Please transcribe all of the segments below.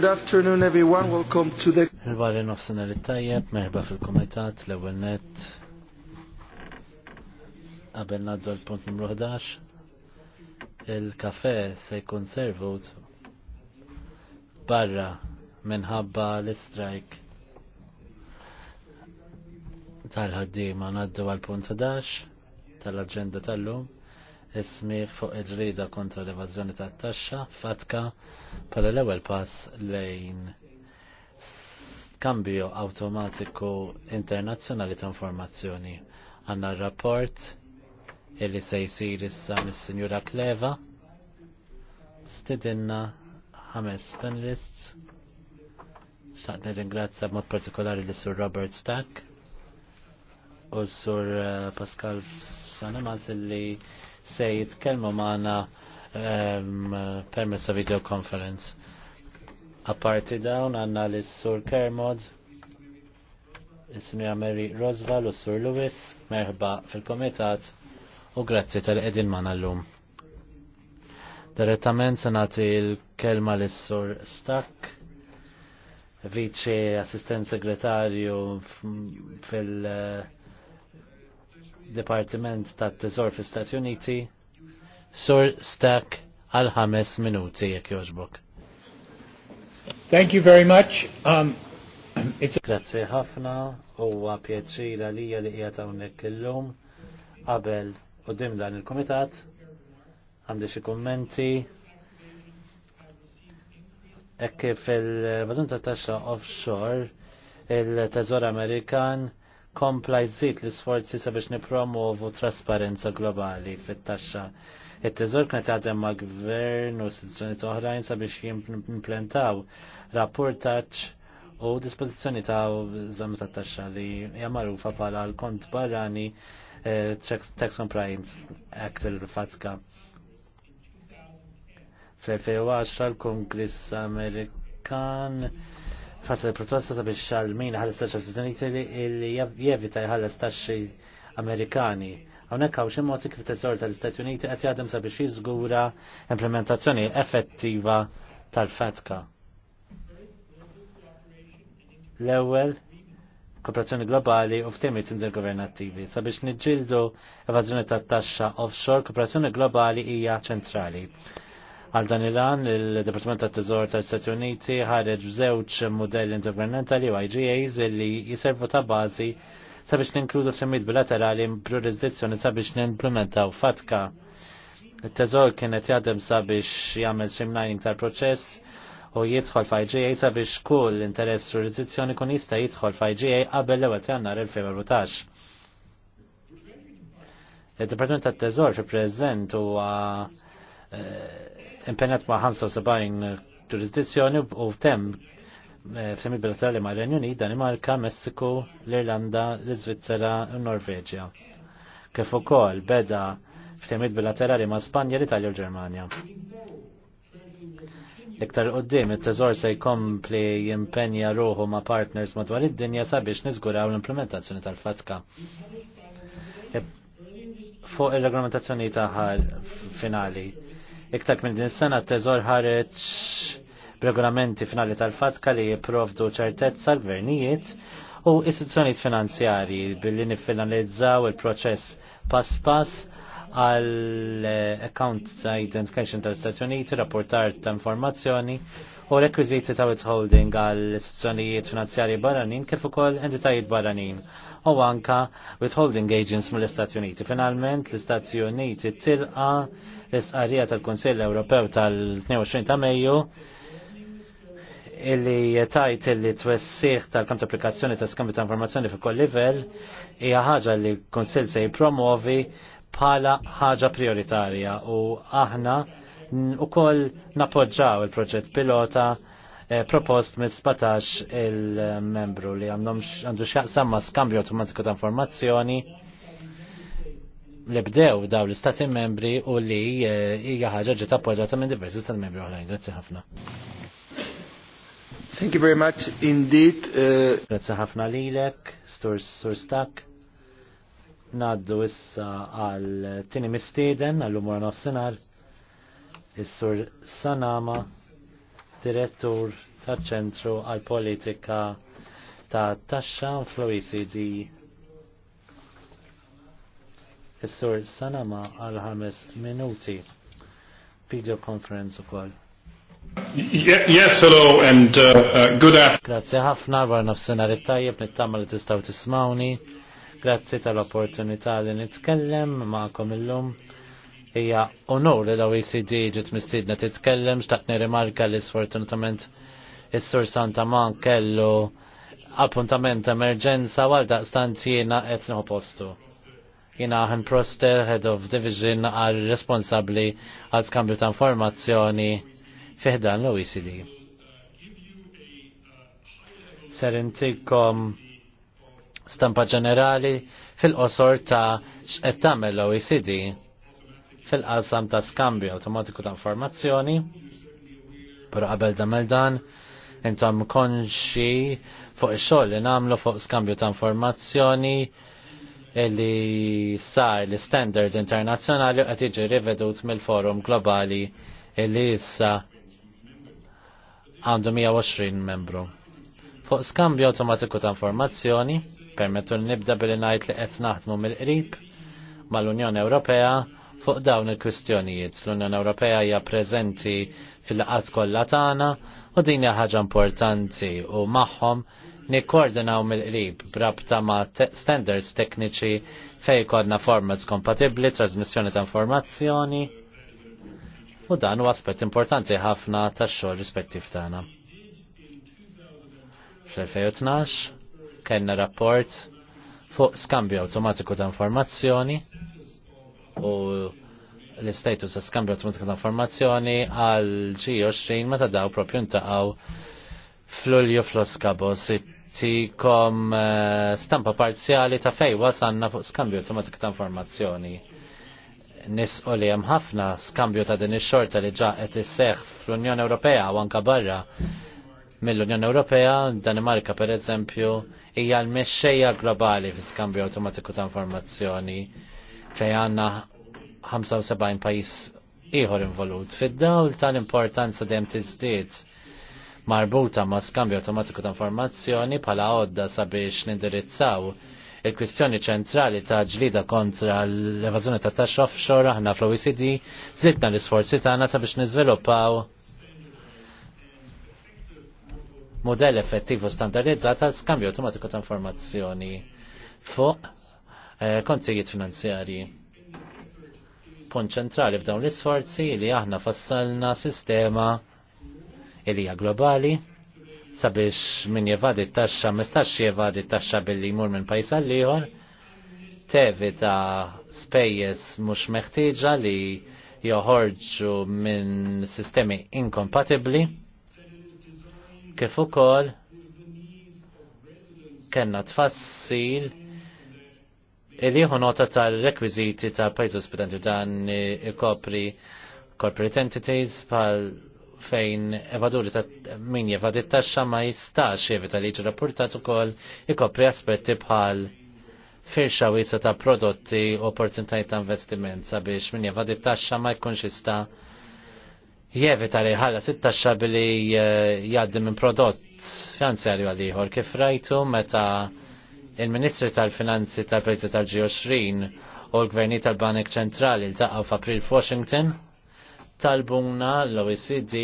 Good afternoon everyone, welcome to the... Il-barri nofsina li tajjeb, merħba fil-komitat, l-ewel net. Għabel naddu l-punt numru 11. Il-kafe se jkun servut barra minħabba l-strike tal ħaddiema naddu għal-punt 11 tal-agenda tal-lum ismiħ fuq il kontra l-evazjoni ta' taxxa fatka pala l-ewel pass lejn skambju automatiku internazzjonali ta' informazzjoni. Għanna rapport illi se jisir issa mis-Sinjura Kleva stidinna ħames panelists. Xaqni ringrazzja b'mod partikolari li sur Robert Stack u sur eh, Pascal Sanemaz illi se jitkellmu maħna um, ehm, video conference. Apparti dawn għandna l-Sur Kermod, is-Sinja Mary Roosevelt u Sur Lewis, merħba fil-Komitat u grazzi tal maħna l llum. Direttament se nagħti l-kelma lis-Sur Stack vice assistent segretarju fil- uh, Departiment tat tesor fi Stati Uniti, Sur Stack għal ħames minuti jekk joġbok. Thank you very much. Um, Grazie ħafna, huwa pjaċir għalija li qiegħed hawnhekk illum qabel qudiem dan il-kumitat. Għandi xi kummenti Ekk fil-vazunta tasha offshore il tazor Amerikan kompla jżid l-isforzi sabiex nipromovu trasparenza globali fit-taxxa. It-teżor kienet għadem ma' gvern u istituzzjonijiet oħrajn sabiex jimplentaw rapportaċ u dispożizzjoni ta' żamm ta' taxxa li hija magħrufa bħala l-kont barrani eh, Tax Compliance Act il-fatka. Fl-2010 l-Kongress Amerikan tfassal proposta sabiex xal-min ħalles taxxa fl-Istati Uniti li jevita jħalles taxxi Amerikani. Hawnhekk hawn xi mod kif tesor tal-Istati Uniti qed jaħdem sabiex jiżgura implementazzjoni effettiva tal fetka L-ewwel kooperazzjoni globali u ftemiet intergovernattivi. Sabiex nġildu evażjoni tat-taxxa offshore, kooperazzjoni globali hija ċentrali. Għal dan il-għan, il-Departiment ta' teżor tal-Stati Uniti ħareġ żewġ modelli intergovernmentali u IGAs li jiservu ta' bażi sabiex ninkludu f'temijiet bilaterali b'ġurisdizzjoni sabiex nimplementaw fatka. Il-teżor kienet jadem sabiex jagħmel streamlining tal-proċess u jidħol f'IGA sabiex kull interess jurisdizzjoni kun jista' jidħol f'IGA qabel l-ewwel jannar 2014. Il-Departiment tat-Teżor fi preżent huwa eh, impenjat ma' 75 eh, ġurisdizzjoni u f'tem eh, f'tem bilaterali ma' Renju Unit, Danimarka, Messiku, l-Irlanda, l-Iżvizzera u Norveġja. Kif ukoll beda f'tem bilaterali ma' Spanja, l-Italja u l-Ġermanja. Iktar qoddim it-teżor se jkompli jimpenja ruħu ma' partners madwar id-dinja sabiex niżguraw l-implementazzjoni tal-fatka fuq il-reglamentazzjoni taħħal finali. Iktar minn din sena t-teżor ħareġ regolamenti finali tal-fatka li jiprovdu ċertezza l-gvernijiet u istituzzjonijiet finanzjari billi nifinalizzaw il-proċess pass pass għal account identification tal-Stati Uniti, rapportar ta' informazzjoni u rekwiziti ta' withholding għal istituzzjonijiet finanzjarji barranin kif ukoll entitajiet barranin u anka withholding agents mill-Istati Uniti. Finalment l-Istati Uniti tilqa l-istqarrija tal-Kunsill Ewropew tal-22 ta' Mejju illi tajt illi twessiħ tal-kamp applikazzjoni ta' skambju ta' informazzjoni fuq koll livell hija ħaġa li l-Kunsill se jipromovi bħala ħaġa prioritarja u aħna u koll napoġġaw il-proġett pilota eh, propost mis 17 il-membru li għandu xaqsam ma skambju automatiku ta' informazzjoni li bdew daw l-istati membri u li eh, hija ħaġa ġiet appoġġjata minn diversi stati membri oħrajn. Grazzi ħafna. Thank you very much indeed. Eh. Grazzi ħafna lilek, Sur Stak. Naddu issa għal tini mistieden għal-umor nofsinhar is-Sur Sanama, direttur taċ ċentru għal politika ta' taxxa fl-OECD. Is-Sur Sanama għal ħames minuti. Video conference ukoll. Yes, hello, and uh, uh, good afternoon. Grazie ħafna, għar nafsenar it-tajjeb, nittama li tistaw tismawni. Grazie tal-opportunità li nitkellem ma'kom illum. lum hija onor li daw ECD ġiet mistidna titkellem, xtaqt nirimarka li sfortunatament is-sur Santa Man kellu appuntament emerġenza għal daqstant jiena qed postu. Jena ħan Proster, Head of Division, għal responsabbli għal skambju ta' informazzjoni fiħdan l-OECD. Serintikom intikom stampa ġenerali fil-qosor ta' x'qed tagħmel l-OECD fil-qasam ta' skambju automatiku ta' informazzjoni. Pero qabel da' dan, intom konxi fuq xogħol li nagħmlu fuq skambju ta' informazzjoni li sar l standard internazzjonali qed jiġi rivedut mill-forum globali li issa għandu 120 membru. Fuq skambju automatiku ta' informazzjoni, permettu nibda billi ngħid li qed naħdmu mill-qrib mal-Unjoni Ewropea fuq dawn il-kwistjonijiet. L-Unjoni Ewropea hija preżenti fil-laqat kollha tagħna u din hija ħaġa importanti u magħhom nikkoordinaw mill-qrib brabta ma' standards tekniċi fej kodna formats kompatibli, trasmissjoni ta' informazzjoni u dan u aspett importanti ħafna tax xogħol rispettiv tagħna. Fl-2012 kellna rapport fuq skambju awtomatiku ta' informazzjoni u l-istatus ta' skambju automatika ta' informazzjoni għal G20 meta daw propju ntaqgħu fl-ulju fl-oskabos tikom eh, stampa parzjali ta' fej wasanna fuq skambju automatika ta' informazzjoni. u li hemm ħafna skambju ta' din ix-xorta li ġa qed isseħħ fl-Unjoni Ewropea u anke barra mill-Unjoni Ewropea, Danimarka per eżempju, hija l-mexxejja globali fi skambju automatiku ta' informazzjoni fej għanna 75 pajis ieħor involut. Fid-dawl tal-importanza dem tizdiet marbuta ma' skambju automatiku ta' informazzjoni bħala għodda sabiex nindirizzaw il-kwistjoni ċentrali ta' ġlida kontra l-evażjoni ta' taxxa offshore aħna fl-OECD zidna l-isforzi tagħna sabiex niżviluppaw modell effettivu standardizzata skambju automatiku ta' informazzjoni fuq Eh, kontijiet finanzjarji. Punt ċentrali f'dawn l-isforzi li aħna fassalna sistema li hija globali sabiex min jevadi t-taxxa mistax jevadi t-taxxa billi jmur minn pajjiż għal ieħor tevita spejjeż mhux meħtieġa li joħorġu minn sistemi inkompatibbli kif ukoll kellna tfassil Il-liħu e nota tal-rekwiziti ta' pajz ospitanti dan ikopri corporate entities pal fejn evaduri ta' min jevad it-taxxa ma jistax jevita li rapportat ukoll ikopri aspetti bħal firxa jisa ta' prodotti u opportunitajiet ta' investiment sabiex min jevad it-taxxa ma jkunx jista' jevita li ħalla sit-taxxa billi eh, jgħaddi minn prodott finanzjarju għal ieħor kif rajtu meta' Il-Ministri tal-Finanzi tal-Pajzi tal-G20 u l-Gverni tal-Banek Ċentrali l-taqaw f'April f'Washington talbuna l-OECD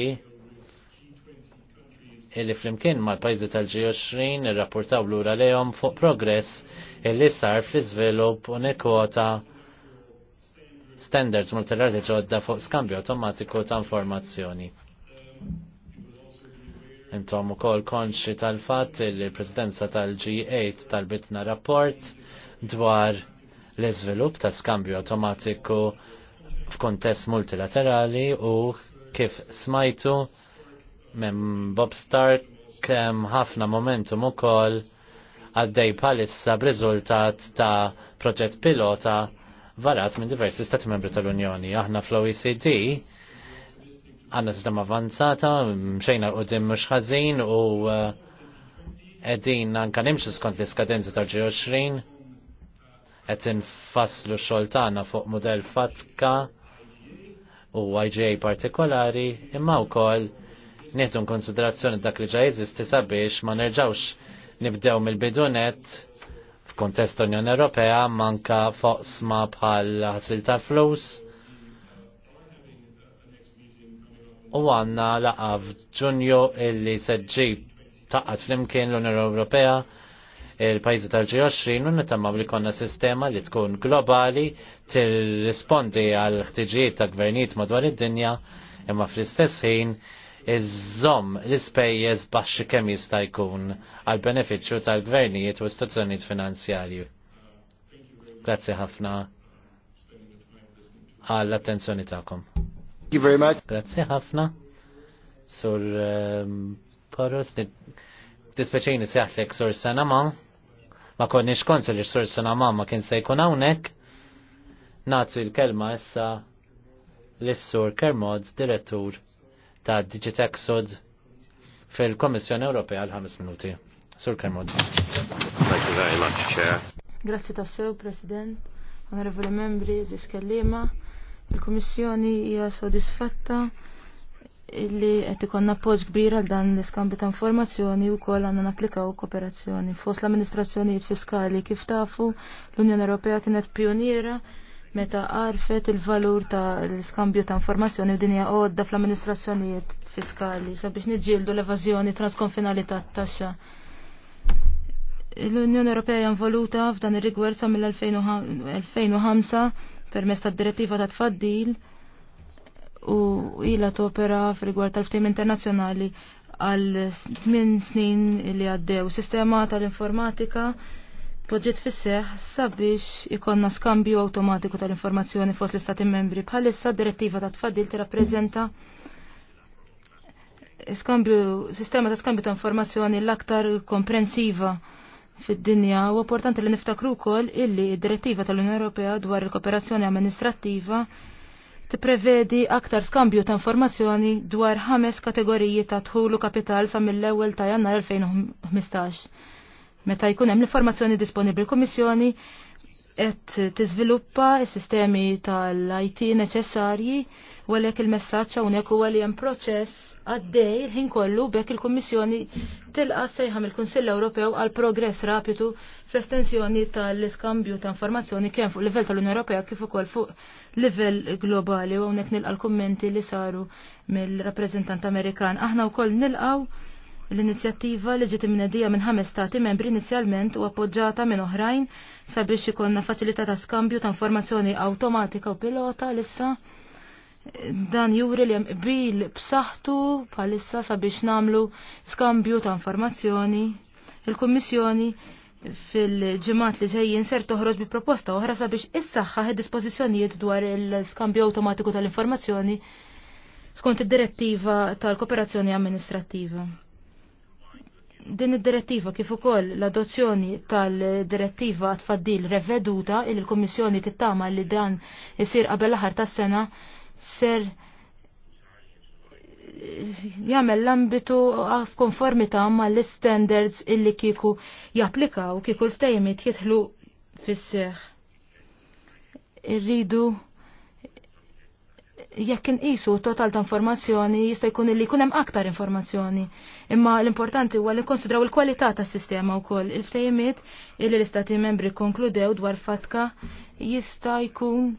illi flimkien mal-pajzi tal-G20 irrapportaw lura lejhom fuq progress illi sar fl-iżvilupp u nekwota standards multilaterali ġodda fuq skambju automatiku ta' informazzjoni. Intom u kol konxi tal-fat il presidenza tal tal-G8 tal-bitna rapport dwar l-izvilup ta' skambju automatiku f'kontest multilaterali u kif smajtu minn Bob Stark kemm ħafna momentum ukoll għaddej palissa b'riżultat ta' proġett pilota varat minn diversi stati membri tal-Unjoni. Aħna fl-OECD għanna sistema avanzata, mxejna l-qoddim mux ħazin u għedin uh, anka nimxu skont l-iskadenza tal-20, għedin faslu xoltana fuq model fatka u IGA partikolari, imma u kol nieħdu konsiderazzjoni dak li ġajiz sabiex ma nerġawx nibdew mill-bidunet f'kontest Unjoni Ewropea manka foqsma bħal ħasil ta' flus u għanna laqaf ġunju illi seġġib taqqat flimkien l-Unjoni Ewropea il-pajzi tal-G20 u nitamma li konna sistema li tkun globali til rispondi għal ħtiġijiet ta' gvernijiet madwar id-dinja imma fl-istess ħin iżomm l-ispejjeż baxxi kemm jista' jkun għal benefiċċju tal-gvernijiet u istituzzjonijiet finanzjarji. Grazzi ħafna għall-attenzjoni tagħkom you very much. Grazie ħafna. Sur Poros, ehm, dispeċejni seħtlek sur Sanama. Ma konniex konsil sur Sanama ma kien se jkun hawnhekk. Nagħti il kelma issa l-Sur Kermod, direttur ta' Digitexod fil-Kommissjoni Ewropea għal 5 minuti. Sur Kermod. Thank you very much, Chair. Grazie tassew, President, onorevoli membri, ziskellima. Il-Kummissjoni hija sodisfatta li qed ikonna appoġġ kbir għal dan l-iskambju ta' informazzjoni wkoll għandna napplikaw kooperazzjoni. Fost l-amministrazzjonijiet fiskali kif tafu l-Unjoni Ewropea kienet pioniera meta għarfet il-valur ta' l-iskambju ta' informazzjoni u dinja għodda fl-amministrazzjonijiet fiskali sabiex niġġieldu l-evażjoni transkonfinali ta' taxxa. L-Unjoni Ewropea involuta f'dan ir-rigward sa mill-2005 permess tad-direttiva ta' tfaddil u ila topera f'rigward tal-ftim internazzjonali għal 8 snin li għaddew. Sistema tal-informatika poġġiet fisseħ sabiex ikonna skambju automatiku tal-informazzjoni fost l-istati membri. Bħalissa direttiva ta' tfaddil tirrappreżenta skambju, sistema ta' skambju ta' informazzjoni l-aktar komprensiva fid-dinja u importanti li niftakru wkoll illi d-direttiva tal-Unjoni Ewropea dwar il-kooperazzjoni amministrattiva tipprevedi aktar skambju ta' informazzjoni dwar ħames kategoriji ta' tħulu kapital sa mill-ewwel ta' jannar 2015. Meta jkun hemm l-informazzjoni disponibbli l-Kummissjoni qed tiżviluppa s-sistemi tal-IT neċessarji u għalhekk il-messaġġ hawnhekk huwa li hemm proċess għaddej il-ħin kollu bekk il-Kummissjoni tilqa' sejħam il-Kunsill Ewropew għal progress rapidu fl-estensjoni tal-iskambju ta' informazzjoni kemm fuq livell tal-Unjoni Ewropea kif ukoll fuq livell globali u hawnhekk nilqa' l-kummenti li saru mill-rappreżentant Amerikan. Aħna wkoll nilqgħu L-inizjattiva li ġiet imnedija minn ħames stati membri inizjalment u appoġġata minn oħrajn sabiex ikonna faċilità ta' skambju ta' informazzjoni awtomatika u pilota lissa dan juri li hemm qbil b'saħħtu bħalissa sabiex namlu skambju ta' informazzjoni. Il-Kummissjoni fil-ġimat li ġejjin ser toħroġ bi proposta oħra sabiex issaħħaħ id-dispożizzjonijiet dwar il-skambju awtomatiku tal-informazzjoni skont id-direttiva tal-kooperazzjoni amministrattiva din id-direttiva kif ukoll l-adozzjoni tal-direttiva tfaddil reveduta il l-Kummissjoni tittama li dan isir qabel l-aħar tas-sena ser jagħmel l-ambitu f'konformità mal standards illi kieku japplikaw kieku l-ftejmiet jitħlu fis-seħ. Irridu jekk inqisu total ta' informazzjoni jista' jkun li jkun hemm aktar informazzjoni. Imma l-importanti huwa li nkonsidraw il-kwalità tas-sistema wkoll. Il-ftehimiet illi l-istati membri konkludew dwar fatka jista' jkun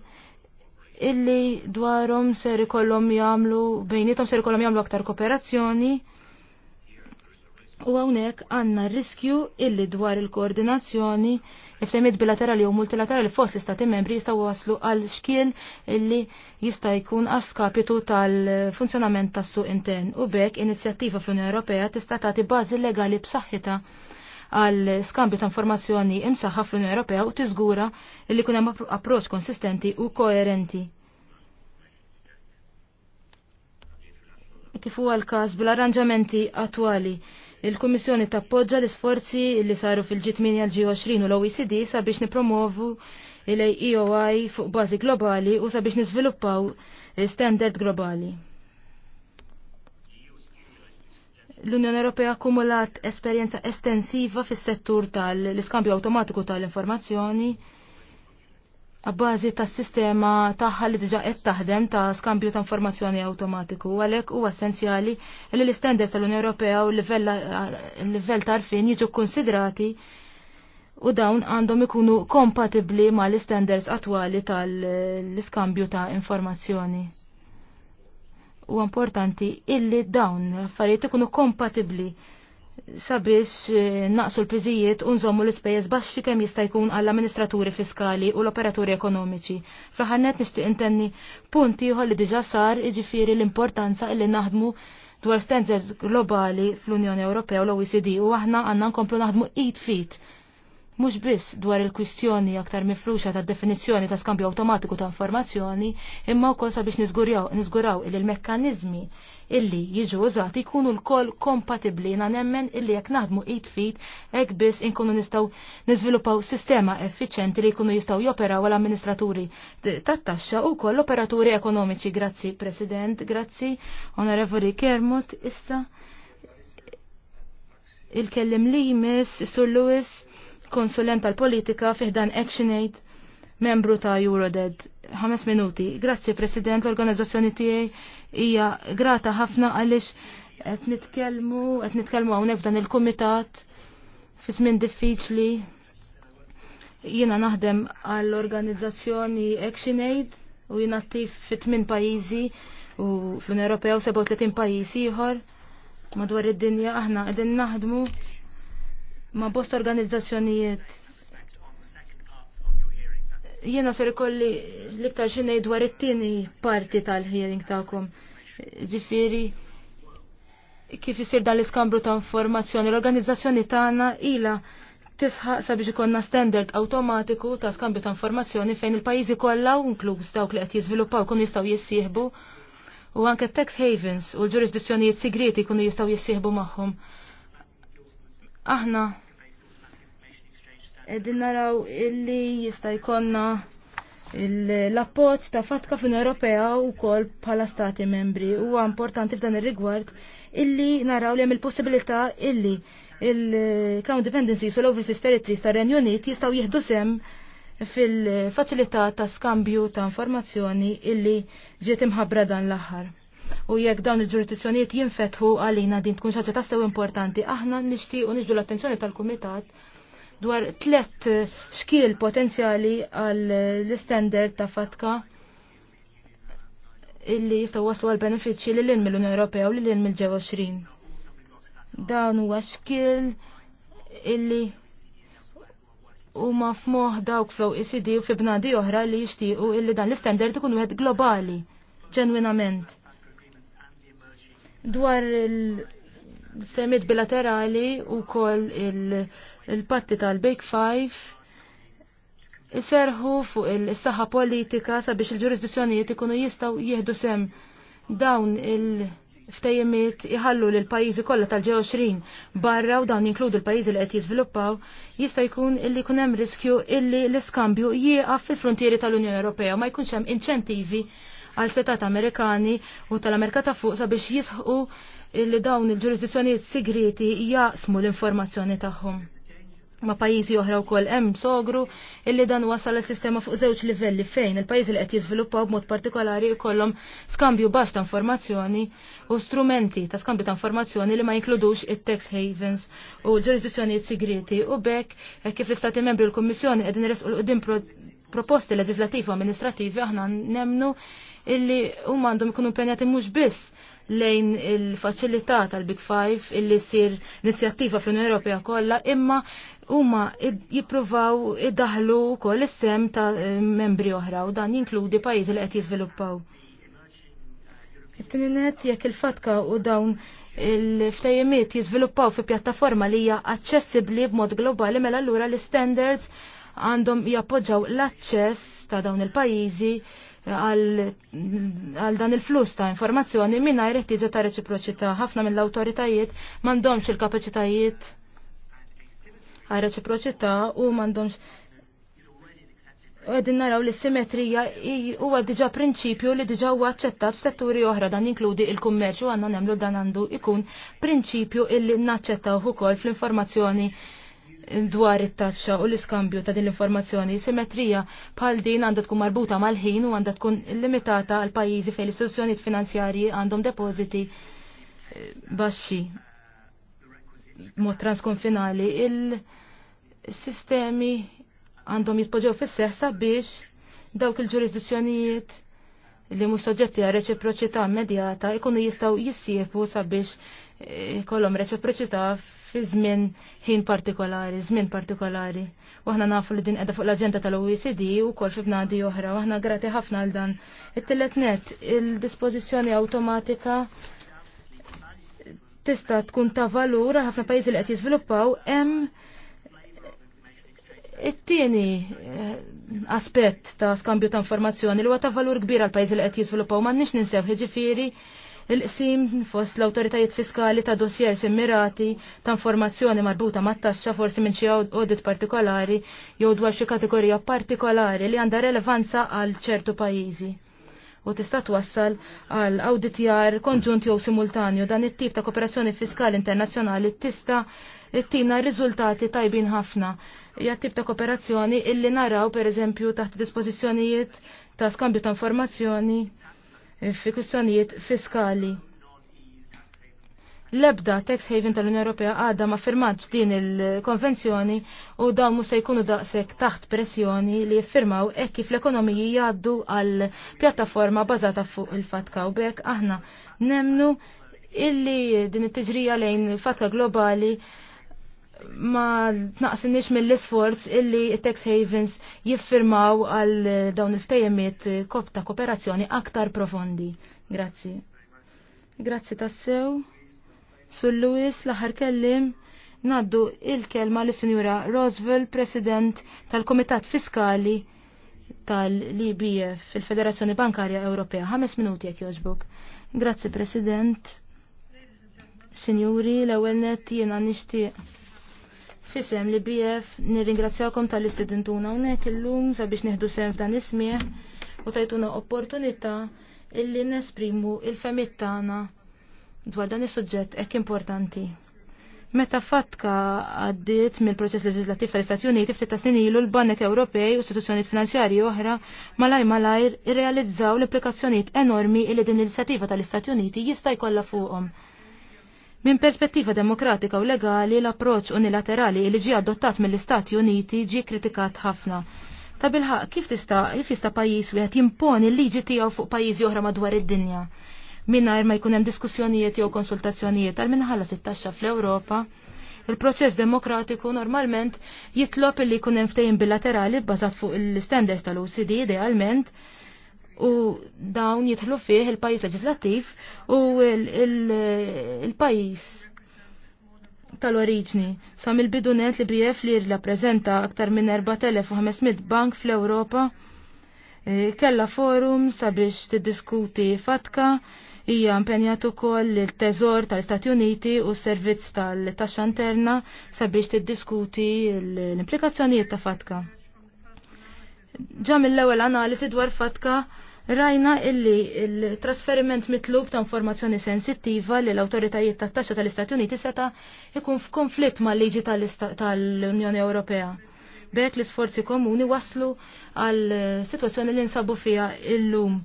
illi dwarhom ser ikollhom jagħmlu bejnietom ser ikollhom jagħmlu aktar kooperazzjoni. U hawnhekk għandna riskju illi dwar il-koordinazzjoni Iftemiet bilaterali u multilaterali fost l membri jistaw waslu għal xkiel illi jista' jkun kapitu tal-funzjonament tas-suq intern u bekk inizjattiva fl-Unjoni Ewropea tista' tagħti bażi legali b'saħħitha għal skambju ta' informazzjoni imsaħħa fl-Unjoni Ewropea u tiżgura li kun hemm approċċ konsistenti u koerenti kif huwa l-każ bil-arranġamenti attwali. Il-Kummissjoni tappoġġa l-isforzi li saru fil-G8 għal G20 u l-OECD sabiex nipromovu il-EOI fuq bażi globali u sabiex niżviluppaw standard globali. L-Unjoni Ewropea kumulat esperjenza estensiva fis-settur tal-iskambju awtomatiku tal-informazzjoni tal informazzjoni għabbażi ta' sistema taħħa li diġa qed taħdem ta' skambju ta' informazzjoni automatiku. Għalhekk huwa essenzjali li l-istandards tal-Unjoni Ewropea u l-livell tarfin jiġu konsidrati u dawn għandhom ikunu kompatibbli ma' l-istandards attwali tal-iskambju ta' informazzjoni. U importanti illi dawn l-affarijiet ikunu kompatibbli sabiex eh, naqsu l-piżijiet unżommu l-ispejjeż baxxi kemm jista' jkun għall-amministraturi fiskali u l-operaturi ekonomiċi. Fraħarnet nixtieq intenni punt ieħor li diġà sar jiġifieri l-importanza illi naħdmu dwar standards globali fl-Unjoni Ewropea u l-OECD u aħna għandna nkomplu naħdmu eat fit mhux biss dwar il-kwistjoni aktar mifruxa ta' definizzjoni ta' skambju awtomatiku ta' informazzjoni, imma wkoll sabiex niżguraw il il mekkanizmi illi jiġu użati jkunu l-koll kompatibli na nemmen illi jekk naħdmu it fit hekk biss inkunu nistgħu niżviluppaw sistema effiċenti li jkunu jistgħu joperaw għal amministraturi tat-taxxa u koll operaturi ekonomiċi. Grazzi President, grazzi Onorevoli Kermut, issa il-kellim li jmiss Sur Lewis konsulent tal-politika fiħdan ActionAid, membru ta' Eurodead. Ħames minuti. Grazzi, President, l-organizzazzjoni tiegħi hija grata ħafna għaliex qed nitkellmu, qed nitkellmu hawnhekk f'dan il-kumitat fi żmien diffiċli. Jiena naħdem għall-organizzazzjoni ActionAid u jiena attiv fi tmien pajjiżi u fl-Unjoni Ewropea u 37 pajjiż ieħor madwar id-dinja aħna qegħdin naħdmu ma' bost organizzazzjonijiet. Jiena ser ikolli l-iktar ngħid dwar it-tieni parti tal-hearing tagħkom. Ġifieri kif isir dan l-iskambru ta' informazzjoni l-organizzazzjoni tagħna ilha tisħaq sabiex ikonna standard automatiku ta' skambju ta' informazzjoni fejn il-pajjiżi kollha inkluż dawk li qed jiżviluppaw kun jistgħu jissieħbu u anke tax havens u l-ġurisdizzjonijiet sigreti jkunu jistgħu jissieħbu magħhom. Aħna Din naraw illi jista' jkollna l-appoġġ ta' fatka fin Ewropea wkoll bħala stati membri. Huwa importanti f'dan ir-rigward illi naraw li hemm il-possibilità illi il-Crown dependency u l-Overseas Territories ta' Renju Unit jistaw jihdu sem fil-facilità ta' skambju ta' informazzjoni illi ġiet imħabbra dan l-aħħar. U jekk dawn il-ġurisdizzjonijiet jinfetħu għalina din tkun xaġa tassew importanti, aħna nixtiequ niġdu l-attenzjoni tal-Kumitat dwar tlet xkiel potenzjali għall-standard ta' fatka illi jistaw waslu għal benefiċċji li l mill-Unjoni Ewropea u lil l mill-20. Dan huwa xkiel illi huma f'moħħ dawk flow ECD u fi bnadi oħra li jixtiequ illi dan l standard ikun wieħed globali ġenwinament. Dwar il-temiet bilaterali u koll il- il-patti tal-Big Five iserħu fuq il-saħħa politika sabiex il-ġurisdizzjonijiet ikunu jistgħu jieħdu sem dawn il- ftejjemiet iħallu l pajjiżi kollha tal-20 barra u dawn jinkludu l-pajjiżi li qed jiżviluppaw jista' jkun illi jkun hemm riskju illi l-iskambju jieqaf fil-frontieri tal-Unjoni Ewropea ma jkunx hemm inċentivi għal setat Amerikani u tal-Amerika ta' fuq sabiex jisħu illi dawn il-ġurisdizzjonijiet sigriti jaqsmu l-informazzjoni tagħhom ma' pajjiżi oħra wkoll hemm sogru illi dan wasal is-sistema fuq żewġ livelli fejn il-pajjiżi li qed jiżviluppaw b'mod partikolari jkollhom skambju baxx ta' informazzjoni u strumenti ta' skambju ta' informazzjoni li ma jinkludux it-tax havens u l-ġurisdizzjonijiet sigreti u bekk kif l-Istati membri u l-Kummissjoni qegħdin u l-qudiem proposti leġislativi u amministrativi aħna nemnu illi huma għandhom ikunu penjati mhux biss lejn il-faċilità tal-Big Five illi sir inizjattiva fl-Unjoni Ewropea kollha imma huma jippruvaw iddaħlu wkoll is-sem ta' membri oħra u dan jinkludi pajjiżi li qed jiżviluppaw. It-tininet jekk il-fatka u dawn il ftajimiet jiżviluppaw fi pjattaforma li hija aċċessibbli b'mod globali mela allura l-standards għandhom jappoġġaw l-aċċess ta' dawn il-pajjiżi għal dan il-flus ta' informazzjoni mingħajr ħtieġa ta' reċiproċità. Ħafna mill-awtoritajiet m'għandhomx il-kapaċitajiet għal reċiproċità u m'għandhomx għedin naraw li simetrija huwa diġa' prinċipju li diġa' huwa aċċettat f'setturi oħra dan jinkludi il-kummerċ u għandna nemmlu dan għandu ikun prinċipju illi naċċettaw ukoll fl-informazzjoni dwar it-taxxa u l-iskambju ta' din l-informazzjoni. Simetrija bħal din għandha tkun marbuta mal-ħin u għandha tkun limitata għal pajjiżi fejn l-istituzzjonijiet finanzjarji għandhom depożiti eh, baxxi mod transkonfinali, il-sistemi għandhom jitpoġġew fis-seħsa biex dawk il-ġurisdizzjonijiet li mhux soġġetti għal reċiproċità immedjata jkunu jistgħu jissiefu sabiex jkollhom eh, reċiproċità fi żmien ħin partikolari, żmien partikolari. U aħna nafu li din qiegħda fuq l-aġenda tal-OECD u kol fi bnadi oħra u aħna grati ħafna għal dan. It-tillet net il-dispożizzjoni awtomatika tista' tkun ta' valur għal ħafna pajjiżi li qed jiżviluppaw hemm it-tieni eh, aspett ta' skambju ta' informazzjoni li huwa ta' valur kbir għal pajjiżi li qed jiżviluppaw m'għandniex ninsew ġifieri il-qsim fost l-autoritajiet fiskali ta' dossier simmirati ta' informazzjoni marbuta ma' taxxa forsi minn xi audit partikolari jew dwar xi kategorija partikolari li għandha relevanza għal ċertu pajjiżi u tista' twassal għal awditjar konġunt jew simultanju dan it-tip ta' kooperazzjoni fiskali internazzjonali tista' tina riżultati tajbin ħafna. Ja tip ta' kooperazzjoni illi naraw pereżempju taħt dispożizzjonijiet ta' skambju ta' informazzjoni fi kwistjonijiet fiskali. L-ebda tax haven tal-Unjoni Ewropea għadha ma firmatx din il-konvenzjoni u dawn mhux se jkunu daqshekk taħt pressjoni li jiffirmaw hekk kif l-ekonomiji jgħaddu għal pjattaforma bażata fuq il-fatka u bekk aħna nemnu illi din it-tiġrija lejn fatka globali ma tnaqsinix mill-isforz illi tax havens jiffirmaw għal dawn il-ftejemiet kop ta' kooperazzjoni aktar profondi. Grazzi. Grazzi tassew. Sul Lewis l-aħħar kellim naddu il-kelma l sinjura Roosevelt, President tal-Komitat Fiskali tal-IBF, il-Federazzjoni Bankarja Ewropea. Ħames minuti jekk jogħġbok. Grazzi, President. Sinjuri, l-ewwel nett jiena nixtieq Fisem li BF nirringrazzjawkom tal-istudentuna unek il-lum sabiex neħdu sem f'dan ismieħ u tajtuna opportunità illi nesprimu il femittana tagħna dwar dan is-suġġett hekk importanti. Meta fatka għaddiet mill proċess leġislattiv tal-Istati Uniti ftit ta' snin ilu l bannek Ewropej u istituzzjonijiet finanzjarji oħra malaj malajr irrealizzaw l-implikazzjonijiet enormi li din l-inizjattiva tal-Istati Uniti jista' jkollha fuqhom. Min perspettiva demokratika u legali l-approċ unilaterali li ġie adottat mill-Istati Uniti ġie kritikat ħafna. Ta' bilħaq kif tista' kif jista' pajjiż wieħed jimponi l-liġi tiegħu fuq pajjiżi oħra madwar id-dinja? mingħajr ma jkun hemm diskussjonijiet jew konsultazzjonijiet għal minħalla sit-taxxa fl-Ewropa. Il-proċess demokratiku normalment jitlob li jkun hemm ftehim bilaterali bbażat fuq il-standards tal-OCD idealment u dawn jitħlu fih il-pajis leġislattiv u il-pajis tal-oriġni. Sam il-bidunet li BF li rrappreżenta aktar minn 4500 bank fl ewropa eh, kella forum sabiex tiddiskuti fatka hija impenjat ukoll il-Teżor tal-Istati Uniti u s-Servizz tal-Taxxa Interna sabiex tiddiskuti l-implikazzjonijiet ta' fatka. Ġa mill-ewwel analiżi dwar fatka rajna illi il-trasferiment mitlub ta' informazzjoni sensittiva li l-autoritajiet tat-taxxa tal-Istati Uniti seta' ikun f'konflitt mal-liġi tal-Unjoni Ewropea bek l-isforzi komuni waslu għal situazzjoni li nsabu fija il-lum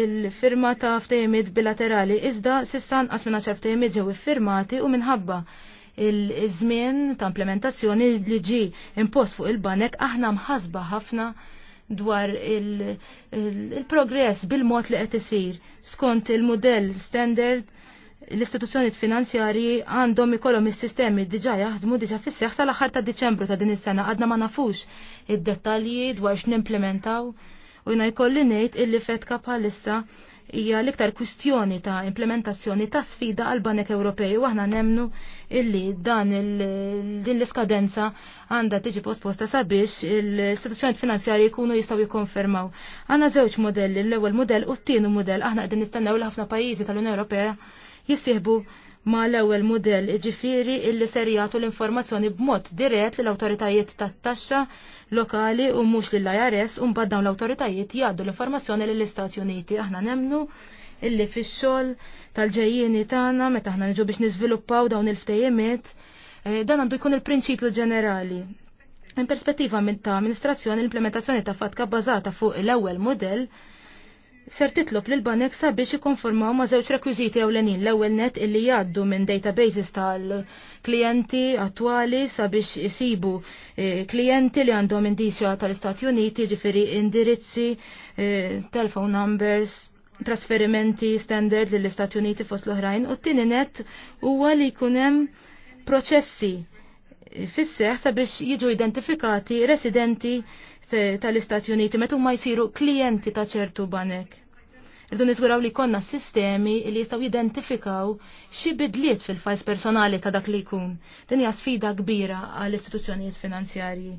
il-firma ta' ftejmid bilaterali iżda sissan qas minn ftejmid ġew iffirmati u minħabba il-żmien ta' implementazzjoni li ġi impost fuq il-banek aħna mħasba ħafna dwar il-progress il bil-mod li qed isir. Skont il-modell standard l-istituzzjoni finanzjarji għandhom ikollhom is-sistemi diġà jaħdmu diġà fis-seħħ sal-aħħar ta' Diċembru ta' din is-sena għadna ma nafux id-dettalji dwar x'nimplementaw. implementaw u jina jkolli ngħid illi fetka palissa hija l-iktar kwistjoni ta' implementazzjoni ta' sfida għal banek Ewropej u aħna nemnu illi dan din l-iskadenza għandha tiġi postposta sabiex l-istituzzjoni finanzjarji jkunu jistgħu jikkonfermaw. Għandna żewġ modelli, l-ewwel model u t-tieni modell aħna qegħdin nistennew l ħafna pajjiżi tal-Unjoni Ewropea jissieħbu ma l-ewwel mudell iġifieri illi ser jagħtu l-informazzjoni b'mod dirett lill awtoritajiet tat-taxxa lokali u mhux l IRS u mbagħad dawn l-awtoritajiet jgħaddu l-informazzjoni lill-Istati Uniti. Aħna nemnu illi fix-xogħol tal ġejjini tagħna meta aħna niġu biex niżviluppaw dawn il-ftejjemiet eh, dan għandu jkun il-prinċipju ġenerali. In perspettiva minn ta' amministrazzjoni l-implementazzjoni ta' fatka bazata fuq l-ewwel mudell ser titlob lil banek sabiex ikkonformaw ma' żewġ rekwiżiti ewlenin l-ewwel net illi jgħaddu minn databases tal-klijenti attwali sabiex isibu eh, klijenti li għandhom indisja tal-Istati Uniti ġifieri indirizzi, eh, telephone numbers, trasferimenti standard lill istati Uniti fost l-oħrajn u t-tieni net huwa li jkun hemm proċessi fis-seħ sabiex jiġu identifikati residenti tal-Istati Uniti meta ma jsiru klijenti ta' ċertu banek. Rdu nizguraw li konna sistemi li jistgħu jidentifikaw xi bidliet fil-fajs personali ta' dak li jkun. Din hija sfida kbira għall istituzzjonijiet finanzjarji.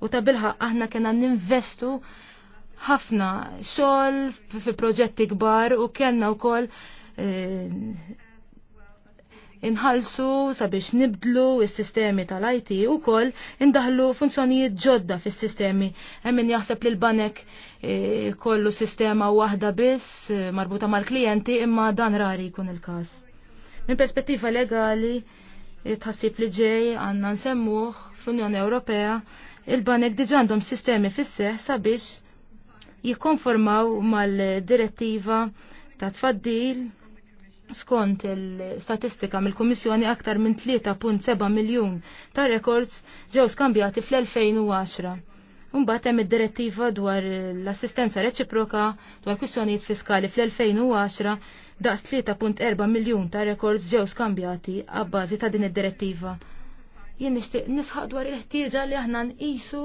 U ta' bilħa aħna kena ninvestu ħafna xogħol fi proġetti kbar u kellna wkoll eh, inħalsu sabiex nibdlu s-sistemi tal-IT u kol indaħlu funzjonijiet ġodda fis-sistemi. Hemmin jaħseb li l-banek e, kollu sistema waħda biss e, marbuta mal-klijenti imma dan rari jkun il-każ. Min perspettiva legali tħassib li ġej għanna nsemmuh fl-Unjoni Ewropea il-banek diġandom sistemi fis-seħ sabiex jikkonformaw mal-direttiva ta' tfaddil skont il-statistika mill-Kummissjoni aktar minn 3.7 miljun ta' records ġew skambjati fl-2010. Mbagħad hemm id-direttiva dwar l-assistenza reċiproka dwar kwistjonijiet fiskali fl-2010 daqs 3.4 miljun ta' records ġew skambjati għabbażi ta' din id-direttiva. Jien nixtieq nisħaq dwar il-ħtieġa li aħna nqisu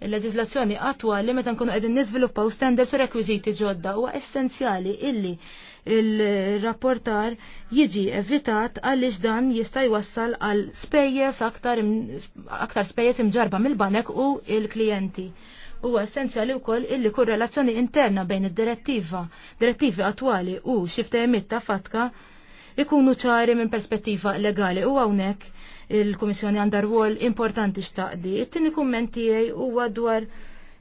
il-leġislazzjoni attwali meta nkunu qegħdin niżviluppaw standards u rekwiżiti ġodda huwa essenzjali illi il-rapportar jiġi evitat għaliex dan jista' jwassal għal spejjeż aktar, spejjes spejjeż imġarba mill-banek u il-klijenti huwa essenzjali wkoll illi kur relazzjoni interna bejn id-direttiva, direttivi attwali u xifta ta' fatka ikunu ċari minn perspettiva legali u hawnhekk il-Kummissjoni għandha rwol importanti xtaqdi. It-tieni kumment tiegħi huwa dwar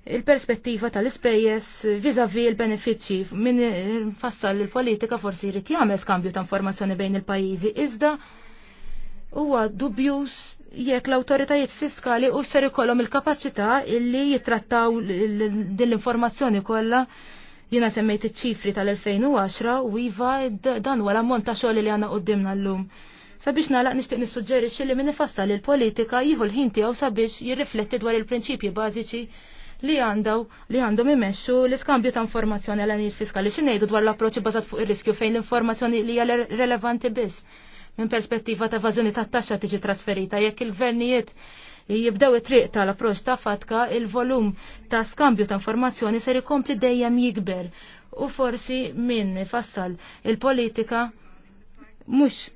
il-perspettiva tal-ispejjeż vis l-benefiċċji minn fassal il-politika forsi jrid jagħmel skambju ta' informazzjoni bejn il-pajjiżi iżda huwa dubjus jekk l-awtoritajiet fiskali u ser ikollhom il-kapaċità illi jittrattaw din l-informazzjoni kollha jiena semmejt iċ-ċifri tal-2010 u iva dan wara ammont ta' xogħol li għandna quddiemna llum sabiex nalaq nixtieq nissuġġerixxi li min ifassal il-politika jieħu l-ħin tiegħu sabiex jirrifletti dwar il-prinċipji bażiċi li għandaw li għandhom imexxu l-iskambju ta' informazzjoni għal anijiet fiskali xi ngħidu dwar l-approċċ bażat fuq ir-riskju fejn l-informazzjoni li hija relevanti biss. Minn perspettiva ta' evażjoni tat-taxxa tiġi trasferita jekk il-gvernijiet jibdew it-triq tal-approċċ ta' fatka il-volum ta' skambju ta' informazzjoni ser ikompli dejjem jikber u forsi minn fassal il-politika mhux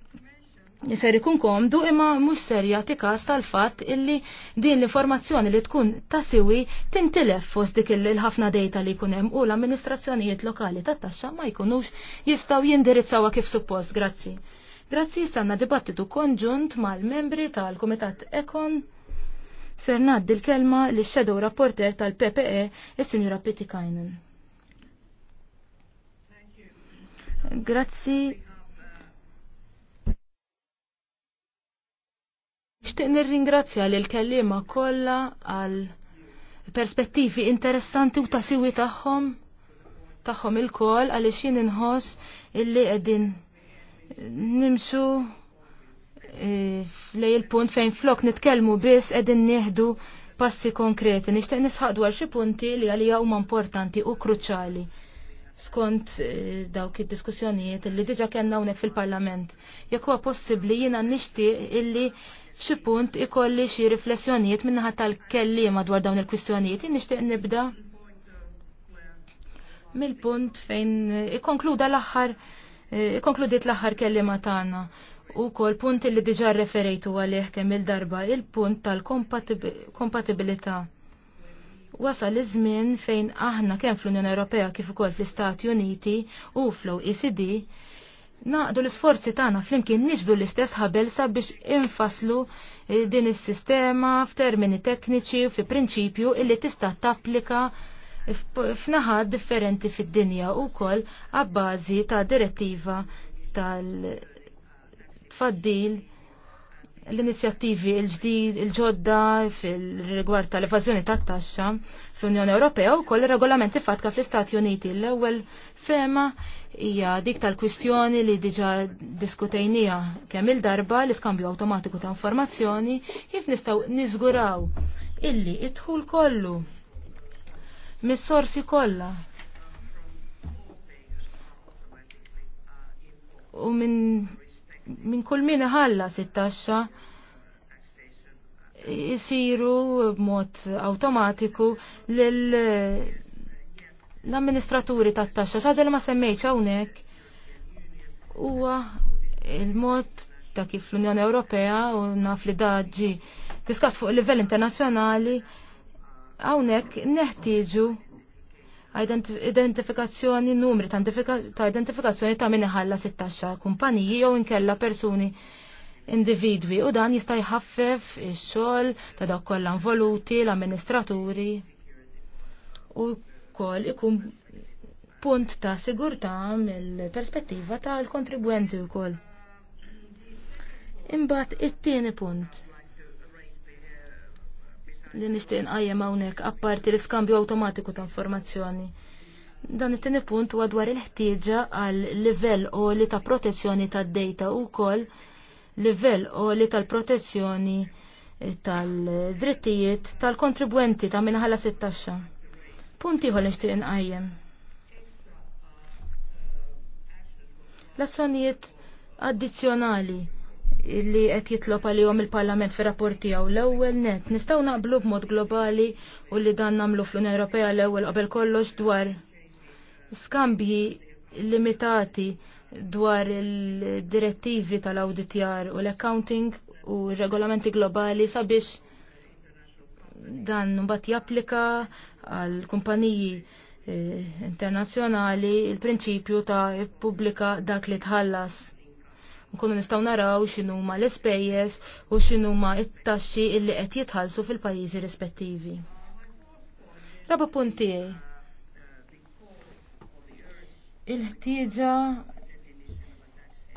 ser ikun komdu imma mhux serja tikas każ tal-fatt illi din l-informazzjoni li tkun tasiwi tintilef fost dik il ħafna dejta li jkun hemm u l-amministrazzjonijiet lokali tat-taxxa ma jkunux jistgħu jindirizzawha kif suppost. Grazzi. Grazzi sanna dibattitu konġunt mal-membri tal-Kumitat Ekon ser naddi l-kelma li shadow rapporter tal-PPE is-Sinjura Pitikajnen. Grazzi Nixtieq nirringrazzja l kellima kollha għal perspettivi interessanti u tasiwi taħħom tagħhom il-kol għaliex jien inħoss illi qegħdin nimxu e, lej il-punt fejn flok nitkellmu biss qegħdin nieħdu passi konkreti. Nixtieq nisħaq dwar xi punti li għalija huma importanti u kruċali skont e, dawk id-diskussjonijiet li diġa kellna hawnhekk fil-Parlament. Jekk huwa possibbli jiena nixtieq illi xi punt ikolli xi riflessjonijiet minnaħa tal-kellima dwar dawn il-kwistjonijiet. nixtieq nibda mill-punt fejn ikonkluda l-aħħar eh, ikonkludiet l-aħħar kellima tagħna. U kol punt li diġa referejtu għalih kemm il-darba il-punt tal-kompatibilità. Wasal iż-żmien fejn aħna kemm fl-Unjoni Ewropea kif ukoll fl-Istati Uniti u fl-OECD naqdu l-isforzi tagħna flimkien nixbu l-istess ħabel sabiex infaslu eh, din is-sistema f'termini tekniċi u fi prinċipju illi tista' tapplika f'naħad differenti fid-dinja u koll għabbażi ta' direttiva tal-tfaddil l-inizjattivi il-ġdid, il-ġodda fil-rigward tal-evażjoni tat-taxxa fl-Unjoni Ewropea u koll regolamenti fatka fl-Istati Uniti l-ewwel fema hija dik tal-kwistjoni li diġa diskutejnija kemm il-darba l-iskambju awtomatiku ta' informazzjoni kif nistgħu niżguraw illi idħul kollu mis-sorsi kollha u minn min kull min ħalla sit-taxxa b'mod awtomatiku lil l-amministraturi tat-taxxa xaġa li ma semmejtx hawnhekk huwa il-mod ta' kif l-Unjoni Ewropea u naf li daġġi diskat fuq livell internazzjonali hawnhekk neħtieġu identifikazzjoni numri ta' identifikazzjoni ta' min iħallas it-taxxa kumpaniji jew inkella persuni individwi u dan jista' jħaffef ix-xogħol ta' dawk kollha involuti l-amministraturi u ukoll ikun punt ta' sigurtà mill-perspettiva tal-kontribwenti wkoll. Imbagħad it-tieni punt li nixtieq nqajjem hawnhekk apparti l-iskambju awtomatiku ta' informazzjoni. Dan it-tieni punt huwa dwar il-ħtieġa għal livell li ta' protezzjoni tad-dejta wkoll livell li tal-protezzjoni tal-drittijiet tal-kontribwenti ta' minħala sit-taxxa. Punti ħol nixtieq inqajjem. l assonijiet addizzjonali li qed jitlob għalihom il-Parlament fir-rapport tiegħu l-ewwel net nistgħu naqblu b'mod globali u li dan nagħmlu fl-Unjoni Ewropea l-ewwel qabel kollox dwar skambji limitati dwar il-direttivi tal-auditjar u l-accounting u regolamenti globali sabiex dan mbagħad japplika għal kumpaniji eh, internazzjonali il-prinċipju ta' pubblika dak li tħallas. Nkunu nistaw naraw xinu ma l espejjes u xinu ma t-taxxi illi qed jitħallsu fil-pajjiżi rispettivi. Raba punti tiegħi. Il-ħtieġa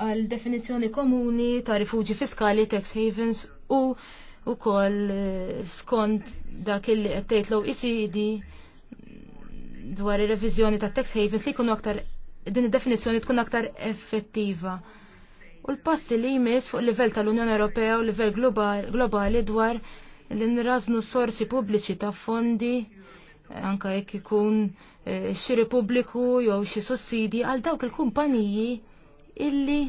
għal definizzjoni komuni ta' rifuġi fiskali, tax havens u u koll eh, skont dak il għettejt law isidi dwar il-revizjoni ta' tax havens li kunu aktar din id-definizjoni tkun aktar effettiva. U l-passi li jmiss fuq livell tal-Unjoni Ewropea u livell globali dwar li inraznu sorsi pubbliċi ta' fondi anka jekk ikun eh, xiri pubbliku jew xi sussidi għal dawk il-kumpaniji illi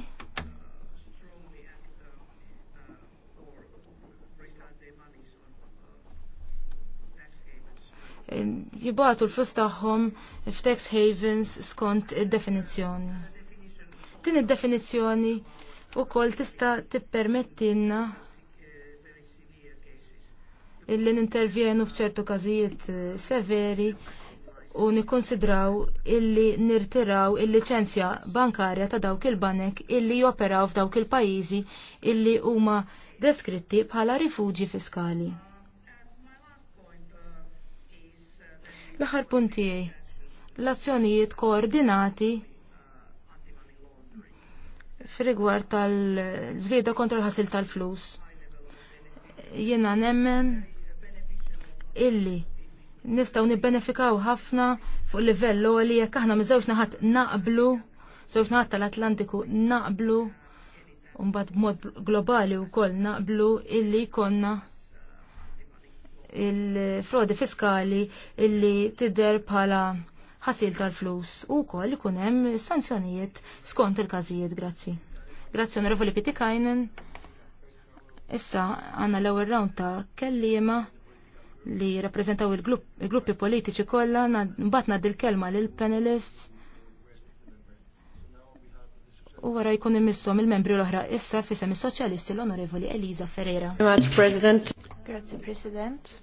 jibgħatu l-flus tagħhom f'tax havens skont id-definizzjoni. Din id-definizzjoni ukoll tista' tippermettilna illi nintervjenu f'ċertu każijiet eh, severi u nikkonsidraw illi nirtiraw il-liċenzja bankarja ta' dawk il-banek illi joperaw f'dawk il-pajjiżi illi huma deskritti bħala rifuġi fiskali. L-aħħar punt tiegħi. L-azzjonijiet koordinati frigwar tal-żlieda kontra l-ħasil tal-flus. Jiena nemmen illi nistaw nibbenefikaw ħafna fuq livell li jekk aħna miżewġ naħat naqblu, żewġ naħat tal-Atlantiku naqblu, mbagħad b'mod globali wkoll naqblu illi konna il-frodi fiskali illi tidher bħala ħasil tal-flus u wkoll ikun hemm sanzjonijiet skont il-każijiet grazzi. Grazzi onorevoli Pitikajnen. Issa għandna l-ewwel round ta' kelliema li rappreżentaw il-gruppi politiċi kollha mbagħad dil kelma l panelists u wara jkun immissom il-membri l-oħra issa fissem is-soċjalisti l-Onorevoli Eliza Ferreira. President. Grazie President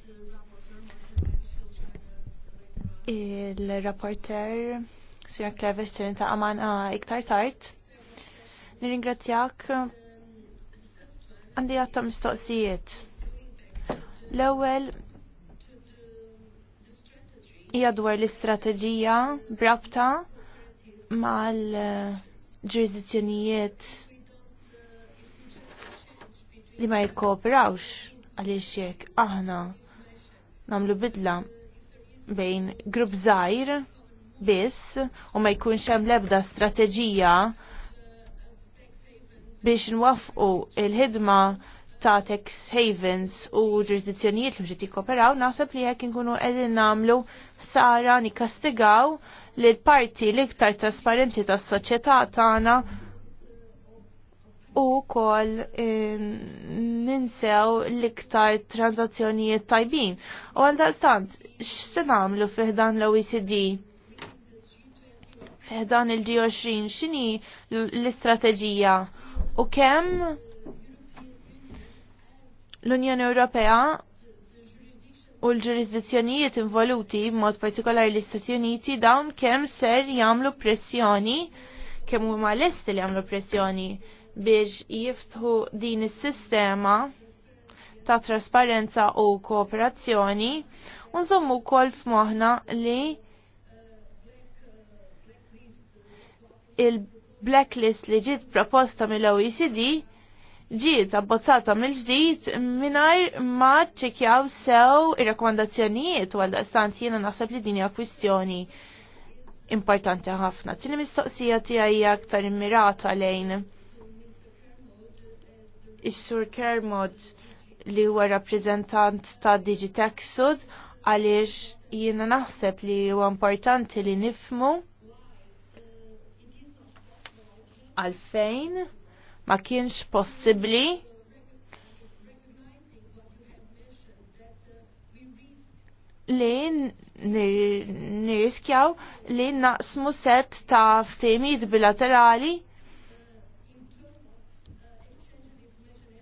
il-rapporter Sir Kleves Tirin ta' Amana iktar tard. Nirringrazzjak għandi għatta mistoqsijiet. L-ewel hija dwar l-istrateġija brabta mal-ġurisdizzjonijiet li ma jikkooperawx għaliex jekk aħna namlu bidla bejn grupp żgħir biss u ma jkunx hemm l-ebda strateġija biex nwaffqu il-ħidma ta' tax havens u ġurisdizzjonijiet li mxiet jikoperaw, naħseb li jekk nkunu qegħdin nagħmlu sara nikastigaw li l-parti l-iktar trasparenti tas-soċjetà tagħna u kol ninsew l-iktar tranzazzjonijiet tajbin. U għal daqstant, x'se nagħmlu fiħdan l-OECD? Fiħdan il-G20 x'inhi l-istrateġija u kemm l-Unjoni Ewropea u l-ġurisdizzjonijiet involuti b'mod partikolari l-Istati Uniti dawn kemm ser jagħmlu pressjoni kemm huma lesti li jagħmlu pressjoni biex jiftħu din is-sistema ta' trasparenza u kooperazzjoni unżommu kol f'moħna li il-blacklist li ġiet proposta mill-OECD ġiet abbozzata mill-ġdid mingħajr ma ċekjaw sew ir-rakkomandazzjonijiet u għal-daqstant jiena naħseb li din hija kwistjoni importanti ħafna. Tini mistoqsija tiegħi aktar immirata lejn is-Sur Kermod li huwa rappreżentant ta' Digitexud għaliex jiena naħseb li huwa importanti li nifmu għalfejn ma kienx possibbli li nirriskjaw li naqsmu set ta' ftehimiet bilaterali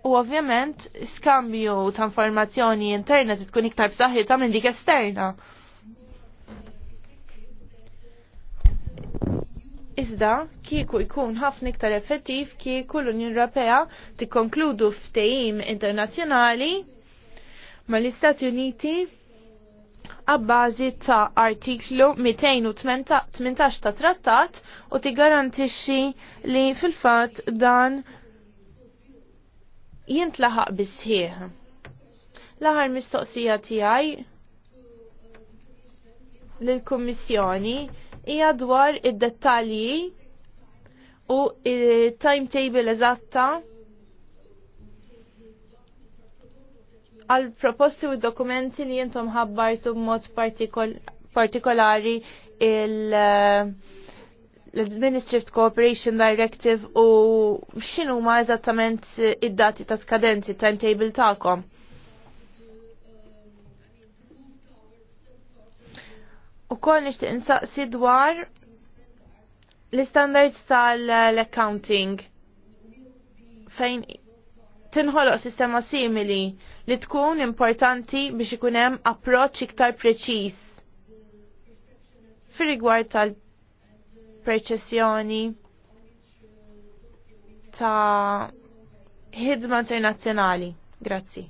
U ovvjament skambju ta' informazzjoni interna tkun iktar ta' minn dik esterna. Iżda kieku jkun ħafna iktar effettiv kieku l-Unjoni Ewropea tikkonkludu ftehim internazzjonali mal-Istati Uniti għabbażi ta' artiklu 218 ta' trattat u garantixi li fil-fatt dan jintlaħaq bisħieħ. l mistoqsija tijaj lill-Kummissjoni hija dwar id-dettalji u timetable eżatta għal proposti u dokumenti li jintom ħabbartu b'mod partikolari il- uh, l-Administrative Cooperation Directive u xinu ma eżattament id-dati ta' skadenti, timetable ta'kom. U koll nishtiq insaqsi dwar l-standards tal-accounting fejn tinħoloq sistema simili li tkun importanti biex ikun hemm approċċ iktar preċiż fir rigward tal- perċessjoni ta' ħidma internazzjonali. Grazzi.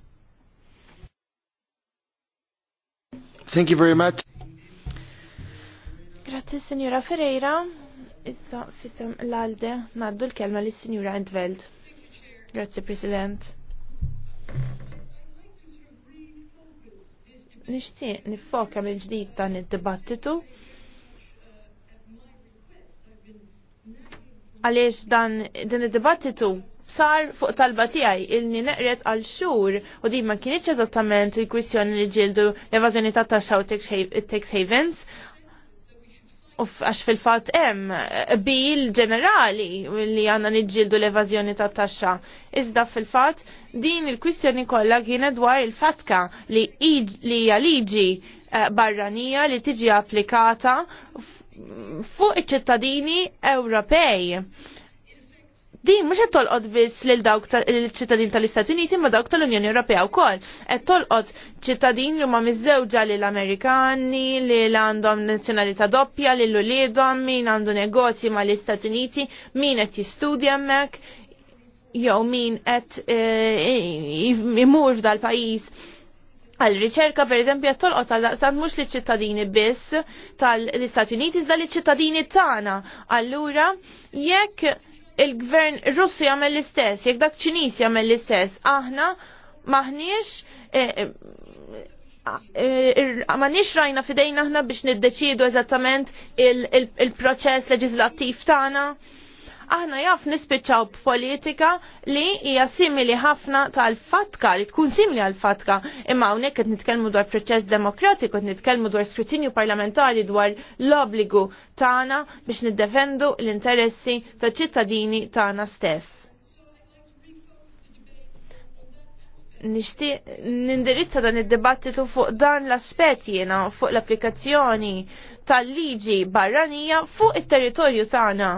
Thank you very much. Grazzi, Signora Ferreira. Issa fissem l-alde naddu l-kelma li Signora Entveld. Grazzi, President. Nishtiq nifoka mill-ġdid dan id-dibattitu għaliex dan din id-dibattitu sar fuq talba tiegħi ni neqret għal xhur u din ma kienieċ eżattament il-kwistjoni li ġildu l-evażjoni ta' taxxa u tax havens. U għax fil-fatt hemm bil ġenerali li għandna niġġieldu l-evażjoni ta' taxxa. Iżda fil-fatt din il-kwistjoni kollha kienet dwar il-fatka li hija liġi eh, barranija li tiġi applikata fuq iċ-ċittadini Ewropej. Din mhux qed tolqod biss lil dawk il-ċittadin tal-Istati Uniti ma dawk tal-Unjoni Ewropea wkoll. Qed tolqod ċittadin li huma miżewġa lil Amerikani li għandhom nazzjonalità doppja lil uliedhom min għandu negozji mal-Istati Uniti, min qed jistudja hemmhekk jew min qed eh, imur f'dal-pajjiż għal riċerka per eżempju jattolqot għal daqsan mux li ċittadini biss tal-Istati Uniti iżda li ċittadini tagħna. Allura jekk il-gvern Russu jagħmel l-istess, jekk dak Ċinis jagħmel l-istess, aħna maħniex eh, eh, eh, nix rajna fidejna aħna biex niddeċidu eżattament il-proċess leġislattiv tagħna aħna jaf nispiċċaw politika li hija simili ħafna tal-fatka, li tkun simili għal-fatka. Imma hawnhekk qed nitkellmu dwar proċess demokratiku, qed nitkellmu dwar skrutinju parlamentari dwar l-obbligu tagħna biex niddefendu l-interessi taċ ċittadini tagħna stess. Nixtieq nindirizza dan id-dibattitu fuq dan l-aspett jiena fuq l-applikazzjoni tal-liġi barranija fuq it-territorju tagħna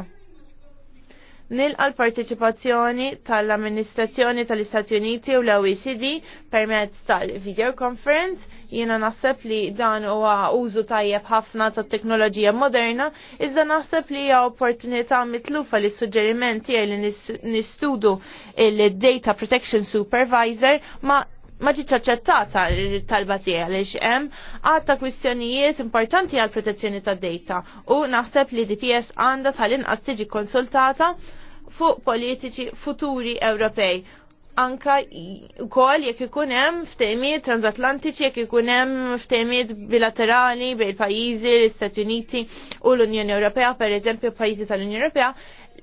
nilqa l-partiċipazzjoni tal-amministrazzjoni tal-Istati Uniti u l-OECD permezz tal-video conference. Jiena naħseb li dan huwa użu tajjeb ħafna tat-teknoloġija moderna, iżda naħseb li hija opportunità mitlufa li suġġerimenti li nistudu il-Data Protection Supervisor ma' ma ġietx aċċettata talba tiegħi għaliex hemm għadta kwistjonijiet importanti għal protezzjoni tad-dejta u naħseb li DPS għandha tal-inqas tiġi konsultata fuq politiċi futuri Ewropej anka jekk ikun hemm ftemiet transatlantiċi, jekk ikun hemm ftemiet bilaterali bej pajjiżi, l istati Uniti u l-Unjoni Ewropea, pereżempju pajjiżi tal-Unjoni Ewropea,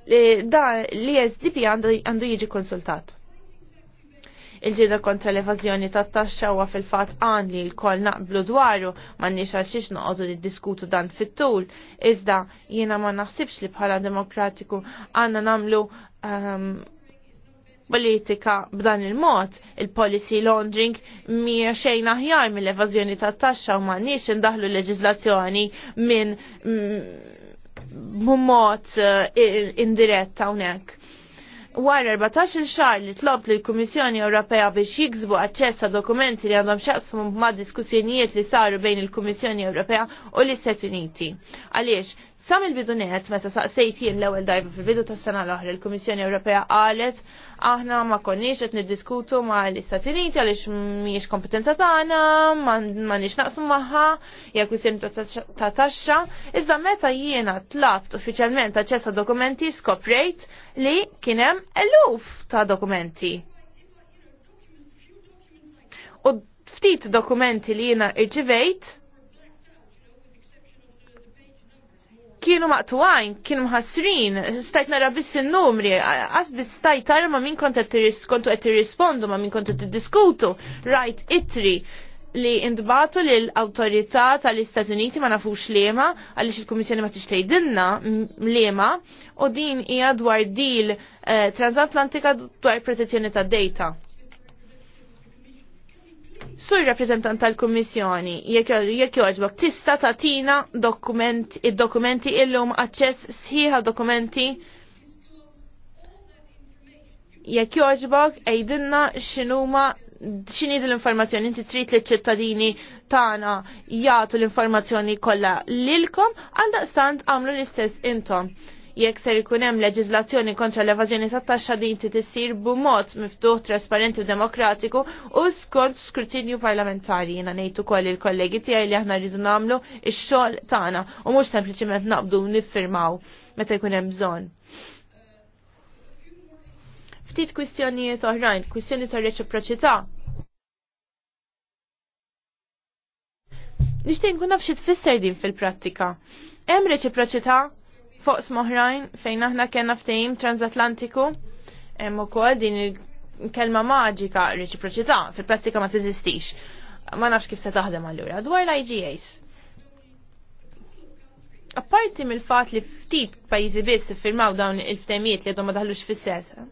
eh, da l SDP għandu jiġi konsultat. Il-ġida kontra l-evazjoni ta' taxxa huwa fil-fatt għan li l koll naqblu dwaru m'għandniex għal xiex noqogħdu diskutu dan fit-tul, iżda jiena ma naħsibx li bħala demokratiku għandna nagħmlu um, politika b'dan il-mod, il-policy laundering mija xejn aħjar mill-evażjoni ta' taxxa u m'għandniex indaħlu leġizlazzjoni minn mm, mod eh, indirett hawnhekk. Wara 14 xahar li tlob li l-Kummissjoni Ewropea biex jiksbu aċċess dokumenti li għandhom xaqsum ma' diskussjonijiet li saru bejn il-Kummissjoni Ewropea u l-Istati Uniti. Għaliex, sam il-bidunet meta saqsejt jien l-ewwel darba fil-bidu tas-sena l-oħra il-Kummissjoni Ewropea qalet aħna ma konniex qed niddiskutu ma l-Istati Uniti għaliex mhijiex kompetenza tagħna, ma nix naqsmu magħha, jekk kwistjoni ta' taxxa, iżda meta jiena tlabt uffiċjalment aċċess ta' dokumenti skoprejt li kien hemm eluf ta' dokumenti. U ftit dokumenti li jiena irċivejt kienu maqtuħajn, kienu mħasrin, stajt nara biss il-numri, għas biss stajt tara ma minn kontet kontu għet rispondu, ma minn kontet diskutu, rajt itri li indbatu li l-autorità tal-Istati Uniti ma nafux lema, għalix il-Komissjoni ma tixtejdilna lema, u din hija dwar dil eh, transatlantika dwar protezzjoni ta' data. Sur rappresentant tal-Kummissjoni, jekk joġbok, tista' tatina dokument, id-dokumenti illum aċċess sħiħa dokumenti jekk joġbok ejdinna x'inhuma x'inhi l-informazzjoni inti trid li ċ ċittadini tagħna jagħtu l-informazzjoni kollha lilkom għaldaqstant għamlu l-istess intom jekk ser ikun hemm leġiżlazzjoni kontra l-evażjoni tat-taxxa din issir b'mod miftuħ, trasparenti u demokratiku u skont skrutinju parlamentari. Jiena ngħid ukoll il-kollegi tiegħi li aħna rridu nagħmlu x-xogħol tagħna u mhux sempliċement naqbdu niffirmaw meta jkun hemm bżonn. Ftit kwistjonijiet oħrajn, kwistjoni ta' reċiproċità. Nixtieq nkun nafx tfisser din fil-prattika. Hemm reċiproċità fuq smoħrajn fejn aħna kena ftejim transatlantiku hemm ukoll din il-kelma maġika reċiproċità fil-prattika ma tiżistix. Ma nafx kif se taħdem allura dwar l-IGAs. Apparti mill-fat li ftit pajjiżi biss iffirmaw dawn il-ftehmijiet li għadhom ma daħlux fis-sesa,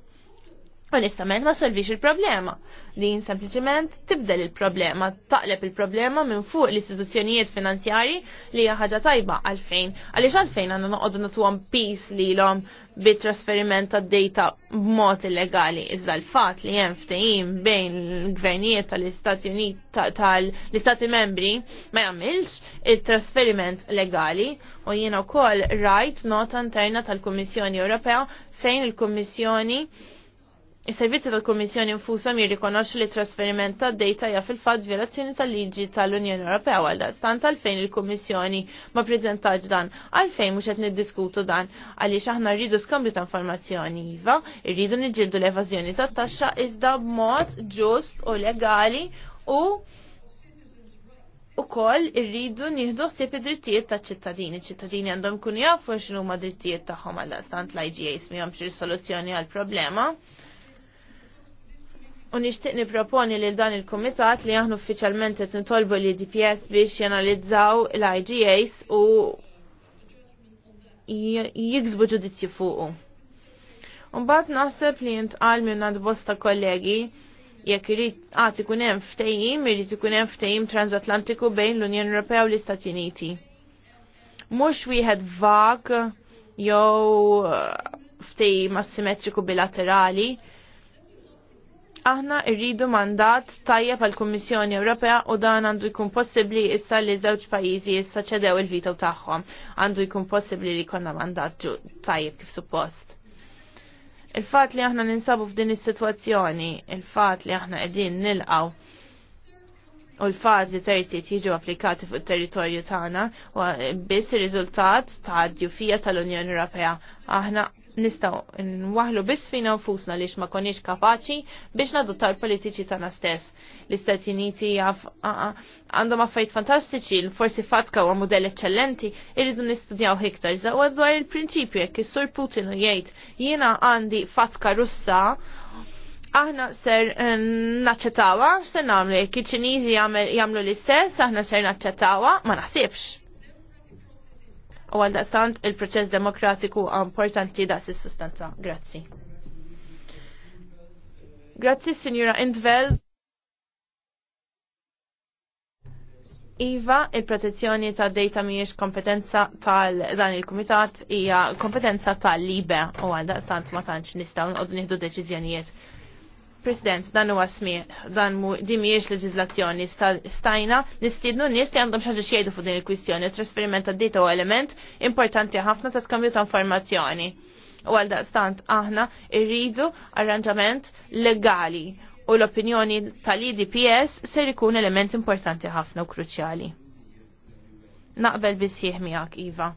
Onestament ma solvix il-problema. Din sempliciment tibdel il-problema, taqleb il-problema minn fuq l-istituzzjonijiet finanzjari li hija ħaġa tajba għalfejn. Għaliex għalfejn għandna noqogħdu nagħtuhom pis lilhom bit-trasferiment tad-data b'mod illegali. Iżda l-fatt li hemm ftehim bejn l-gvernijiet tal-Istati Uniti tal-Istati Membri ma jagħmilx il-trasferiment legali u jiena wkoll rajt nota interna tal-Kummissjoni Ewropea fejn il-Kummissjoni Is-servizzi tal-Kummissjoni infusom jirrikonoxxu li trasferiment ta' data hija fil-fatt violazzjoni tal-liġi tal-Unjoni Ewropea għal daqstant għalfejn il-Kummissjoni ma preżentax dan, għalfejn mhux qed niddiskutu dan għaliex aħna rridu skambju ta' informazzjoni iva, rridu niġġieldu l-evażjoni tat-taxxa iżda b'mod ġust u legali u u kol irridu nieħdu ħsieb id-drittijiet taċ-ċittadini. ċittadini għandhom kun jafu x'inhu ma drittijiet tagħhom għal stant l-IGA smihom xi soluzzjoni għal problema. U nixtieq niproponi lil dan il-kumitat li aħna uffiċjalment qed nitolbu li DPS biex jenalizzaw l-IGAs u jiksbu ġudizzju fuqu. Mbagħad naħseb li jintqal minn għand bosta kollegi jekk irid għad ah, ikun hemm ftehim, irid ikun hemm ftehim transatlantiku bejn l-Unjoni Ewropea u l-Istati Uniti. Mhux wieħed vag jew eh, ftehim asimetriku bilaterali, Aħna rridu mandat tajjeb għal kummissjoni Ewropea u dan għandu jkun possibbli issa li żewġ pajjiżi issa ċedew il-vito tagħhom. Għandu jkun possibli li konna mandat tajjeb kif suppost. Il-fatt li aħna ninsabu f'din is-sitwazzjoni, il fat li aħna qegħdin nilqaw u l-fazi terzi jiġu applikati fuq territorju tagħna u biss ir-riżultat ta' fija tal-Unjoni Ewropea. Aħna nistaw nwaħlu biss fina nfusna lix ma konniex kapaċi biex nadottaw il-politiċi tana stess. L-Istati Uniti għandhom affajt fantastiċi, forsi fatka huwa modell eccellenti, irridu nistudjaw iktar. Zawa dwar il-prinċipju jekk is-Sur Putin u jgħid jiena għandi fatka russa aħna ser naċċettawa, ser nagħmlu jekk iċ-Ċiniżi jagħmlu l-istess, aħna ser naċċettawha, ma naħsibx u għal il-proċess demokratiku importanti da' sustanza Grazzi. Grazzi, Signora Indvel. Iva, il-protezzjoni ta' data miex kompetenza tal-dan il-komitat hija kompetenza tal-libe u għal ma tantx nistgħu nqogħdu nieħdu deċiżjonijiet President, dan huwa smieħ, dan dimiex leġizlazzjoni stajna, nistiednu nies li għandhom xaġa jgħidu fuq din il-kwistjoni, trasferiment ta' data u element importanti ħafna ta' skambju ta' informazzjoni. U għal daqstant aħna irridu arranġament legali u l-opinjoni tal-IDPS ser ikun element importanti ħafna u kruċjali. Naqbel bisħieħ miegħek, Iva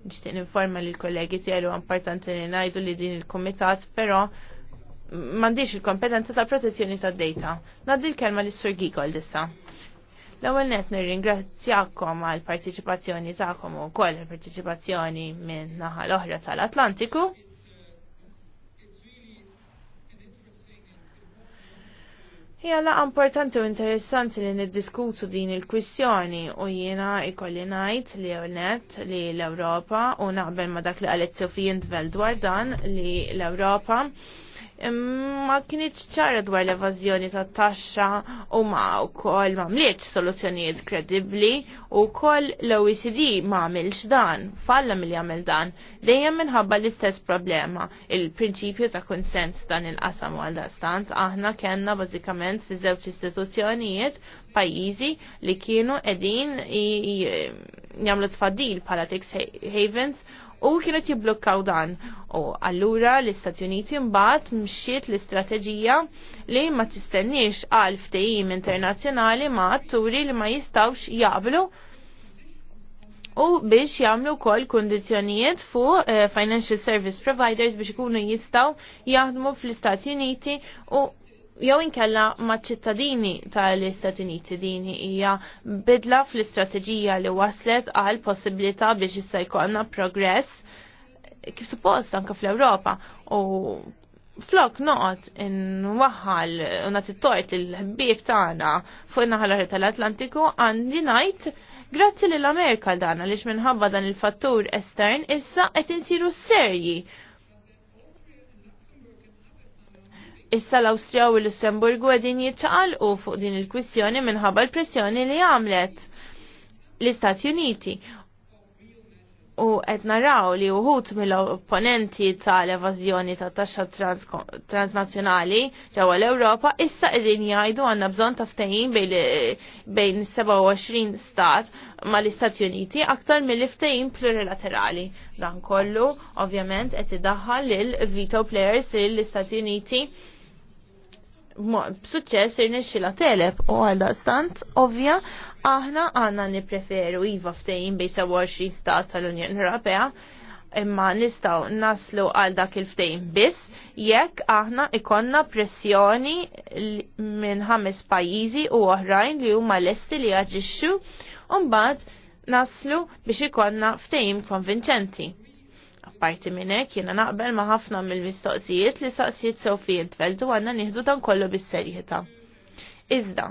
Nixtieq informa li l-kollegi tiegħu importanti li ngħidu li din il-kumitat, però mandiċ il-kompetenza tal-protezzjoni tad-data. Naddi l-kelma li sur Gigol dissa. L-ewwel net nirringrazzjakom għal partiċipazzjoni tagħkom u koll il-partiċipazzjoni minn naħa l-oħra tal-Atlantiku. Hija laqa importanti u interessanti li niddiskutu din il-kwistjoni u jiena ikolli ngħid li net li l-Ewropa u naqbel ma dak li qalet Sofie Intveld dwar dan li l-Ewropa ma kienieċ ċara dwar l-evazjoni ta' taxxa u ma' u koll ma' mliċ soluzzjonijiet kredibli u koll l-OECD ma' milx dan, falla mill jagħmel dan, dejjem minħabba l-istess problema, il-prinċipju ta' konsens dan il-qasam għal stant aħna kellna bażikament fi żewġ istituzzjonijiet pajjiżi li kienu edin jagħmlu tfaddil pala tax havens u kienu jiblokkaw dan. U allura l-Istati Uniti mbagħad mxiet l-istrateġija li ma tistenniex għal ftehim internazzjonali ma atturi li ma jistawx jaqblu u biex jagħmlu wkoll kundizzjonijiet fuq uh, financial service providers biex ikunu jistgħu jaħdmu fl-Istati Uniti u jew inkella maċ-ċittadini tal-Istati Uniti din hija bidla fl-istrateġija li waslet għal possibilità biex jista' jkollna progress kif suppost anke fl-Ewropa u flok noqgħod inwaħħal u nagħti tort il-ħbieb tagħna fuq in-naħa tal-Atlantiku għandi ngħid grazzi lill-Amerika dana għaliex minħabba dan il-fattur estern issa qed insiru serji Issa l austria u l-Lussemburgu għedin u fuq din il-kwistjoni minħabba l-pressjoni li għamlet l-Istati Uniti. U qed naraw li uħut mill-opponenti tal-evażjoni ta' taxxa transnazzjonali ġewwa l-Ewropa issa qegħdin jgħidu għandna bżonn ta' ftehim bejn 27 stat mal-Istati Uniti aktar mill-ftehim plurilaterali. Dan kollu ovvjament qed idaħħal lil veto players lill-Istati Uniti b'suċċess irnexxila telep u għalda stant ovvja aħna għandna nippreferu iva ftehim bejn 27 stat tal-Unjoni Ewropea imma nistaw naslu għal dak il-ftejn biss jekk aħna ikonna pressjoni minn ħames pajjiżi u oħrajn li huma lesti li jaġixxu u mbagħad naslu biex ikonna ftejn konvinċenti parti minnek jiena naqbel ma' ħafna mill-mistoqsijiet li saqsijiet sew fijin tfeldu għanna nieħdu dan kollu bis-serjetà. Iżda,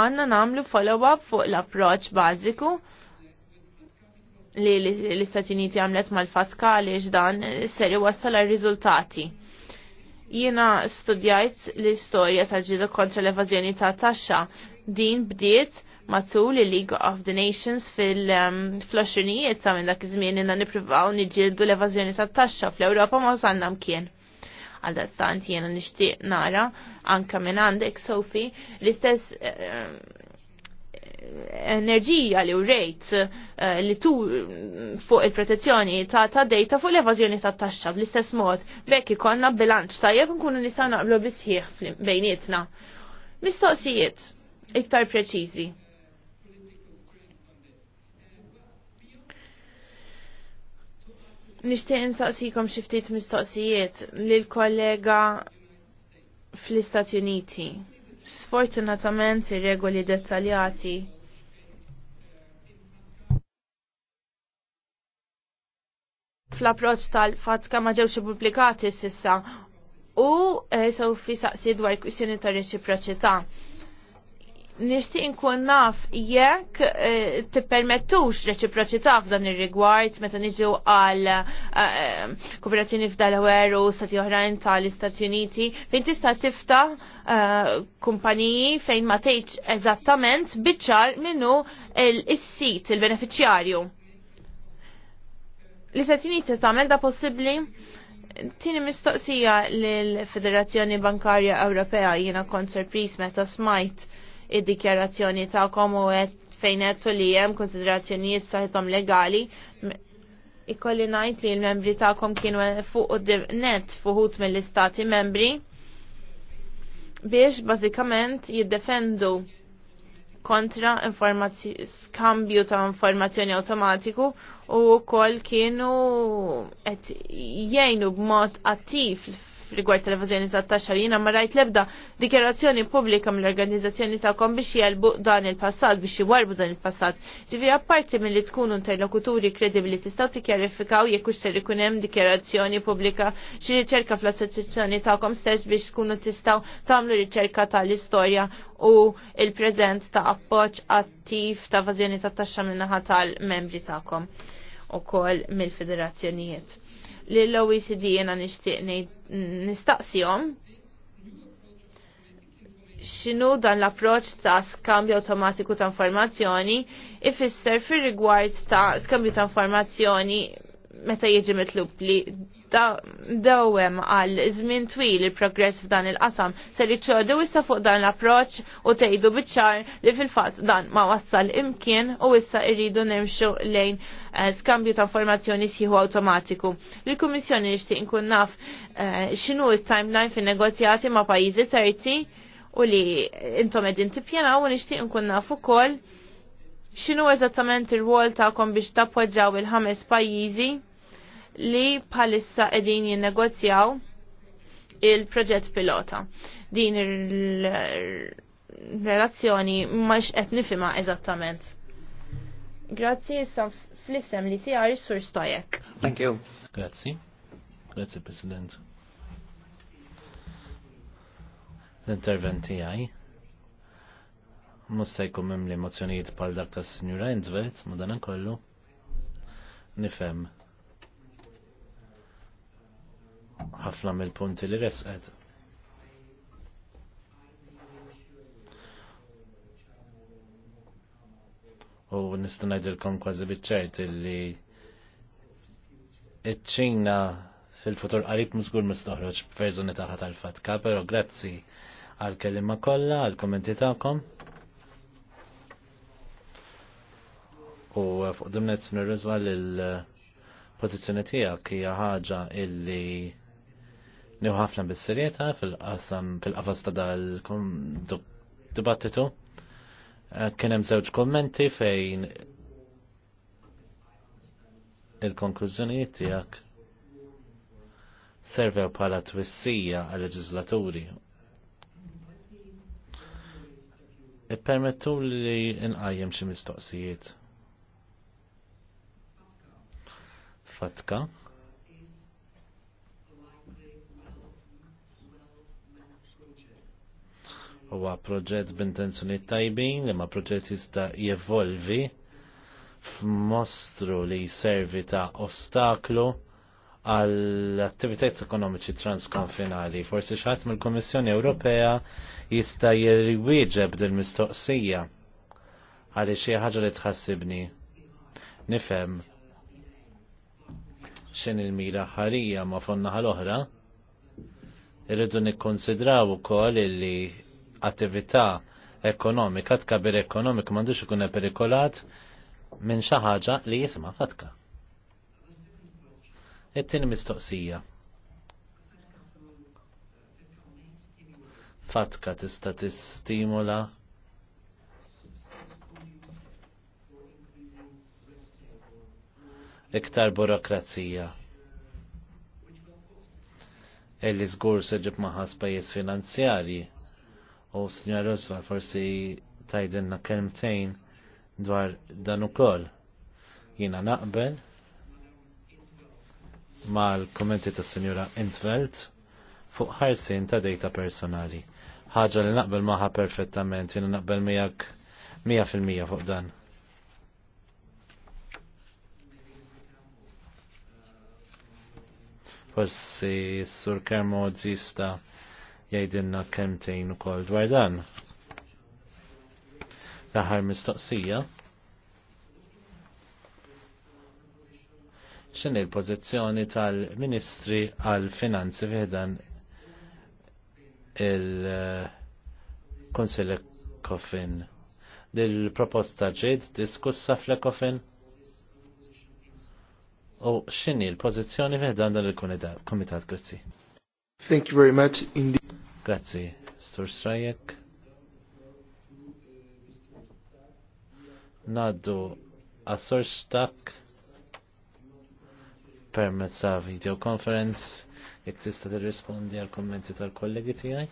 għanna namlu follow-up fuq l-approċ bażiku li l-Istati Uniti għamlet mal-fatka li ġdan seri wassal għal-rizultati. Jiena studjajt l-istoria tal ġidu kontra l-evazjoni ta' taxxa din bdiet matul il-League of the Nations fil-floxinijiet um, ta minn dak iż-żmien inna nippruvaw niġġieldu l-evażjoni tat-taxxa fl-Ewropa ma wasalna mkien. Għal dastant jiena nixtieq nara anka minn għandek Sofi l-istess eh, enerġija li uh, li tu fuq il-protezzjoni ta' ta' dejta fuq l-evażjoni ta' taxxa bl-istess mod bekk ikonna bilanċ tajjeb nkunu nistgħu naqblu bisħieħ bejnietna. Mistoqsijiet iktar preċiżi Nishtiq insaqsikom xiftit mistoqsijiet lil kollega fl-Istati Uniti. Sfortunatament ir-regoli dettaljati fl-approċ tal-fatka ma ġewx pubblikati sissa u e, eh, sew fi saqsi dwar kwissjoni ta' reċiproċità nishtiq inkun naf jekk eh, tippermettux reċiproċità f'dan ir-rigward meta niġu għal eh, kooperazzjoni f'Delaware u stati oħrajn tal-Istati Uniti fejn tista' tiftaħ eh, kumpaniji fejn ma tgħidx eżattament biċċar minnu is-sit il benefiċjarju L-Istati Uniti tagħmel da possibbli tini mistoqsija l-Federazzjoni Bankarja Ewropea jiena kont surpris meta smajt id-dikjarazzjoni ta' u għed fejnettu li jem konsiderazzjonijiet saħitom legali. Ikolli najt li l-membri kom kienu fuq net fuħut mill-istati membri biex bazikament jiddefendu kontra skambju ta' informazzjoni automatiku u kol kienu jgħinu b'mod attiv rigward tal-evażjoni tat-taxxa jiena ma rajt l-ebda dikjarazzjoni pubblika mill-organizzazzjoni tagħkom biex jelbu dan il-passat biex jwarbu dan il-passat. Ġifieri apparti milli tkunu interlokuturi kredibbli tistgħu tikkjarifikaw jekk hux ser ikun hemm dikjarazzjoni pubblika xi riċerka fl-assoċjazzjoni tagħkom stess biex tkunu tistgħu tagħmlu riċerka tal-istorja u il-preżent ta' appoġġ attiv ta' vażjoni tat-taxxa minnaħa tal-membri tagħkom ukoll mill-federazzjonijiet li l-OECD jena nistaqsijom xinu dan l-approċ ta' skambju automatiku ta' informazzjoni ifisser fir rigward ta' skambju ta' informazzjoni meta jieġi mitlub li dawem għal żmien twil il-progress f'dan il-qasam ser iċċodu issa fuq dan l-approċ u tgħidu biċ-ċar li fil-fatt dan ma wassal imkien u issa irridu nimxu lejn eh, skambju ta' informazzjoni sieħu awtomatiku. Il-Kummissjoni nixtieq inkun naf eh, x'inhu it-timeline fin-negozjati ma' pajjiżi terzi u li intom qegħdin tippjanaw u nixtieq inkun naf ukoll x'inhu eżattament ir wol tagħkom biex tappoġġaw il-ħames pajjiżi li bħalissa edin jinnegozjaw il-proġett pilota. Din il-relazzjoni ma qed nifhimha eżattament. Grazzi issa fl-isem li sijar sur stajek. Thank you. Grazzi. Grazzi President. l interventi għaj. mhux se jkun hemm li-mozzjonijiet bħal dak tas-Sinjura Endvet, ma dan kollu nifhem ħafna mill-punti li resqet. U il ngħidilkom kważi biċċert illi iċ-Ċina fil-futur qarib musgur mistoħroġ b'verżuni taħħa tal-fatka, però grazzi għal kelima kollha, għal kommenti tagħkom. U fuq dimnet nirriżwa l-pożizzjoni tiegħek hija ħaġa illi Nihu ħafna bis-serjetà fil-qasam fil-qafas ta' dal-dibattitu. Eh, kien hemm żewġ kommenti fejn il-konklużjonijiet tiegħek servew bħala twissija għal leġislaturi Ippermettu li nqajjem xi mistoqsijiet. Fatka. huwa proġett b'intenzjoni tajbin li ma proġett jista' jevolvi f'mostru li servi ta' ostaklu għall attivitajiet ekonomiċi transkonfinali. Forsi xaħat mill-Kommissjoni Ewropea jista' jirwieġeb din mistoqsija għalli xi ħaġa li tħassibni. Nifhem xen il-mira ħarija ma fonna ħal-oħra, irridu nikkonsidraw ukoll illi attività ekonomika, tkabir ekonomik m'għandux ikun perikolat minn xi ħaġa li jisma' fatka. It-tieni mistoqsija. Fatka tista' tistimula iktar burokrazija. Illi żgur se ġib maħas pajjiż finanzjarji u Sinjora Rosva forsi tajdenna kelmtejn dwar dan ukoll. Jiena naqbel mal-kommenti ta' Sinjora Intveld fuq ħarsin ta' data personali. ħaġa li naqbel maħa perfettament, jiena naqbel miegħek 100% fuq dan. Forsi s-sur Kermo ġista jgħidilna kemtejn ukoll dwar dan. L-aħħar mistoqsija. xin il-pozizjoni tal-Ministri għal-Finanzi fiħdan il-Konsil Ekofin. Dil-proposta ġed diskussa fl-Ekofin? U xini l-pozizjoni fiħdan dan il-Komitat Grazzi? Thank you very much. Indeed. Grazie. Stur Strajek. Naddu għasur stak permezz ta' video conference jekk tista' rispondi għal kommenti tal-kollegi tiegħi.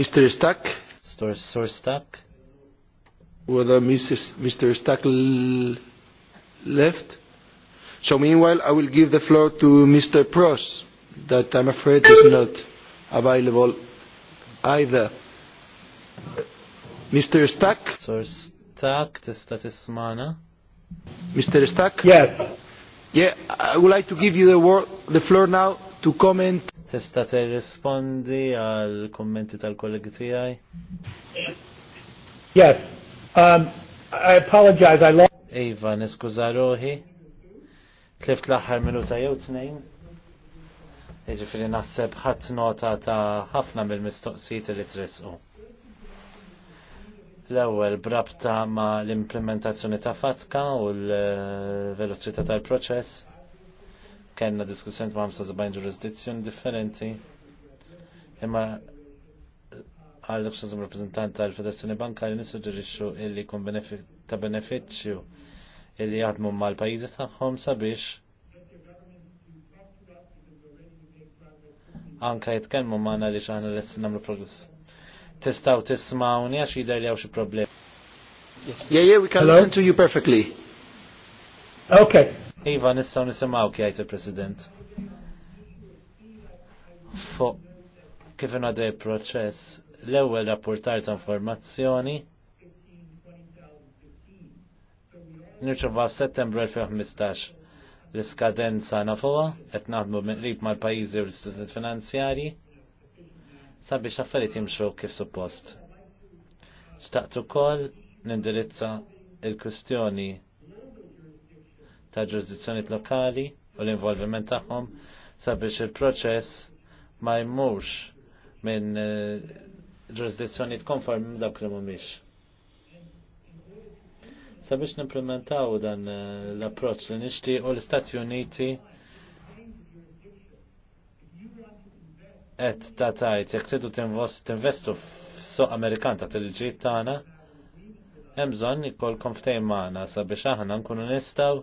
Mr. Stack? Stor, sor Stack? Whether Mr. Stack left? So meanwhile, I will give the floor to Mr. Pross, that I'm afraid is not available either. Mr. Stack? Mr. Stack, the status mana. Mr. Stack? Yes. Yeah, I would like to give you the, word, the floor now to comment. Tista rispondi għal kommenti tal-kollegi tijaj? Yes. Um, I apologize, I lost... Iva, niskuza roħi tlift l-aħħar minuta jew tnejn. Jiġifieri naħseb ħadd nota ta' ħafna mill-mistoqsijiet li tresqu. L-ewwel brabta ma' l-implementazzjoni ta' fatka u l-veloċità tal-proċess. Kenna diskussjoni ma' żbajn ġurisdizzjoni differenti. Imma għal-dokxazum rappresentant tal-Federazzjoni Bankarja nisuġġerixxu illi jkun ta' benefiċċju illi jaħdmu mal-pajjiżi tagħhom sabiex anka jitkellmu magħna li xaħna lest nagħmlu progress. Tistgħu tismawni għax jidher li hawn xi problemi. Yeah, yeah, we can Hello? listen to you perfectly. Okay. Iva, nistgħu nisimgħu jgħid il-President. Fuq kif inadej proċess l-ewwel rapportar ta' informazzjoni nirċuva settembru 2015 l-iskadenza nafuwa, qed naħdmu rib qrib mal-pajjiżi u l istudent finanzjari sabiex affarijiet jimxu kif suppost. Xtaqt ukoll nindirizza il kustjoni ta' ġurisdizzjoni lokali u l-involviment tagħhom sabiex il-proċess ma jmurx minn eh, ġurisdizzjoni tkonform dawk li mhumiex. Sabiex nimplementaw dan eh, l-approċ li u l-Istati Uniti qed ta' tajt jekk tridu tinvestu f'suq Amerikan ta' il-ġid tagħna, hemm bżonn ikollkom ftehim magħna sabiex aħna nkunu nistaw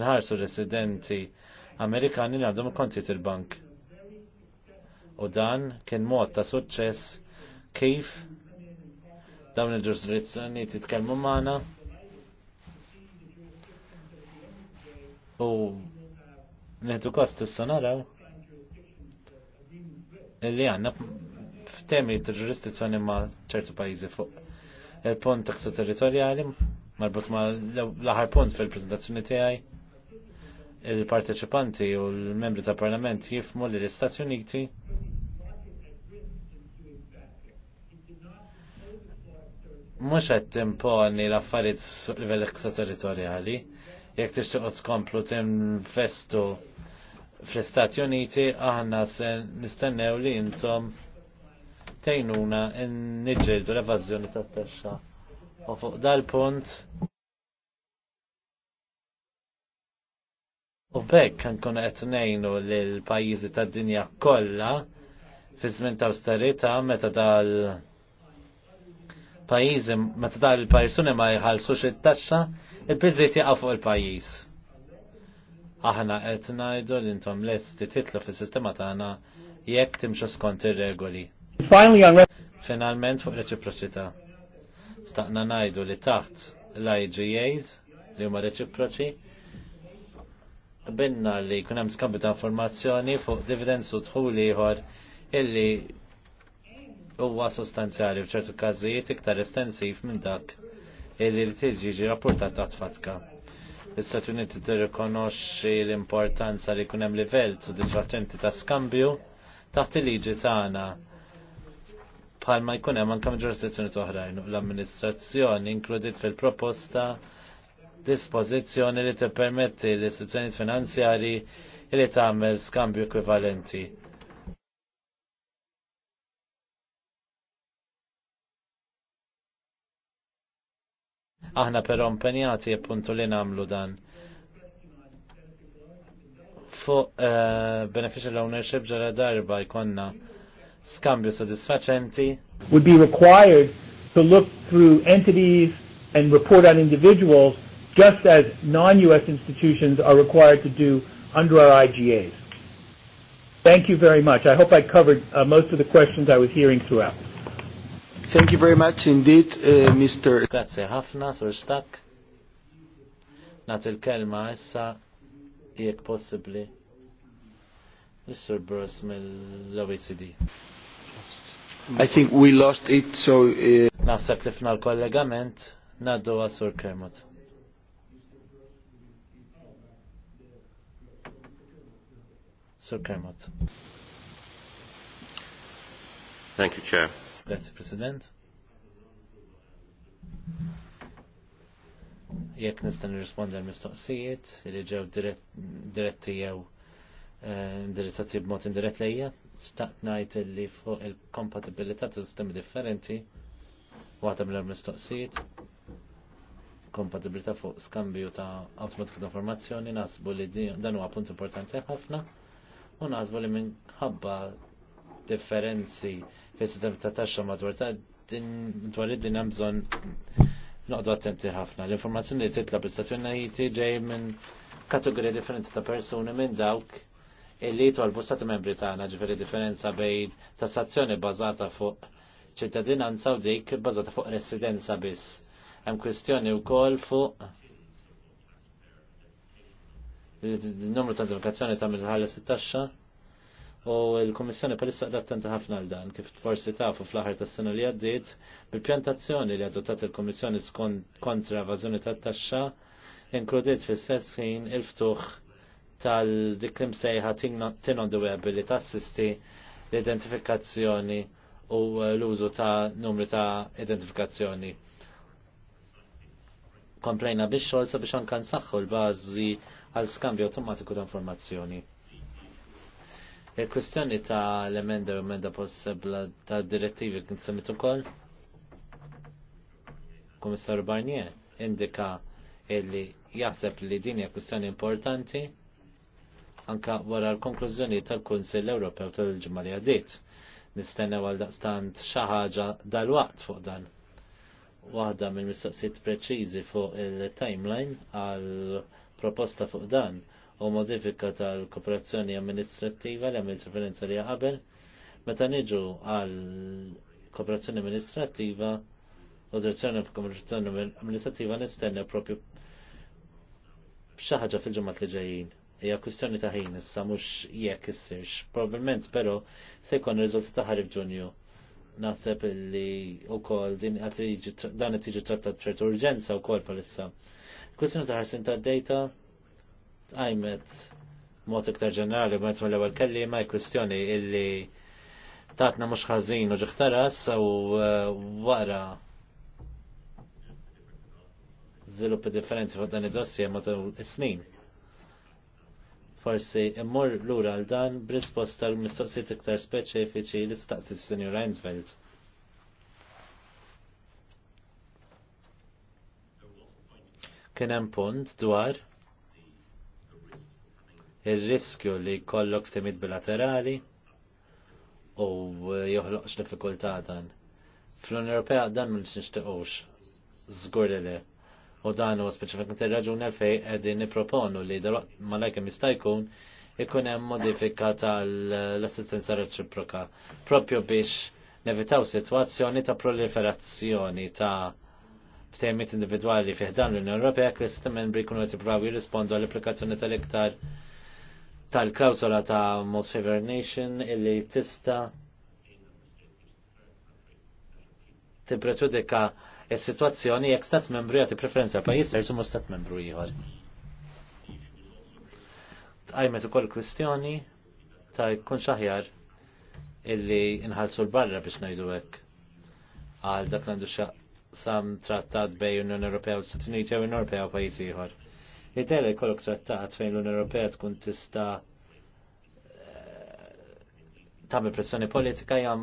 nħarsu residenti Amerikani li għandhom konti il-bank. U dan kien mod ta' suċċess kif dawn il-ġurisdizzjoni titkellmu maħna. U neħdu kost issa naraw Illi għanna f'temi t ġurisdizzjoni ma' ċertu pajjiżi fuq il-pont taksu territorjali marbut ma' l-aħar punt fil-prezentazzjoni tiegħi il-parteċipanti u l-membri ta' parlament jifmu li l-Istati Uniti mhux qed timponi l-affarijiet fuq livell ekstraterritorjali, jekk tixtieq tkomplu tinvestu fl-Istati Uniti aħna se nistennew li intom tejnuna niġġeldu l-evażjoni tat-taxxa. U fuq dal-punt U bekk kan kun qed ngħinu lil pajjiżi tad-dinja kollha fi żmien ta' austerità meta dal pajizi meta dar il-persuni ma jħallsux it-taxxa, il-prezzijiet jaqgħu fuq il-pajjiż. Aħna qed ngħidu li intom lesti titlu fis-sistema tagħna jekk timxu skont ir-regoli. Finalment fuq reċiproċità. Staqna ngħidu li taħt l-IGAs li huma reċiproċi binna li kunem skambita informazzjoni fuq dividends u tħuli ieħor illi huwa sostanzjali f'ċertu każijiet iktar estensiv minn dak illi li tiġi ġi rapportat ta' tfatka. L-Istati Uniti tirrikonoxxi l-importanza li jkun hemm livell tu disfattenti ta' skambju taħt il-liġi tagħna bħalma jkun hemm anke ġurisdizzjoni oħrajn l-amministrazzjoni inkludit fil-proposta dispożizzjoni li tippermetti l-istituzzjonijiet finanzjarji li tagħmel skambju ekwivalenti Aħna però impenjati appunto li namlu dan. Fuq uh, eh, beneficial ownership ġara darba jkonna skambju soddisfaċenti. Would be required to look through entities and report on individuals just as non-U.S. institutions are required to do under our IGAs. Thank you very much. I hope I covered uh, most of the questions I was hearing throughout. Thank you very much indeed, uh, Mr. Grazie ħafna, Sir Stak. Nat il-kelma issa jekk possibbli. Mr. Burris mill-OECD. I think we lost it, so... Uh... Naħseb li fna l-kollegament, naddu għasur kermut. Sir Kermot. Thank you, Chair. Grazzi, President. Jekk nistan nirrispondi għal mistoqsijiet li ġew diretti jew eh, indirizzati b'mod indirett lejja, staqt ngħid li fuq il-kompatibilità ta' sistemi differenti waħda mill-mistoqsijiet kompatibilità fuq skambju ta' automatika ta' informazzjoni nasbu li dan huwa punt importanti ħafna u nasbu li minħabba differenzi fis-sistem ta' taxxa madwar ta' dwar id-din hemm bżonn noqdu attenti ħafna. L-informazzjoni li titla bl-Istati Uniti ġej minn kategorija differenti ta' persuni minn dawk illi jitolbu stati membri tagħna ġifieri differenza bejn tassazzjoni bażata fuq ċittadinanza u dik bażata fuq residenza biss. Hemm kwistjoni wkoll fuq il-numru ta' identifikazzjoni ta' mill-ħalla 16 U l-Komissjoni palissa attenta ħafna għal dan, kif forsi tafu fl-aħħar tas-sena li għaddiet, bil-pjantazzjoni li adottat il-Komissjoni kontra evażjoni tat-taxxa, inkludiet fis sessin il-ftuħ tal-diklim sejħa tin on the web li tassisti l-identifikazzjoni u l-użu ta' numri ta' identifikazzjoni. Komplejna biex xolsa biex ankan saħħu l bazzi għal skambju automatiku ta' informazzjoni Il-kwestjoni ta' l-emenda u emenda possibla ta' direttivi kien semmit ukoll? Komissar Barnier indika illi jaħseb li din hija kwestjoni importanti anka wara l-konklużjoni tal-Kunsill Ewropew tal-ġimgħa li għaddiet. Nistennew għal daqstant xi ħaġa dal-waqt fuq dan. Waħda mill-mistoqsijiet preċiżi fuq il-timeline għal proposta fuq dan u modifika tal-kooperazzjoni amministrattiva li għamil referenza li għabel, meta niġu għal kooperazzjoni amministrattiva u direzzjoni f'kooperazzjoni amministrattiva nistenna propju xaħġa fil-ġemat li ġejjin. Hija kwistjoni ta' ħin issa mhux jek issirx. Probabilment pero se jkun rizulti ta' Ġunju. Naħseb li wkoll din qed dan tiġi trattat b'ċertu urġenza wkoll bħalissa. Kwistjoni ta' ħarsin ta' data għajmet mod iktar ġenerali ma jtmu l-ewel kelli ma kwistjoni illi tatna mux ħazin u ġiħtaras u eh, wara zviluppi differenti fuq dan id-dossier matul is-snin. Forsi immur lura għal dan b'risposta tal mistoqsijiet iktar speċifiċi li staqsi s-Senjur Reinfeldt. Kien hemm punt dwar ir-riskju li kollok timid bilaterali u joħloqx diffikultà dan. Fl-Unjoni Ewropea dan ma nixtiequx. Żgur li le. U dan huwa speċifikament ir-raġun għalfej qegħdin nipproponu li malajkem jista' jkun ikun hemm modifika tal-assistenza reċiproka propju biex nevitaw sitwazzjoni ta' proliferazzjoni ta' ftehmiet individwali fih dan l-Unjoni Ewropea kli sitt membri jkunu qed jippruvaw jirrispondu għall-applikazzjoni tal-iktar tal klawsola ta' Most Favored Nation illi tista' tippreġudika il sitwazzjoni jekk stat membru jagħti preferenza pa' ser jisumu stat membru ieħor. Tqajmet ukoll kwistjoni ta' jkun xaħjar illi inħalsu l-barra biex ngħidu hekk. Għal dak l-għandu sam trattat bej Unjoni Ewropea u Stati Uniti u Ewropea u pajjiż ieħor li tera jkollok trattat fejn l-Unjoni Ewropea tkun tista' eh, tagħmel pressjoni politika jam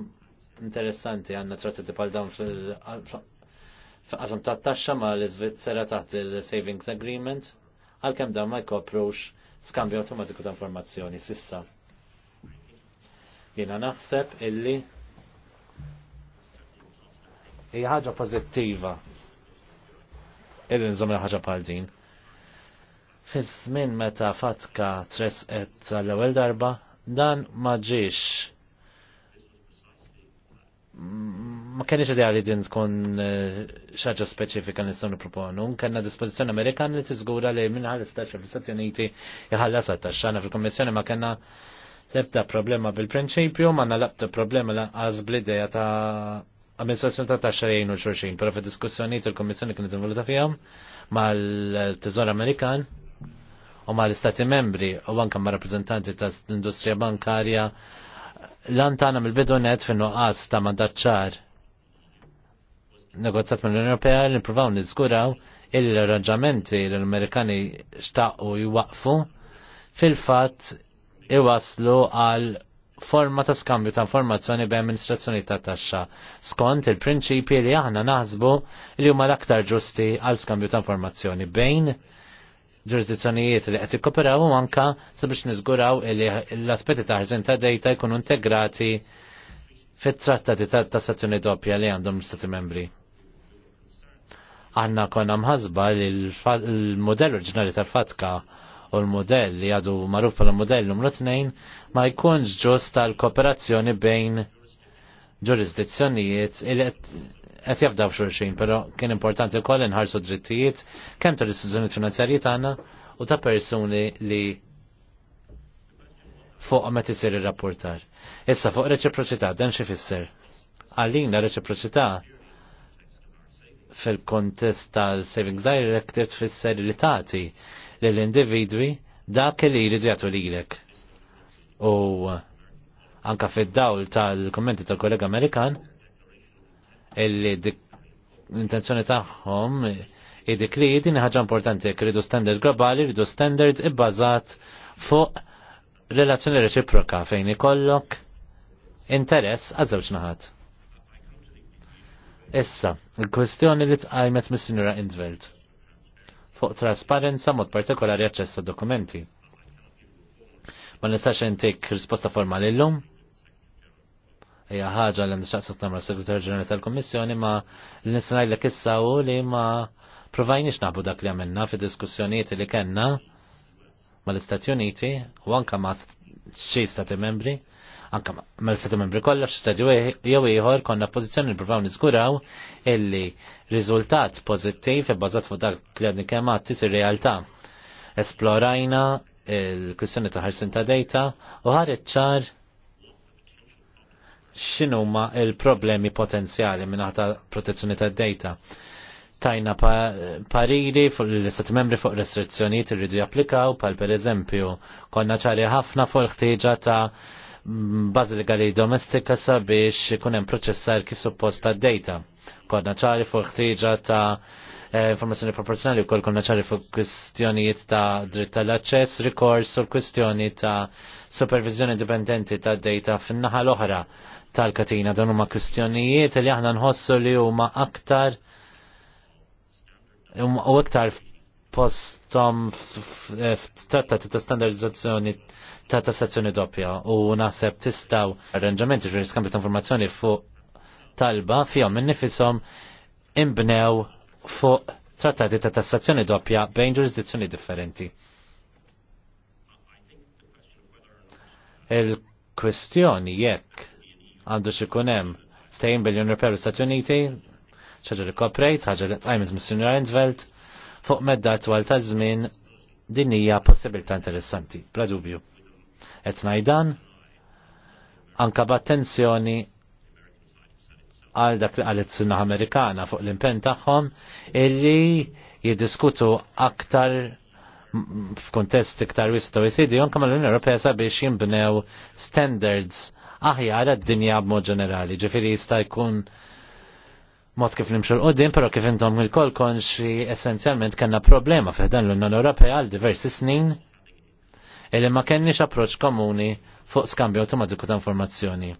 interessanti għandna trattati bħal dawn fil-qasam tat-taxxa ma l-Iżvizzera taħt il-Savings Agreement għalkemm dan ma jkoprux skambju automatiku ta' informazzjoni sissa. Jiena naħseb illi hija ħaġa pożittiva illi nżomm ħaġa pal din fizzmin żmien meta fatka tresqet għall-ewwel darba, dan ma ġiex ma kenix idea li din tkun eh, xaġa speċifika nistgħu nipproponu, kenna dispożizzjoni Amerikan li tiżgura li minn ħalles taxxa fl-Istati Uniti jħallas għat-taxxa. fil-Kummissjoni ma kellna lebda problema bil-prinċipju, ma nalabda problema la bl-ideja ta' amministrazzjoni ta' taxxa u xurxin. pero fi diskussjonijiet il-Kommissjoni kienet involuta fihom mal-Teżor Amerikan u ma l-Istati membri u anka ma' rappresentanti ta' l-industrija bankarja l-antana mill-bidonet fin-nuqqas ta' mandatċar negozjat mill Ewropea li nipruvaw niżguraw il-arranġamenti li l-Amerikani xtaqqu jwaqfu fil-fatt iwaslu għal forma ta' skambju ta' informazzjoni bejn amministrazzjoni ta' taxxa skont il-prinċipji li aħna naħsbu li huma l-aktar ġusti għal skambju ta' informazzjoni bejn ġurisdizzjonijiet li qed ikkoperaw u anka sabiex niżguraw li l-aspetti ta' ħażin ta' dejta jkunu integrati fit-trattati ta' tassazzjoni doppja li għandhom l-Stati membri. Għanna konna mħazba li l-modell oriġinali tal-fatka u l-modell li għadu maruf pala modell numru 2 ma jkunx ġust tal-kooperazzjoni bejn ġurisdizzjonijiet li qed jafdaw xulxin, però kien importanti wkoll nħarsu drittijiet kemm tal-istituzzjoni finanzjarji tagħna u ta' persuni li fuq ma tisir ir-rapportar. Issa fuq reċiproċità dan xi fisser. Għalina reċiproċità fil-kontest tal-Savings Directive tfisser li tagħti lill-individwi dak li jridu jagħtu lilek. U anka fid-dawl tal-kommenti tal-kollega Amerikan, illi l-intenzjoni tagħhom id-dik li din ħaġa importanti kridu standard globali, ridu standard ibbażat fuq relazzjoni reċiproka fejn ikollok interess żewġ naħat. Issa, il-kwestjoni li tqajmet mis-Sinjura Indvelt fuq trasparenza mod partikolari aċċess dokumenti. Ma nistax intik risposta formali l-lum, hija ħaġa li nixtaqsaq tamra segretar ġenerali tal kummissjoni ma l nisnaj li kissaw li ma provajniex naħbu dak li għamilna fi diskussjonijiet li kellna mal istati Uniti u anka ma xi stati membri anka mal istati membri kollha xi stati jew ieħor konna pożizzjoni nippruvaw niżguraw illi riżultat pożittiv ibbażat e fuq dak li għadni kemm għad tisir realtà. Esplorajna il-kwistjoni ta' ħarsin ta' data u ħareċ ċar x'inhuma il-problemi potenzjali minn ta' protezzjoni tad-data. Tajna pa pariri fuq l-istat membri fuq restrizzjonijiet irridu japplikaw, pal per eżempju, konna ċari ħafna fuq l-ħtieġa ta' bazi legali domestika sabiex ikun hemm proċessar kif suppost tad-data. Konna ċari fuq ħtieġa ta' eh, informazzjoni proporzjonali u kol konna ċari fuq kwistjonijiet ta' dritt tal-aċċess, rikors u kwistjoni ta' supervizjoni dipendenti ta' data fin-naħa l-oħra tal-katina dan huma kwistjonijiet li aħna nħossu li huma aktar u aktar postom f'trattati ta' standardizzazzjoni ta' tassazzjoni doppja u naħseb tistaw arranġamenti ġuri skambi ta' informazzjoni fuq talba fihom minn nifisom imbnew fuq trattati ta' tassazzjoni doppja bejn ġurisdizzjoni differenti. Il-kwestjoni jekk għandu xikun hemm biljon Ewropew l-Istati Uniti, ċaġa li koprejt, ħaġa li tqajmet mis-Sinjor Endveld, fuq medda twal ta' żmien din hija possibilità interessanti, bla dubju. Qed ngħidan anka b'attenzjoni għal dak li qalet sinna Amerikana fuq l-impen tagħhom illi jiddiskutu aktar f'kuntest iktar wisa ta' OECD anke mal-Unjoni Ewropea sabiex jinbnew standards aħjar għad-dinja b'mod ġenerali. Ġifiri jista' jkun mod kif nimxu l-qoddim, pero kif intom il-kol konxi essenzjalment kena problema fiħdan l-Unjoni Ewropea għal diversi snin illi ma kenniex approċ komuni fuq skambju automatiku ta' informazzjoni.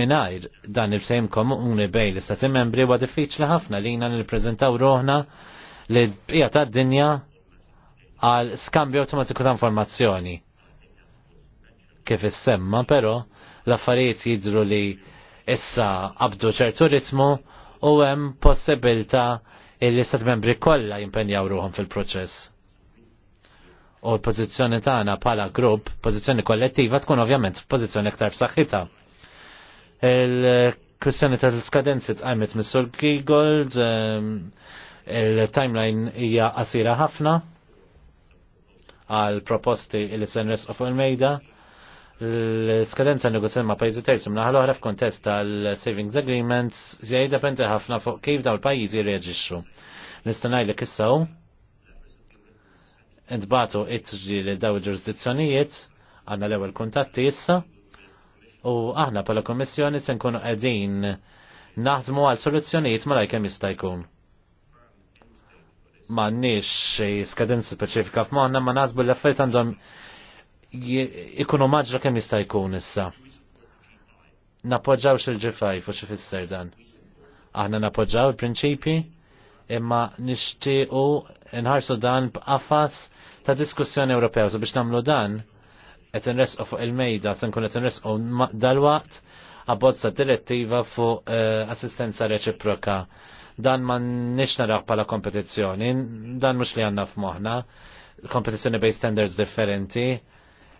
Minajr dan il-fejm komuni bej li istati membri huwa diffiċli ħafna li jina nirpreżentaw roħna li bqija ta' dinja għal skambju automatiku ta' informazzjoni kif is-semma, però l-affarijiet jidru li issa qabdu ċertu ritmu u hemm possibilità li l-istat membri kollha jimpenjaw ruhom fil-proċess. U l-pożizzjoni tagħna bħala grupp, pożizzjoni kollettiva tkun ovvjament f'pożizzjoni aktar b'saħħitha. Il-kwistjoni tal-skadenzi tqajmet mis-Sur Gigold, ehm, il-timeline hija qasira ħafna għal proposti li se nresqu fuq il-mejda. il mejda l-skadenza negozjat ma' pajjiżi terzi mnaħal oħra f'kontest tal-Savings Agreements jgħid dependi ħafna fuq kif dawn il-pajjiżi reaġixxu. Nista' ngħidlek issaw intbagħtu itri lil daw il-ġurisdizzjonijiet għandna l-ewwel kuntatti issa u aħna bħala Kommissjoni se nkunu qegħdin naħdmu għal soluzzjonijiet mara kemm jista' jkun. M'għandniex skadenza speċifika f'moħħna ma nażbu l-affarijiet għandhom ikunu maġra kemm jista' jkun issa. Napoġġawx il-G5 u xi fisser dan. Aħna napoġġaw il-prinċipi imma nixtiequ nħarsu dan b'qafas ta' diskussjoni Ewropew so biex nagħmlu dan qed inresqu fuq il-mejda se nkun qed inresqu dalwaqt abbozza direttiva fuq eh, assistenza reċiproka. Dan ma nix naraħ pala kompetizzjoni, dan mux li għanna f'moħna, kompetizzjoni bej standards differenti,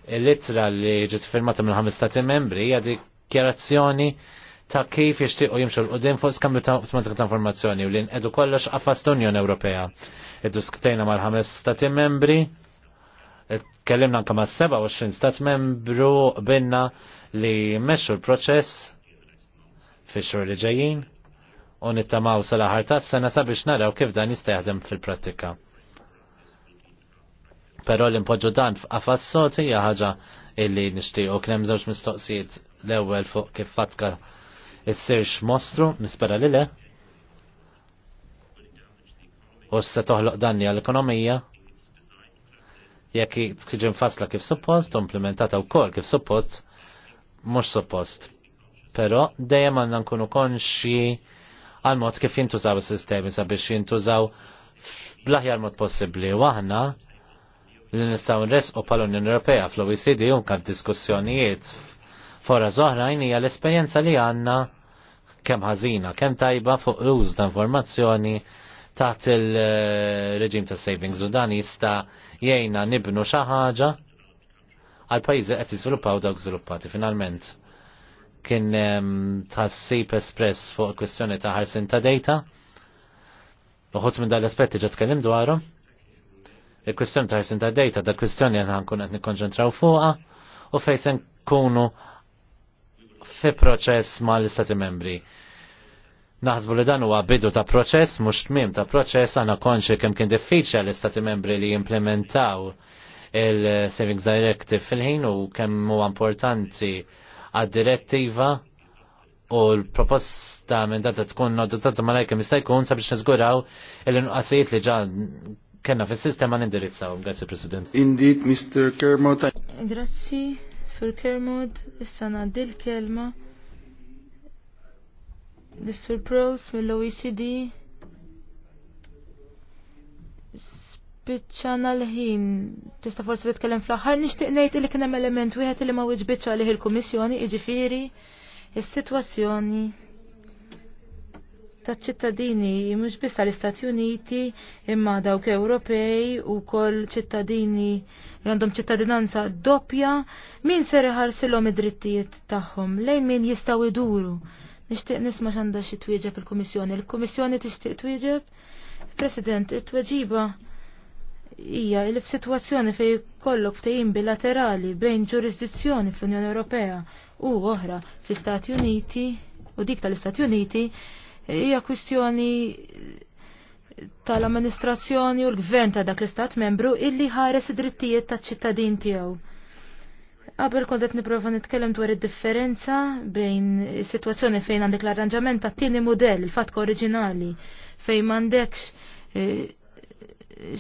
Il-litra li ġiet firmata mill ħames stati membri hija dikjarazzjoni ta' kif jixtiequ jimxu l-qudiem fuq skambju ta' ta' informazzjoni u li nqedu kollox qafast Unjoni Ewropea. Idduskutejna mal-ħames stati membri, kellimna anke ma' 27 stat membru binna li mmexxu l-proċess fix-xhur li ġejjin u nittamaw sal-aħar tas-sena sabiex naraw kif dan jista' jaħdem fil-prattika. Pero l-impoġġu dan f'qafas soti hija ħaġa illi nixtiequ kien hemm żewġ mistoqsijiet l-ewwel fuq kif fatka s s-sirx mostru, nispera li le. U se toħloq danni għall-ekonomija jekk tiġi mfassla kif suppost, implementata wkoll kif suppost, mhux suppost. Però dejjem għandna nkunu konxi għal mod kif jintużaw is-sistemi sabiex jintużaw bl-aħjar mod possibbli u aħna li nistgħu u pal Unjoni Ewropea fl-OECD unkan diskussjonijiet fora zoħrajn hija l-esperjenza li għandna kemm ħażina, kemm tajba fuq l-uż ta' informazzjoni taħt il-reġim ta' savings u dan jista' jgħinna nibnu xi ħaġa għal pajjiżi qed jiżviluppaw dawk żviluppati finalment. Kien tħassib espress fuq kwestjoni ta' ħarsin ta' data. Uħut minn dal-aspetti ġa tkellim dwarhom il-kwistjoni ta' ħarsin ta' dejta, da' kwistjoni għan għan qed nikkonċentraw fuqha u fejn se nkunu fi proċess mal istati membri. Naħsbu li dan huwa bidu ta' proċess, mhux tmiem ta' proċess, għana konċi kemm kien diffiċa l-istati membri li jimplementaw il-Savings Directive fil-ħin u kemm huwa importanti għad-direttiva u l-proposta minn data tkun noddotata malajka jkun sabiex niżguraw il nqasijiet li ġan kena fis sistema nindirizzaw. Grazie, President. Indeed, Mr. Kermod. Grazie, Sur Kermod. Issa ngħaddi l-kelma. Mr. Pros mill-OECD. Spiċċana l-ħin. Tista' forsi titkellem fl-aħħar nixtieq ngħid li kien hemm element wieħed li ma wiġbitx għalih il-Kummissjoni, jiġifieri is-sitwazzjoni taċ-ċittadini mhux biss tal-Istati Uniti imma dawk Ewropej u kol ċittadini li għandhom ċittadinanza doppja min ser iħarsilhom id-drittijiet tagħhom lejn min jistgħu iduru. Nixtieq nisma' x'għandha xi twieġeb il-Kummissjoni. Il-Kummissjoni tixtieq twieġeb? President, it-tweġiba hija li f'sitwazzjoni fejn kollok ftehim bilaterali bejn ġurisdizzjoni fl-Unjoni Ewropea u oħra fl-Istati Uniti u dik tal-Istati Uniti hija kwistjoni tal-amministrazzjoni u l-gvern ta' dak l-istat membru illi ħares id-drittijiet ta' ċittadin tiegħu. Qabel kont qed nipprova nitkellem dwar id-differenza bejn is-sitwazzjoni fejn għandek l-arranġament ta' tieni mudell, il-fatka oriġinali, fejn m'għandekx eh,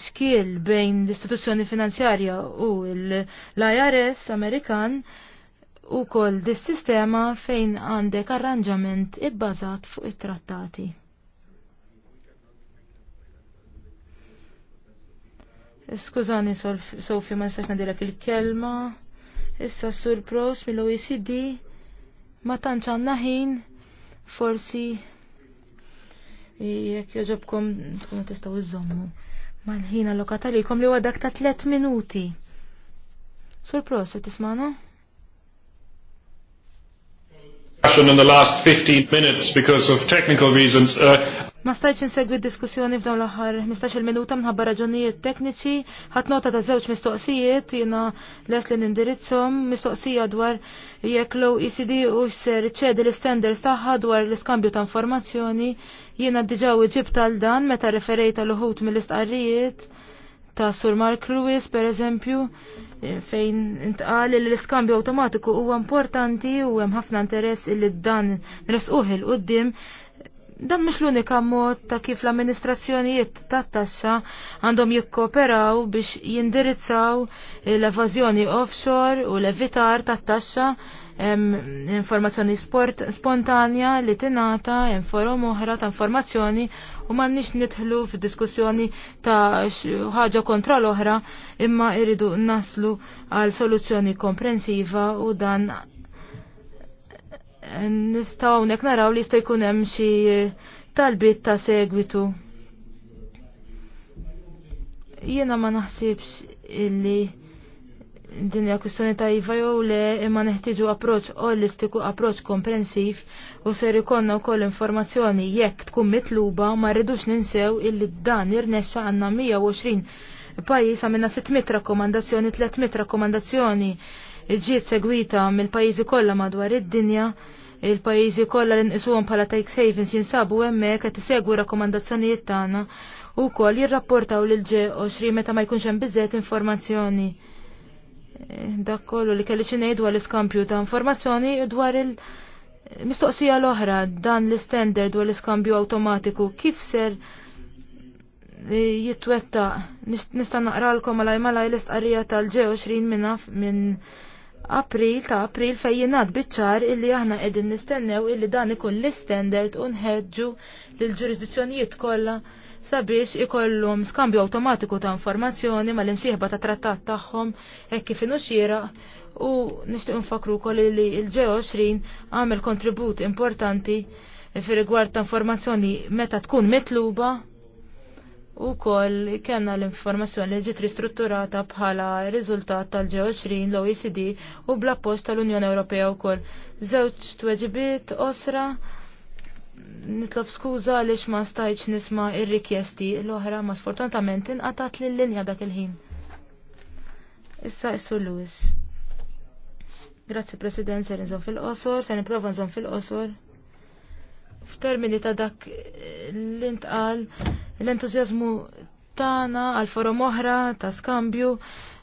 xkiel bejn l-istituzzjoni finanzjarja u l-IRS Amerikan u koll dis-sistema fejn għandek arranġament ibbażat fuq it-trattati. Skużani, Sofi, ma nistax nadilek il-kelma. Issa sur pros mill-OECD ma tantx għandna ħin forsi jekk joġobkom tkunu tistgħu iżommu. Mal-ħin allokata li huwa dak ta' tliet minuti. Sur pros, tismana? discussion in the last 15 minutes because of technical reasons. Uh, Ma stajċ insegwi diskussjoni f'dawn l-aħħar 15-il minuta minħabba raġunijiet tekniċi, ħadd nota ta' żewġ mistoqsijiet jiena les li nindirizzhom mistoqsija dwar jekk l ECD u ser iċċedi l-standards tagħha dwar l-iskambju ta' informazzjoni, jiena diġà ġib tal dan meta referejt għal uħut mill-istqarrijiet ta' Sur Mark Lewis, per eżempju, eh, fejn intqal li l-iskambju automatiku huwa importanti u hemm ħafna interess illi dan resquh il qudiem dan mhux l-unika mod ta' kif l-amministrazzjonijiet tat-taxxa għandhom jikkooperaw biex jindirizzaw l-evażjoni offshore u l-evitar tat-taxxa informazzjoni sport spontanja li tinata hemm forum oħra ta' informazzjoni u m'għandniex nidħlu f'diskussjoni ta' ħaġa kontra l-oħra imma irridu naslu għal soluzzjoni komprensiva u dan nistgħu hawnhekk naraw li jista' jkun hemm xi talbiet ta' segwitu. Jiena ma naħsibx illi din hija kwistjoni ta' iva jew le imma neħtieġu approċċ holistiku, approċċ komprensiv u ser ikollna wkoll informazzjoni jekk tkun mitluba ma rridux ninsew illi dan irnexxa għandna 120 pajjiż għamilna 600 rakkomandazzjoni, 300 rakkomandazzjoni ġiet segwita mill-pajjiżi kollha madwar id-dinja il-pajjiżi kollha li nqisuhom bħala tax havens jinsabu hemmhekk qed isegwu rakkomandazzjonijiet tagħna u wkoll jirrapportaw lil ġe 20 meta ma jkunx hemm biżżejjed informazzjoni dak kollu li kelli xinejt dwar l-iskampju ta' informazzjoni dwar il-mistoqsija l-oħra dan l-standard dwar l-iskambju automatiku kif ser eh, jitwetta nista' naqralkom għalaj malaj l-istqarrija tal-20 minna minn April ta' April fejjinat bitċar illi aħna qegħdin nistennew illi dan ikun l-istandard u nħeġġu lill ġurisdizzjonijiet kollha sabiex ikollhom skambju awtomatiku ta' informazzjoni mal-imsieħba ta' trattat tagħhom hekk kif inhu xieraq u nixtieq nfakru wkoll li l-G20 għamel kontribut importanti fi rigward ta' informazzjoni meta tkun mitluba u koll kena l-informazzjoni li ġiet ristrutturata bħala riżultat tal-G20 l-OECD u bla post tal-Unjoni Ewropea u koll. Zewċ tweġibiet osra nitlob skuża għaliex ma stajċ nisma' ir-rikjesti l-oħra ma sfortunatament inqatat l linja dak il-ħin. Issa issu Lewis. Grazzi President, ser nżon fil-qosor, ser niprofa nżon fil-qosor. F'termini ta' dak eh, l-intqal, l-entuzjazmu tana għal forum oħra ta' skambju,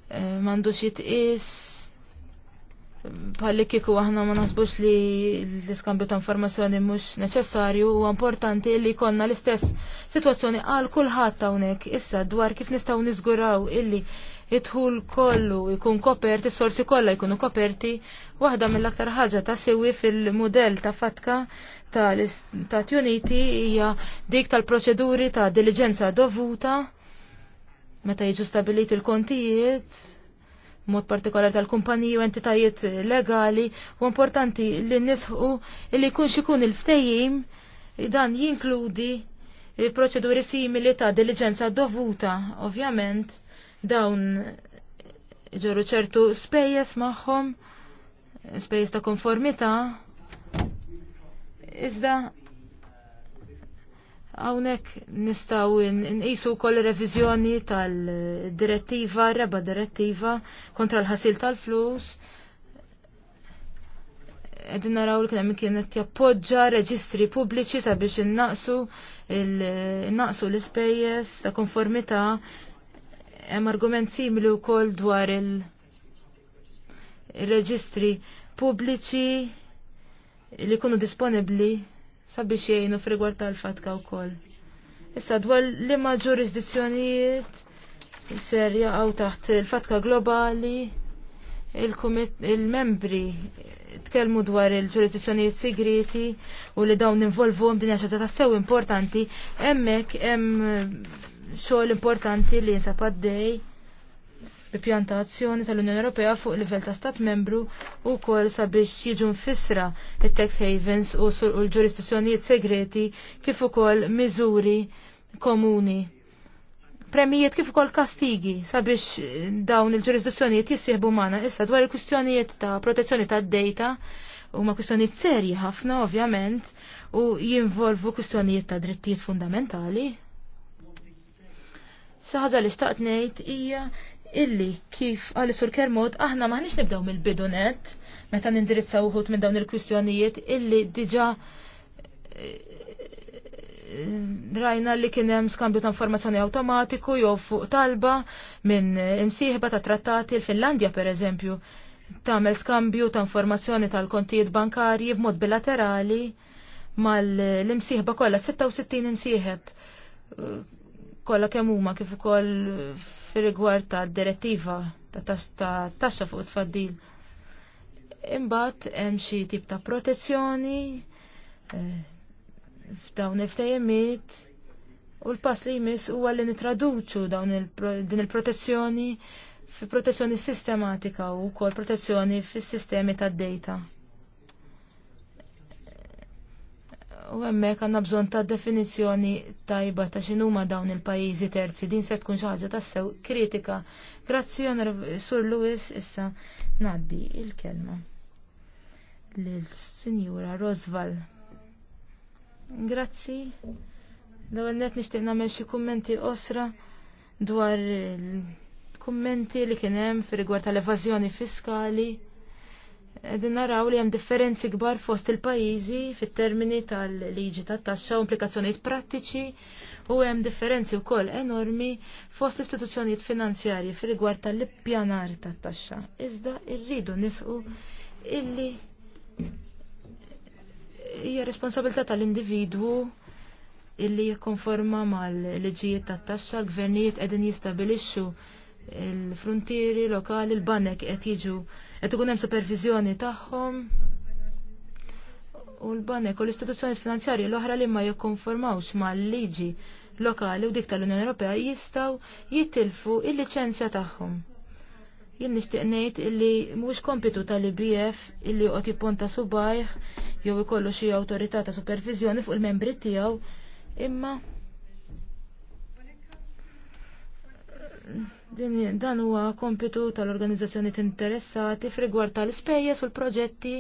eh, mandux jitqis bħalli kiku aħna ma nasbux li l-iskambju ta' informazzjoni mhux neċessarju u importanti li konna l-istess situazzjoni għal kulħadd hawnhekk issa dwar kif nistgħu niżguraw illi idħul kollu jkun koperti, s-sorsi kollha jkunu koperti, waħda mill-aktar ħaġa ta' sewi fil-mudell ta' fatka tal-Istati Uniti hija dik tal-proċeduri ta' diligenza dovuta meta jiġu stabiliti l-kontijiet mod partikolari tal-kumpaniji u entitajiet legali u importanti li nisħu li jkunx ikun il ftejim dan jinkludi proċeduri simili ta' diligenza dovuta. Ovvjament dawn ġoru ċertu spejjes magħhom, spejjes ta' konformità. Iżda Hawnhekk nistgħu nqisu wkoll reviżjoni tal-direttiva, reba direttiva kontra l-ħasil tal-flus. Qegħdin naraw li kien hemm kienet jappoġġa reġistri pubbliċi sabiex innaqsu innaqsu l-ispejjeż ta' konformità hemm argument simili wkoll dwar il-reġistri pubbliċi li jkunu disponibbli sabiex jgħinu f'rigward tal-fatka wkoll. Issa dwar liema ġurisdizzjonijiet serja għaw taħt il-fatka globali il-membri tkellmu dwar il-ġurisdizzjonijiet sigriti u li dawn involvuhom din xaġa ta' sew importanti hemmhekk hemm xogħol importanti li jinsab dej bi azzjoni tal-Unjoni Ewropea fuq livell ta' stat membru u kol sabiex jiġu nfissra il-tax havens u l-ġurisdizzjonijiet segreti kif ukoll miżuri komuni. Premijiet kif ukoll kastigi sabiex eh, dawn il-ġurisdizzjonijiet jissieħbu magħna issa dwar il-kwistjonijiet ta' protezzjoni tad-dejta huma kwistjonijiet serji ħafna ovvjament u jinvolvu kwistjonijiet ta' drittijiet fundamentali ħaġa li xtaqt ngħid hija illi kif għalli sur kermod aħna maħnix nibdew mill-bidunet meta nindirizzaw uħut minn dawn il-kwistjonijiet illi diġa eh, rajna li kien hemm skambju ta' informazzjoni awtomatiku jew fuq talba minn imsieħba ta' trattati l-Finlandja pereżempju tagħmel skambju ta' informazzjoni tal-kontijiet bankarji b'mod bilaterali mal-imsieħba kollha 66 imsieħeb eh, kollha kemm huma kif ukoll fil rigward ta' direttiva ta' taxxa fuq tfaddil. Imbagħad hemm xi tip ta' protezzjoni eh, f'dawn il-ftejjemiet u l-pass li jmiss huwa li nitraduċu dawn din il-protezzjoni fi protezzjoni sistematika u kol protezzjoni fis sistemi tad data U hemmhekk għandna bżonn ta' definizzjoni tajba ta' x'inhuma dawn il-pajjiżi terzi din se tkun xi ħaġa tas-sew kritika. Grazzi Sur Lewis issa Naddi il-kelma Lil sinjura Rosval. Grazzi. L-ewwel net nixtieq nagħmel xi kummenti osra dwar il-kummenti li kien hemm fir-rigward tal-evażjoni fiskali Edin naraw li hemm differenzi kbar fost il-pajjiżi fit-termini tal-liġi tat-taxxa u implikazzjonijiet prattiċi u hemm differenzi wkoll enormi fost istituzzjonijiet finanzjarji fir-rigward tal-ippjanar tat-taxxa. Iżda rridu nisqu illi hija responsabilità tal-individwu illi jikkonforma mal-liġijiet tat-taxxa, l-gvernijiet qegħdin jistabilixxu il-frontieri lokali, l-banek qed jiġu qed ikun hemm supervizjoni tagħhom u l-banek u l-istituzzjoni finanzjarji l-oħra li ma jikkonformawx mal-liġi lokali u dik tal-Unjoni Ewropea jistgħu jittilfu il-liċenzja tagħhom. Jien nixtieq ngħid li mhuwiex kompitu tal-IBF illi qod jipponta subajh jew ikollu xi awtorità ta' supervizjoni fuq il-membri tiegħu imma Din Dan huwa kompitu tal-organizzazzjoni interessati f'rigward tal-ispejjeż u l-proġetti.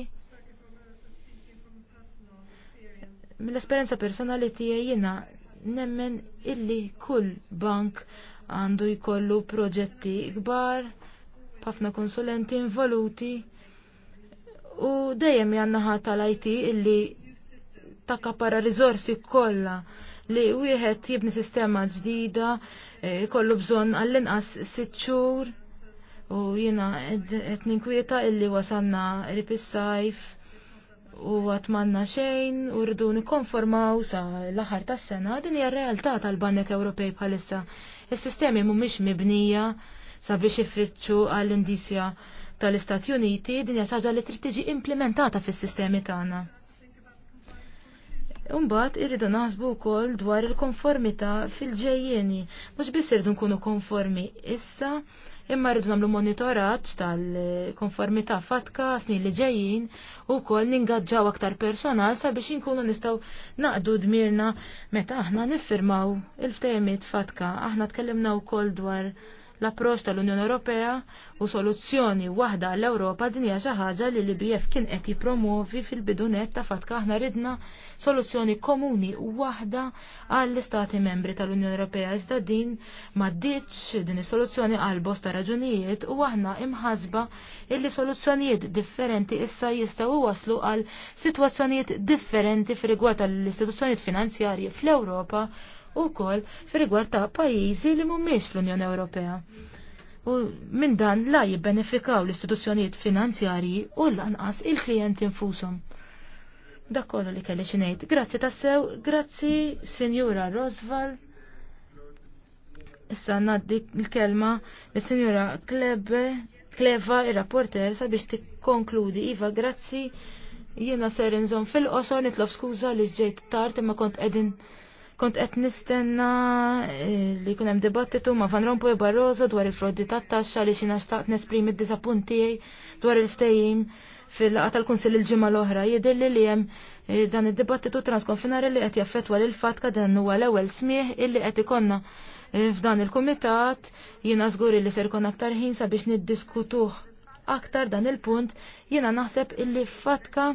Mill-esperjenza personali tiegħi jiena nemmen illi kull bank għandu jkollu proġetti kbar, ħafna konsulenti involuti u dejjem ħat tal-IT illi takkapara rizorsi kollha li wieħed jibni sistema ġdida Eh, kollu bżon għall-inqas sitt xhur u jiena qed ninkwieta illi wasanna rip is-sajf u għatmanna xejn u rridu nikkonformaw sa l-aħħar tas-sena din hija r-realtà tal-Banek Ewropej bħalissa. Is-sistemi mhumiex mibnija sabiex ifittxu għall-indisja tal-Istati Uniti din hija ħaġa li trid tiġi implementata fis-sistemi tagħna. Umbat irridu naħsbu wkoll dwar il-konformità fil-ġejjeni, Mux biss irridu nkunu konformi issa, imma irridu nagħmlu monitoraċ tal-konformità fatka snin li ġejjin u kol ningaġġaw aktar personal sabiex nkunu nistgħu naqdu dmirna meta aħna niffirmaw il temit fatka. Aħna tkellimna wkoll dwar l-approċċ tal-Unjoni Ewropea u soluzzjoni waħda għall ewropa din hija xi ħaġa li l-IBF kien qed jippromovi fil-bidunet ta' fatka aħna ridna soluzzjoni komuni waħda għall-istati membri tal-Unjoni Ewropea iżda din ditx din is-soluzzjoni għal bosta raġunijiet u aħna imħasba illi soluzzjonijiet differenti issa jistgħu waslu għal sitwazzjonijiet differenti fir-rigward tal-istituzzjonijiet finanzjarji fl-Ewropa u kol fil-rigward ta' pajizi li mumiex fl-Unjoni Ewropea. U minn dan la jibbenefikaw l-istituzzjonijiet finanzjarji u lanqas il-klijenti infushom. Dak kollu li kelli xinejt. Grazzi tassew, grazzi Sinjura Rosval. Issa naddi l-kelma l-Sinjura Klebe, Kleva, il-rapporter, sabiex tikkonkludi. Iva, grazzi. Jiena ser nżom fil-qosor nitlob skuża li ġejt tard imma kont qegħdin Kont qed nistenna eh, li jkun hemm dibattitu ma' Van Rompuy Barroso dwar il-frodi tat-taxxa li xi naxtaq nesprimi d-disappunt tiegħi dwar il-ftehim fil laqgħa tal kunsill il-ġimgħa l-oħra jidilli li hemm eh, dan id-dibattitu transkonfinari li qed jaffettwa lil fatka dan huwa l-ewwel smieħ illi qed ikonna eh, f'dan il-kumitat jiena żguri li ser ikun aktar ħin sabiex niddiskutuh aktar dan il-punt jiena naħseb illi fatka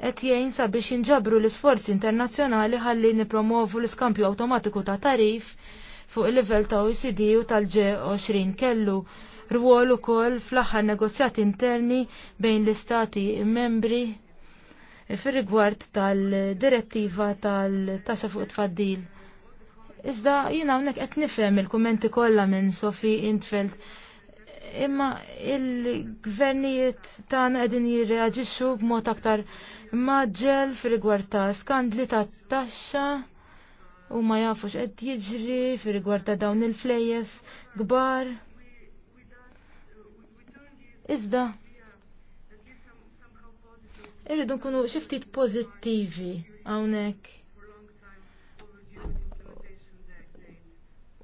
qed jgħin sabiex jinġabru l-isforzi internazzjonali ħalli nipromovu l-iskampju awtomatiku ta' tarif fuq il-livell ta' OECD u tal-G20 kellu rwol ukoll fl-aħħar negozjati interni bejn l-istati membri fir-rigward tal-direttiva tal-taxa fuq tfaddil. Iżda jina hawnhekk qed nifhem il-kummenti kollha minn Sofi Intfeld imma il-gvernijiet tagħna qegħdin jirreaġixxu b'mod aktar maġġel fil rigward ta' skandli ta' taxxa u ma jafux għed jiġri fil rigward ta' dawn il-flejjes kbar. Iżda irridu nkunu xi ftit għawnek. hawnhekk.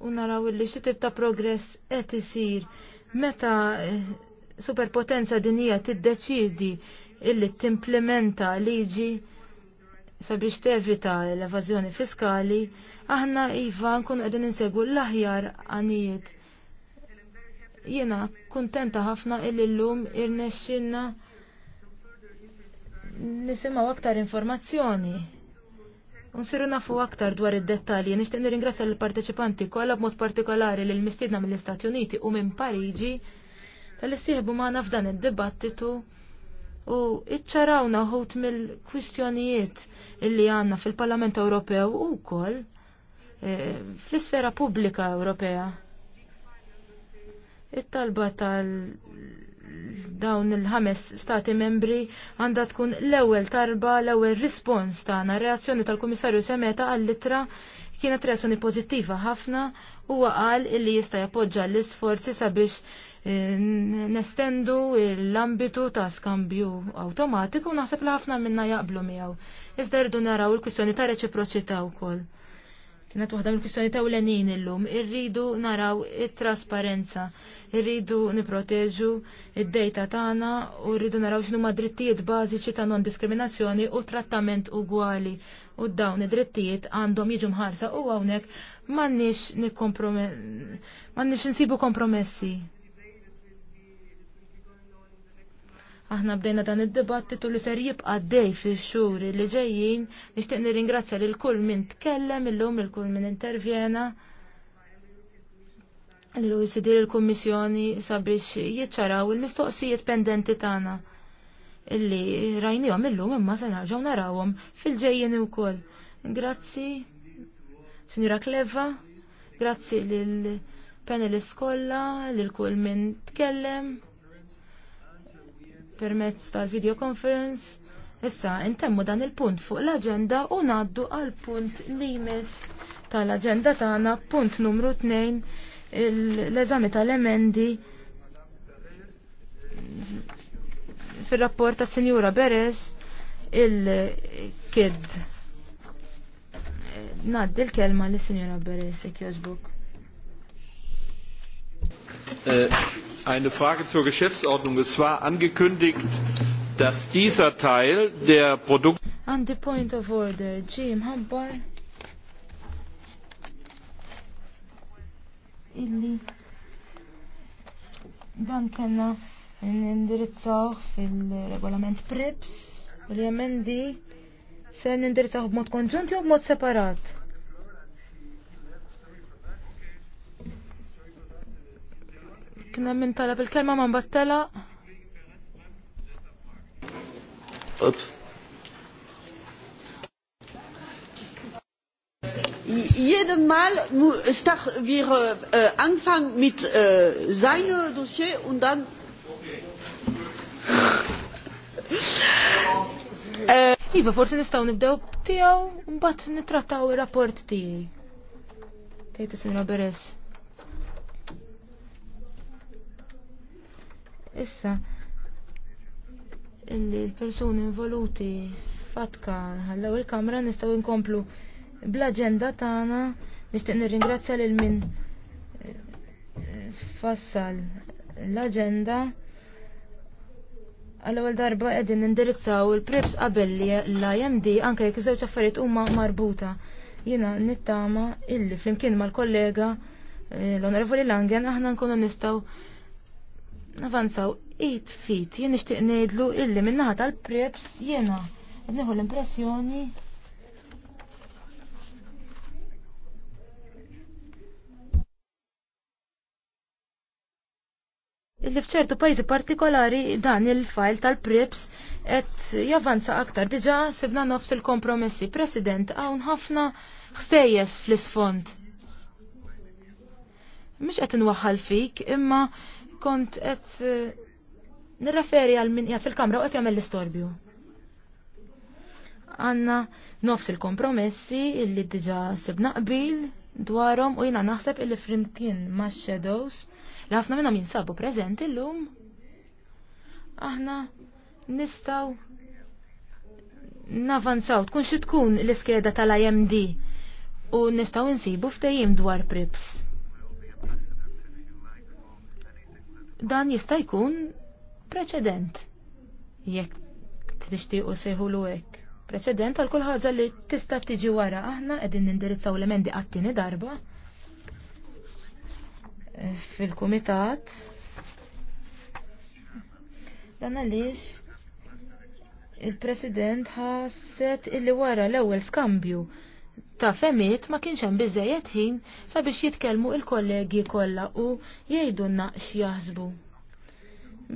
U naraw illi xi tip ta' progress qed isir Meta eh, superpotenza dinija tiddeċidi illi timplementa liġi sabiex tevita l-evażjoni fiskali, aħna iva nkun qegħdin insegu l-aħjar għanijiet. Jiena kuntenta ħafna illi l-lum irnexxinna nisimgħu aktar informazzjoni Unsiru nafu aktar dwar id-dettalji, nixtieq nirringrazzja l-parteċipanti kollha b'mod partikolari lil mistiedna mill-Istati Uniti u minn Pariġi tal-issieħbu magħna f'dan id-dibattitu u iċċarawna ħut mill-kwistjonijiet illi għandna fil-Parlament Ewropew u e, fl-isfera pubblika Ewropea. It-talba tal dawn il-ħames stati membri għandha tkun l-ewwel tarba l-ewwel rispons tagħna. Reazzjoni tal-Kummissarju Semeta għall-litra kienet reazzjoni pozittiva ħafna u qal illi jista' jappoġġa l-isforzi sabiex eh, nestendu l-ambitu ta' skambju awtomatiku naħseb li ħafna minna jaqblu miegħu. Iżda rridu naraw il-kwistjoni ta' reċiproċità wkoll. Kienet waħda mill-kwistjoni ta' ewlenin illum. Irridu naraw it-trasparenza, irridu niproteġu id-dejta tagħna u rridu naraw x'nu ma' drittijiet bażiċi ta' non-diskriminazzjoni u trattament ugwali. U dawn id-drittijiet għandhom jiġu mħarsa u hawnhekk m'għandniex nsibu kompromessi. Aħna bdejna dan id-dibattitu li ser jibqa' dej fix xuri li ġejjin nixtieq nirringrazzja lil kull min tkellem illum il kull min intervjena l jsidir e il-Kummissjoni sabiex jiċċaraw il-mistoqsijiet pendenti tagħna illi rajnijom illum imma se narġgħu narawhom fil-ġejjeni ukoll. Grazzi, Sinjura Kleva, grazzi lil panelist kollha, lil kull min tkellem permezz tal-video conference. Issa, intemmu dan il-punt fuq l-agenda u naddu għal punt li jmiss tal-agenda tagħna punt numru 2 l-eżami tal-emendi fil-rapport ta' Sinjura Beres il-kid. Naddi l-kelma li Sinjura Beres, jek eine Frage zur Geschäftsordnung. Es war angekündigt, dass dieser Teil der Produkt... An the point of order, Jim Habbar. Illi. Dan kena nindirizzaw fil-regolament PRIPS, l jemendi se nindirizzaw konġunti u b-mod separat. Kien min talab il-kelma ma mbattela. Jeden Mal stach wir äh, äh, anfangen mit äh, seinem Dossier und dann. Äh, iva, forse nistaw nibdew tiegħu mbagħad nitrataw il rapport tiegħi. Tgħid is-Sinjora Beres. Issa, il-persuni involuti fatka ħallew il-kamra nistgħu nkomplu bl-aġenda tagħna nixtieq nirringrazzja lil min eh, fassal l agenda għal-ewwel darba qegħdin nindirizzaw il-preps qabel l-IMD anke jekk iż-żewġ affarijiet huma marbuta. Jiena nittama illi flimkien mal-kollega eh, l-Onorevoli Langen aħna nkunu nistgħu navanzaw it fit jien nixtieq ngħidlu illi minnaħa tal-preps jiena Nħu l-impressjoni illi fċertu pajzi partikolari dan il-fajl tal-prips et javanza aktar. Diġa sibna nofs il-kompromessi. President, għawn ħafna xsejjes fl-isfond. Mux għet nwaħħal fik, imma kont qed eh, nirreferi għal min qiegħed fil-kamra u qed jagħmel l-istorbju. Għanna nofs il-kompromessi illi diġa sibna qbil dwarhom u jiena naħseb illi frimkien max-shadows li ħafna minnhom jinsabu preżenti illum. Aħna nistaw navanzaw tkun xi tkun l-iskeda tal-IMD u nistaw insibu ftehim dwar prips. dan jista' jkun preċedent. Jekk tixtiequ sejħulu hekk. Preċedent għal kull ħaġa li tista' tiġi wara. Aħna qegħdin nindirizzaw l-emendi tieni darba eh, fil-kumitat. Dan għaliex il-President ħasset illi wara l-ewwel skambju ta' femiet ma kienx hemm biżejjed ħin sabiex jitkellmu il-kollegi kollha u jgħidulna x'jaħsbu.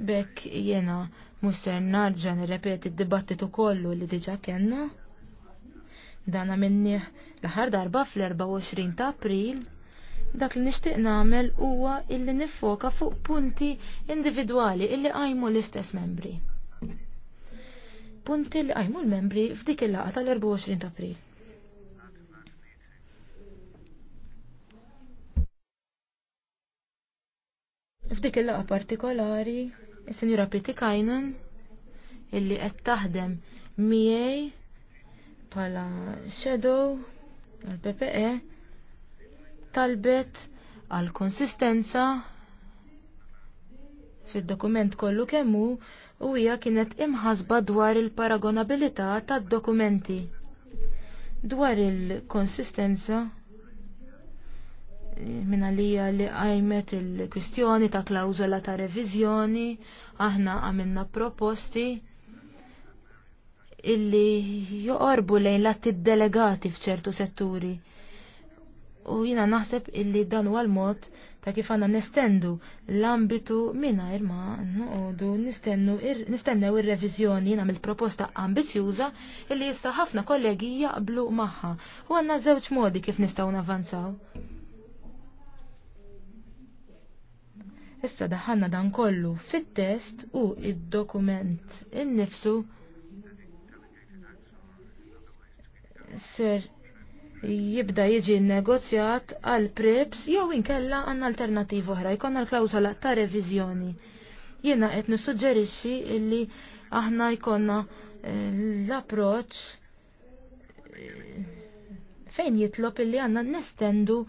Bekk jiena muster narġa' nirrepeti d-dibattitu kollu li diġà kellna. Dana minni l-aħħar darba fl-24 ta' April dak li nixtieq nagħmel huwa illi niffoka fuq punti individwali illi qajmu l-istess membri punti li għajmu l-membri f'dik il-laqa tal-24 ta' april. F'dik il-laqa partikolari, il-Sinjura Pritikajnen, illi qed taħdem miej pala shadow għall ppe talbet għal-konsistenza fil-dokument kollu kemmu u hija kienet imħasba dwar il-paragonabilità tad-dokumenti. Dwar il-konsistenza minna lija li għajmet il-kwistjoni ta' klawzola ta' revizjoni, aħna għamilna proposti illi joqorbu lejn l-atti delegati fċertu setturi. U jina naħseb illi dan huwa l-mod ta' kif għanna nestendu l-ambitu mingħajr ma noqogħdu nistennew ir-reviżjoni jina għamilt proposta ambizjuża illi issa ħafna kollegi jaqblu magħha. U għandna żewġ modi kif nistgħu navanzaw. Issa daħanna dan kollu fit-test u id-dokument innifsu ser jibda jiġi negozjat għal preps jew inkella għan alternativ oħra jkun l klawsola ta' reviżjoni. Jiena qed nissuġġerixxi illi aħna jkollna eh, l-approċċ eh, fejn jitlob illi għandna nestendu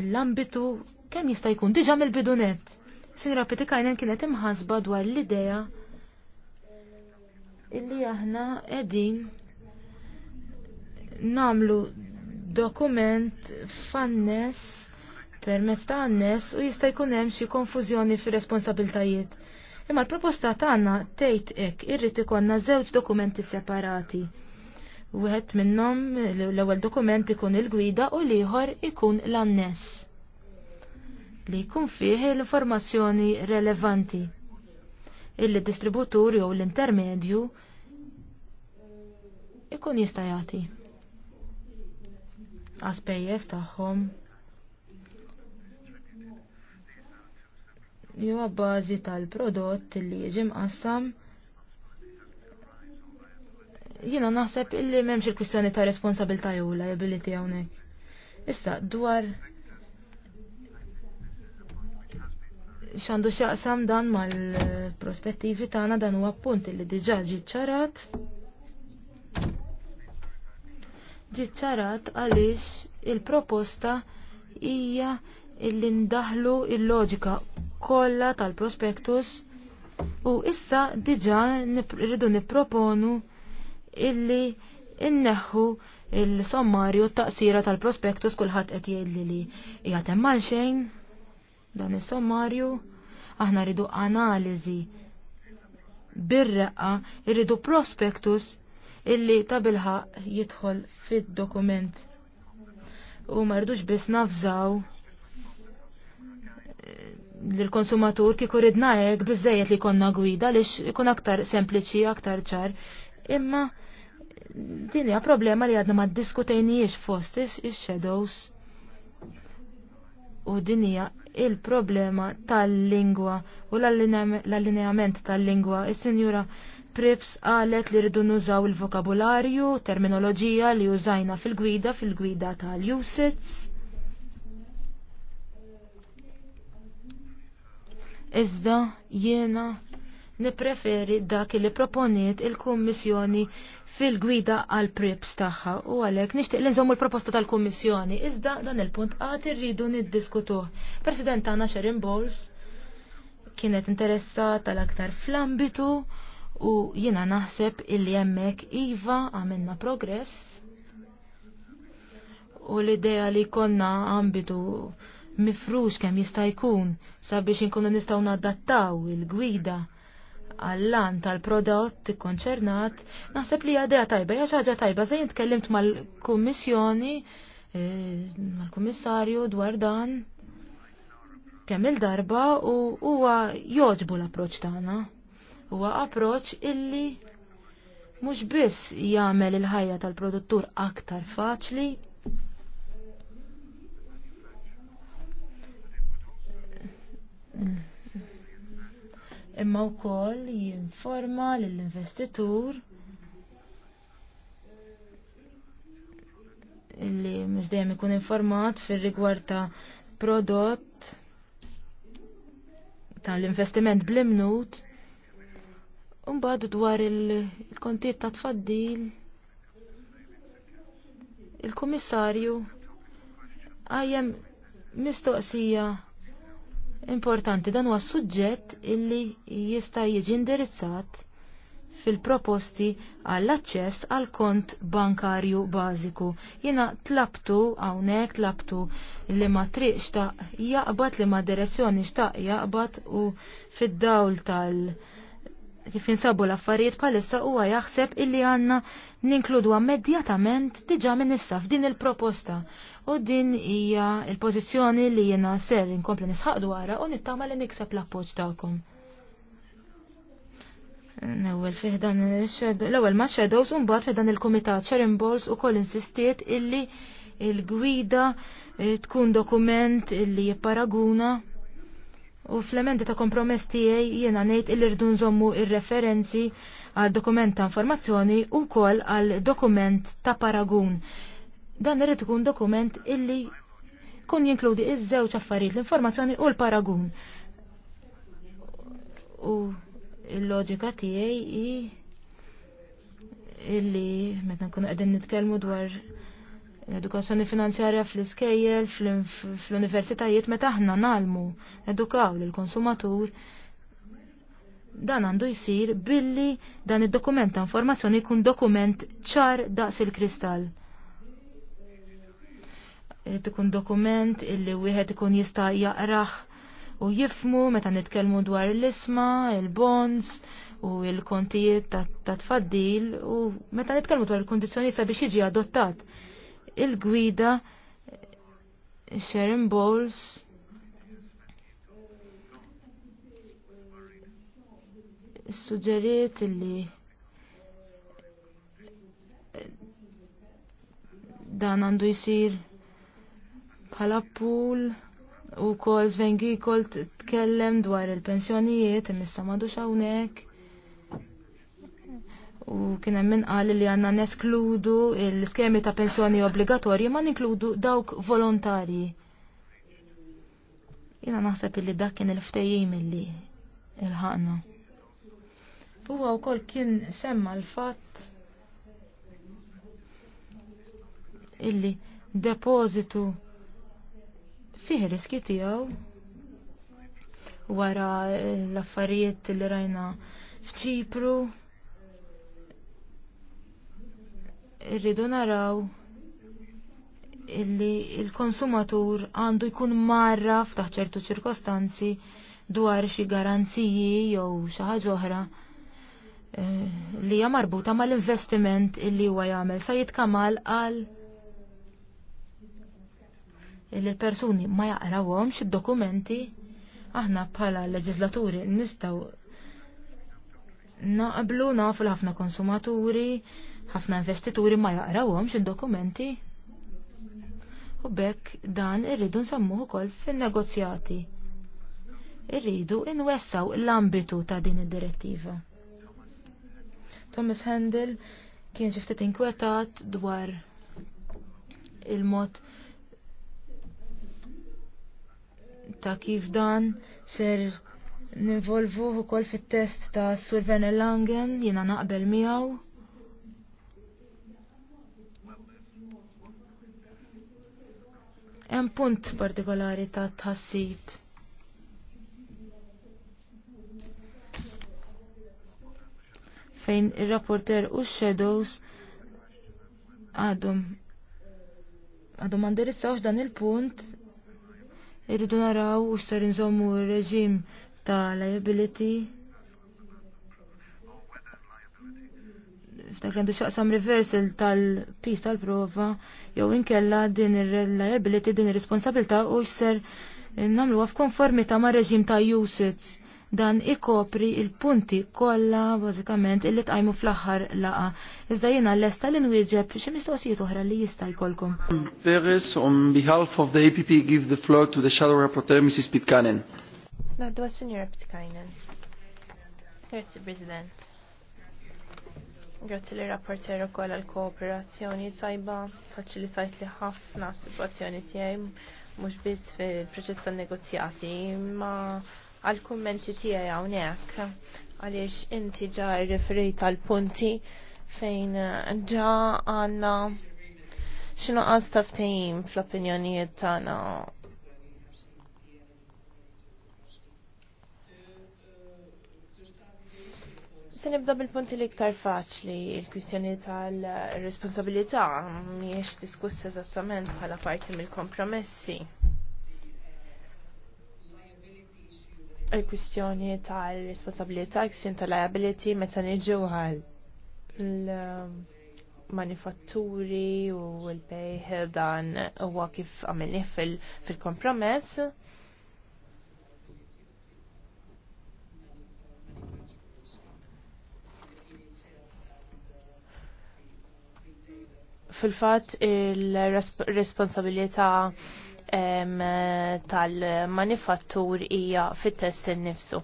l-ambitu kemm jista' jkun diġà mill-bidunet Sinra Pitikajnen kienet imħasba dwar l-idea illi aħna edin namlu dokument fannes permezz ta' annes u jista' jkun hemm xi konfużjoni fir-responsabiltajiet. Imma l-proposta tagħna tgħid hekk irrid ikollna żewġ dokumenti separati. Wieħed minnhom l-ewwel dokument ikun il-gwida u l-ieħor ikun l-anness li jkun fih l-informazzjoni relevanti il distributur jew l-intermedju ikun jista' jagħti. Għaspejjeż tagħhom jew bażi tal-prodott li jiġi mqassam jiena naħseb illi m'hemmx il-kwistjoni ta' responsabilità jew liability hawnhekk. Issa dwar xandu xaqsam dan mal-prospettivi tagħna dan huwa punt li diġà ġiċċarat. Ġiċċarat għaliex il-proposta hija illi ndaħlu il-loġika kollha tal-prospektus u issa diġà rridu nipproponu illi inneħħu il-sommarju taqsira tal-prospektus kulħadd qed jgħidli li hija għal xejn dan is-sommarju, aħna rridu analiżi birreqqa, rridu prospektus illi tabilħa jidħol fid-dokument. U ma rridux biss nafżaw eh, l-konsumatur kiku ridna hekk biżejjed li konna gwida li ikun aktar sempliċi, aktar ċar. Imma din hija problema li għadna ma jiex fost ix-shadows. U din hija il-problema tal-lingwa u l-allineament tal-lingwa. Is-Sinjura Prips qalet li rridu nużaw il-vokabularju, terminoloġija li użajna fil-gwida fil-gwida tal-usits. Iżda jiena nipreferi dak li proponiet il-Kummissjoni fil-gwida għal prips tagħha u għalhekk nixtieq li nżommu l-proposta tal-Kummissjoni iżda dan il-punt qatt irridu niddiskutuh. President tagħna Sharon Bowles kienet interessata tal-aktar fl-ambitu u jiena naħseb illi hemmhekk iva għamilna progress u l-idea li konna ambitu mifrux kemm jista' jkun sabiex inkunu nistgħu nadattaw il-gwida għall-lan tal-prodott konċernat, naħseb li għadja tajba, għax ħaġa tajba, zejn tkellimt mal-kummissjoni, eh, mal-kummissarju dwar dan, kemm il-darba u huwa joġbu l-approċ tagħna. Huwa approċ illi mhux biss jagħmel il-ħajja tal-produttur aktar faċli, Mm imma wkoll jinforma lill-investitur illi mhux dejjem ikun informat fir-rigward ta' prodott tal-investiment bl-imnut Umbad dwar il-kontiet ta' tfaddil il-komissarju għajem mistoqsija importanti dan huwa suġġett illi jista' jiġi indirizzat fil-proposti għall-aċċess għal kont bankarju bażiku. Jiena tlabtu hawnhekk tlabtu li ma triqx ta' jaqbad li ma direzzjoni xtaq jaqbad u fid-dawl tal- kif insabu l-affarijiet palissa huwa jaħseb illi għanna ninkludu immedjatament diġa minn issa f'din il-proposta u din hija il-pożizzjoni li jiena ser inkompli nisħaq dwarha u nittama li nikseb l-appoġġ tagħkom. L-ewwel fih dan l-ewwel ma' shadows u mbagħad fih dan il-kumitat Sharon Bowles ukoll insistiet illi il-gwida eh, tkun dokument illi jipparaguna U fl ta' kompromess tiegħi jiena ngħid illi rridu nżommu ir-referenzi għal dokument ta' informazzjoni u wkoll għal dokument ta' paragun Dan irid ikun dokument illi kun jinkludi iż-żewġ affarijiet l-informazzjoni u l-paragun. U l-loġika tiegħi hi illi meta nkunu qegħdin nitkellmu dwar l-edukazzjoni finanzjarja fl-iskejjel, fl-universitajiet meta aħna nalmu edukaw lill-konsumatur dan għandu jisir billi dan id-dokument ta' informazzjoni jkun dokument ċar daqs il-kristall Irid ikun dokument illi wieħed ikun jista' jaqrah u jifmu meta nitkellmu dwar l-isma, il-bonds u l-kontijiet ta' tfaddil u meta nitkellmu dwar il-kondizzjoni sabiex jiġi adottat. Il-gwida Sharon Bowles suġġeriet li dan għandu jisir bħala pool u kol Sven Gikol tkellem dwar il-pensjonijiet imissa madux hawnhekk. U kien hemm inqal li għandna neskludu l-iskemi ta' pensjoni obbligatorji ma ninkludu dawk volontarji. Jiena naħseb illi dak kien il-ftejjim illi il U Huwa wkoll kien semma l-fatt illi depozitu fih riski tiegħu wara l-affarijiet li rajna f'Ċipru. rridu naraw illi il-konsumatur għandu jkun marra taħt ċertu ċirkostanzi dwar xi garanziji jew xi ħaġa oħra eh, li hija marbuta mal-investiment illi huwa jagħmel sa jitkamal għal li l-persuni ma jaqrawhomx id-dokumenti aħna bħala leġislaturi nistgħu naqblu nafu ħafna konsumaturi, ħafna investituri ma jaqrawhomx id-dokumenti. U bekk dan irridu nsemmuh ukoll fin-negozjati. Irridu inwessaw l-ambitu ta' din id-direttiva. Thomas Handel kien xi inkwetat dwar il-mod ta' kif dan ser ninvolvu kol fit-test ta' Surven Langen jiena naqbel miegħu. Hemm punt partikolari ta' tħassib. Fejn ir-rapporter u shadows għadhom għadhom għandirizzawx dan il-punt Irridu naraw u xser nżommu r-reġim ta' liability. Ftak għandu xaqsam reversal tal-pis tal-prova, jew inkella din ir-liability, din ir-responsabilta u xser namlu għaf konformita ma' reġim ta' usage Dan ikopri il-punti kollha bażikament illi tqajmu fl-aħħar laqa. Iżda jiena lesta li nwieġeb xi mistoqsijiet oħra li jista' jkollkom. Peres on behalf of the APP give the floor to the shadow rapporteur Mrs. Pitkanen. Naddu għas-Sinjura Pitkanen. Grazie President. Grazzi li rapportero kol għal-kooperazzjoni tajba, faċilitajt li ħafna situazzjoni tiegħi mux biz fil-proċett tan negozjati ma għal-kummenti tiegħi hawnhekk għaliex inti ġa referejt għal punti fejn ġa għanna xinu għaz taftajim fl-opinjonijiet tagħna Se nibda bil-punti li iktar faċli, il-kwistjoni tal-responsabilità miex diskuss eżattament bħala parti mill-kompromessi. il-kwistjoni tal-responsabilità, kwistjoni tal-liability, meta nġu għal manifatturi u l pejħ dan huwa kif għamilni fil-kompromess. Fil-fat il-responsabilità -resp tal-manifattur hija fit-test innifsu.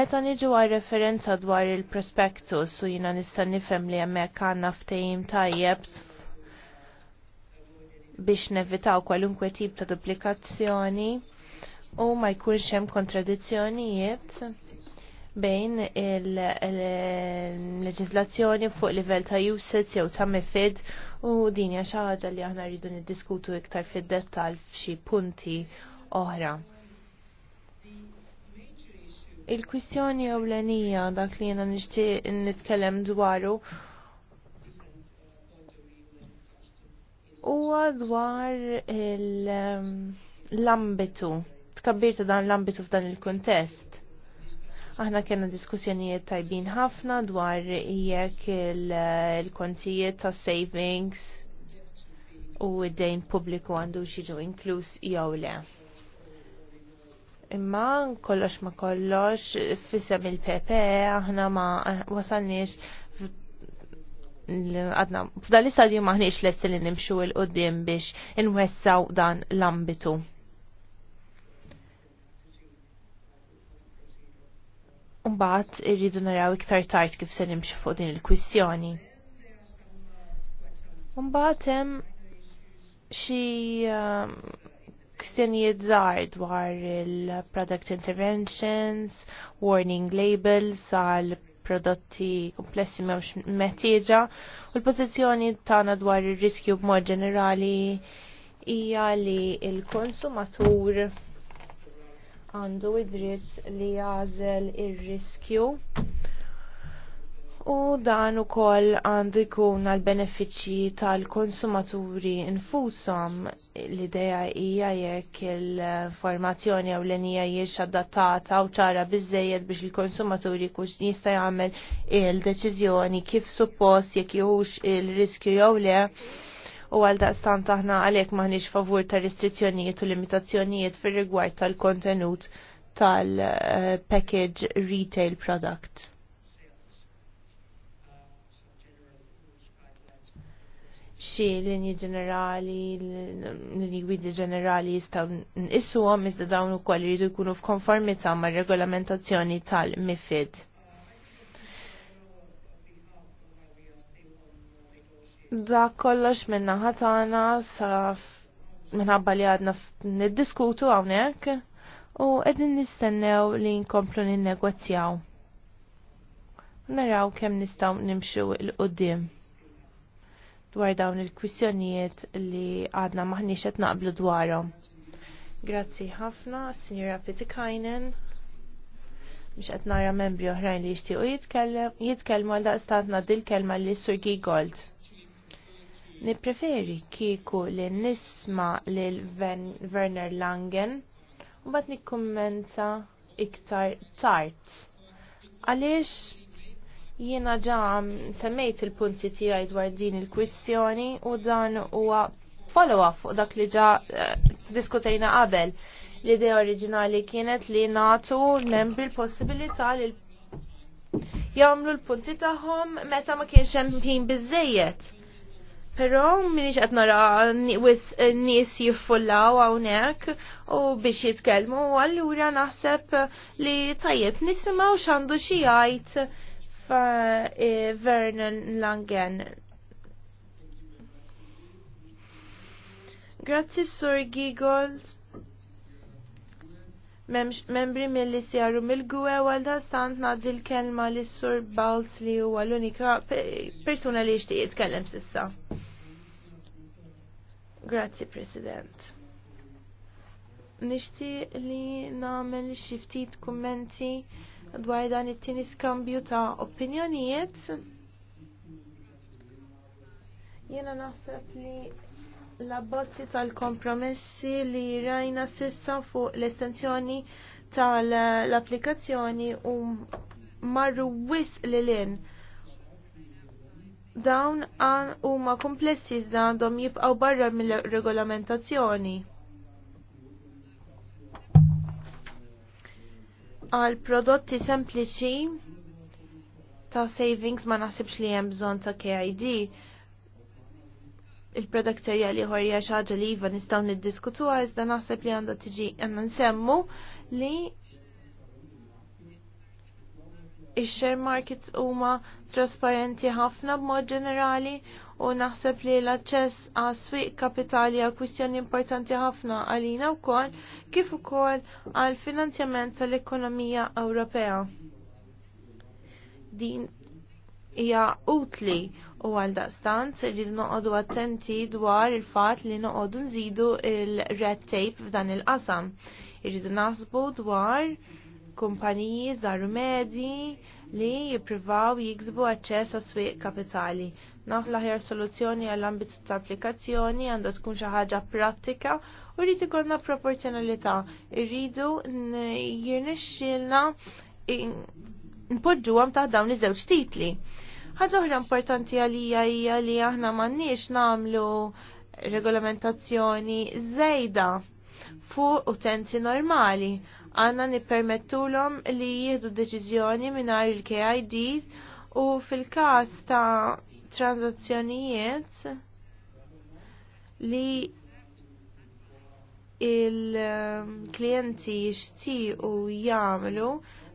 Meta niġu għal referenza dwar il-prospektus u jina nista' nifhem li hemmhekk għandna ftehim tajjeb biex nevitaw kwalunkwe tip ta' duplikazzjoni u ma jkunx hemm kontradizzjonijiet bejn il-leġizlazzjoni fuq livell ta' usage jew ta' mifid u din hija xi ħaġa li aħna rridu niddiskutu iktar fid-dettall f'xi punti oħra. Il-kwistjoni ewlenija dak li jiena nixtieq nitkellem dwaru huwa dwar um, l-ambitu, tkabbir ta' dan l-ambitu f'dan il-kuntest Aħna kena diskussjonijiet tajbin ħafna dwar jekk il-kontijiet ta' savings u id-dejn pubbliku għandu xieġu inkluż jew le. Imma kollox ma kollox fisem il-PP e, aħna ma wasalniex għadna f'dan l-istadju maħniex l li nimxu il-qoddim biex inwessaw dan l-ambitu. Mbagħad irridu naraw iktar tard kif se nimxi fuq din il-kwistjoni. Mbagħad hemm xi um, kwistjonijiet żgħar dwar il-product interventions, warning labels għal prodotti komplessi mewx metieġa u l-pożizzjoni tagħna dwar ir-riskju b'mod ġenerali hija li l-konsumatur għandu id-dritt li jazel ir-riskju u dan ukoll għandu jkun għal benefiċċji tal-konsumaturi infushom l-idea hija jekk il-formazzjoni għaw l-enija jiex adattata u ċara bizzejed biex il-konsumaturi kux jista' jagħmel il-deċiżjoni kif suppost jekk juhux il-riskju jew le u għal daqstant aħna għalhekk maħniex favur ta' restrizzjonijiet u limitazzjonijiet fir-rigward tal-kontenut tal-package retail product. xi linji ġenerali, linji gwidi ġenerali jistaw għom, iżda dawn ukoll jridu jkunu f'konformità mar-regolamentazzjoni tal-MIFID. Da kollox minna ħatana sa minħabba li għadna niddiskutu għawnek u għedin nistennew li nkomplu ninnegozjaw. Naraw kem nistaw nimxu il-qoddim dwar dawn il-kwistjonijiet li għadna maħniex qed naqblu dwarhom. Grazzi ħafna, Signora Pitikajnen. Mhux qed nara membri oħrajn li jixtiequ jitkellmu għal daqstatna dil kelma li Sur Gold. Nippreferi kieku li nisma lil Werner Langen u bat nikkummenta iktar tard. Għaliex jiena ġam semmejt il-punti tiegħi dwar din il-kwistjoni u dan huwa follow-up fuq dak li ġa eh, diskutejna qabel. L-idea oriġinali kienet li natu l-membri l-possibilità li jagħmlu l-punti tagħhom meta ma kienx hemm ħin biżejjed Pero minix qed nara eh, nies jiffullaw hawnhekk u biex jitkelmu u għallura naħseb li tajjeb u xandu xijajt fa eh, Vernon Langen. Grazie, Sur Gigold membri mill-li sjaru mill-gwe għalda stant naddi kelma li sur Balz li u l-unika persuna li jishtiq jitkellem sissa. Grazzi, President. Nishti li namel xiftit kummenti dwar dan it-tieni skambju ta' opinjonijiet. Jena naħseb li l-abbozzi tal-kompromessi li rajna sissa fuq l-estensjoni tal-applikazzjoni u marru wis li lin. Dawn għan u ma komplessi iżda għandhom jibqaw barra mill-regolamentazzjoni. għal prodotti sempliċi ta' savings ma naħsibx li hemm bżonn ta' KID il-produktija li ħorja xaġa li jiva nistaw niddiskutu iżda naħseb li għanda tiġi għanna nsemmu li il-share markets huma trasparenti ħafna b'mod ġenerali u naħseb li l-aċċess għas swieq kapitali għal kwistjoni importanti ħafna għalina wkoll kif ukoll għal finanzjament tal-ekonomija Ewropea. Din hija utli u għal daqstant rridu noqogħdu attenti dwar il-fatt li noqogħdu nżidu il-red tape f'dan il-qasam. Irridu naħsbu dwar kumpaniji żgħar medji li jippruvaw jiksbu aċċess għas swieq kapitali. Naf l-aħjar soluzzjoni għall ambitu ta' applikazzjoni għandha tkun xi ħaġa prattika u rrid ikollna proporzjonalità. Irridu jirnexxilna npoġġuhom taħt dawn iż-żewġ titli Ħaġa oħra importanti għalija hija li aħna m'għandniex nagħmlu regolamentazzjoni żejda fuq utenti normali. Għanna nippermettulhom li jieħdu deċiżjoni mingħajr il-KIDs u fil-każ ta' transazzjonijiet li il-klienti jixtiequ jagħmlu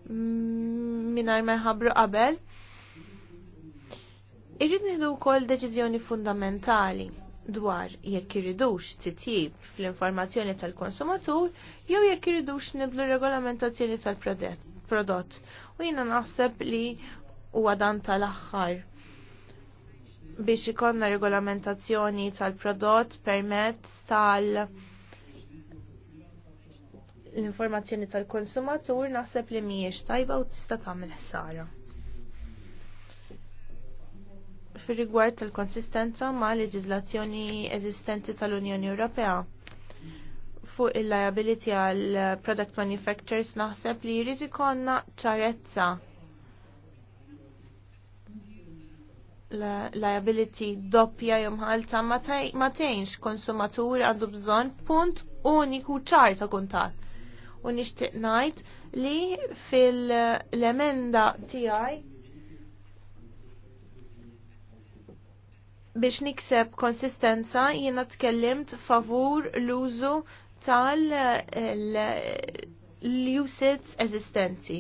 mingħajr ma jħabbru qabel Irrid nieħdu wkoll deċiżjoni fundamentali dwar jekk iridux titjib fl-informazzjoni tal-konsumatur jew jekk iridux niblu regolamentazzjoni tal-prodott. U jiena naħseb li huwa dan tal-aħħar biex ikonna regolamentazzjoni tal-prodott permezz tal- l-informazzjoni tal-konsumatur naħseb li mhijiex tajba u tista' tagħmel ħsara fir rigward tal-konsistenza ma' leġiżlazzjoni eżistenti tal-Unjoni Ewropea. Fuq il-liability għal product manufacturers naħseb li jrid ikollna ċarezza liability doppja jumħalta ma tgħinx konsumatur għandu bżonn punt uniku ċar ta' kuntat. U nixtieq ngħid li fil-emenda tijaj biex nikseb konsistenza jiena tkellimt favur l-użu tal eh, l-usage eżistenti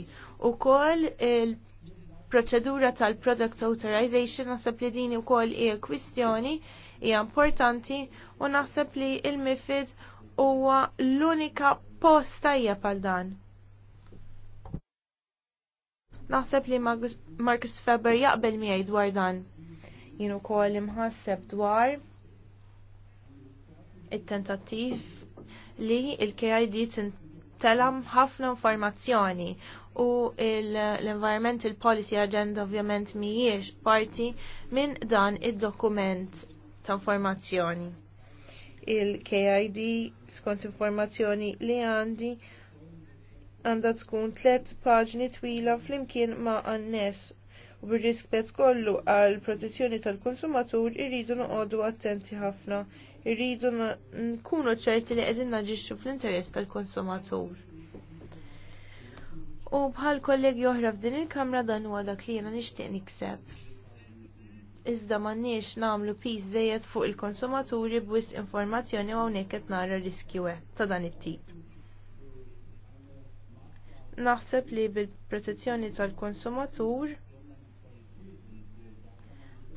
u kol il-proċedura tal-product authorization nasab li dini u kol i kwistjoni hija importanti u naħseb li il-mifid huwa l-unika post tajja pal dan. Naħseb li Marcus Feber jaqbel miegħi dwar dan jien ukoll imħasseb dwar it tentativ li il-KID telam ħafna informazzjoni u l-Environmental Policy Agenda ovvjament mhijiex parti minn dan id-dokument ta' informazzjoni. Il-KID skont informazzjoni li għandi għandha tkun tliet paġni twila flimkien ma' annes u bir-rispett kollu għal protezzjoni tal-konsumatur irridu noqogħdu attenti ħafna, irridu nkunu ċerti li qegħdin naġixxu fl-interess tal-konsumatur. U bħal kollegi oħra f'din il-kamra dan huwa dak li jiena nixtieq nikseb. Iżda m'għandniex nagħmlu piż żejjed fuq il-konsumaturi b'wis informazzjoni u hawnhekk qed nara riskju ta' dan it-tip naħseb li bil-protezzjoni tal-konsumatur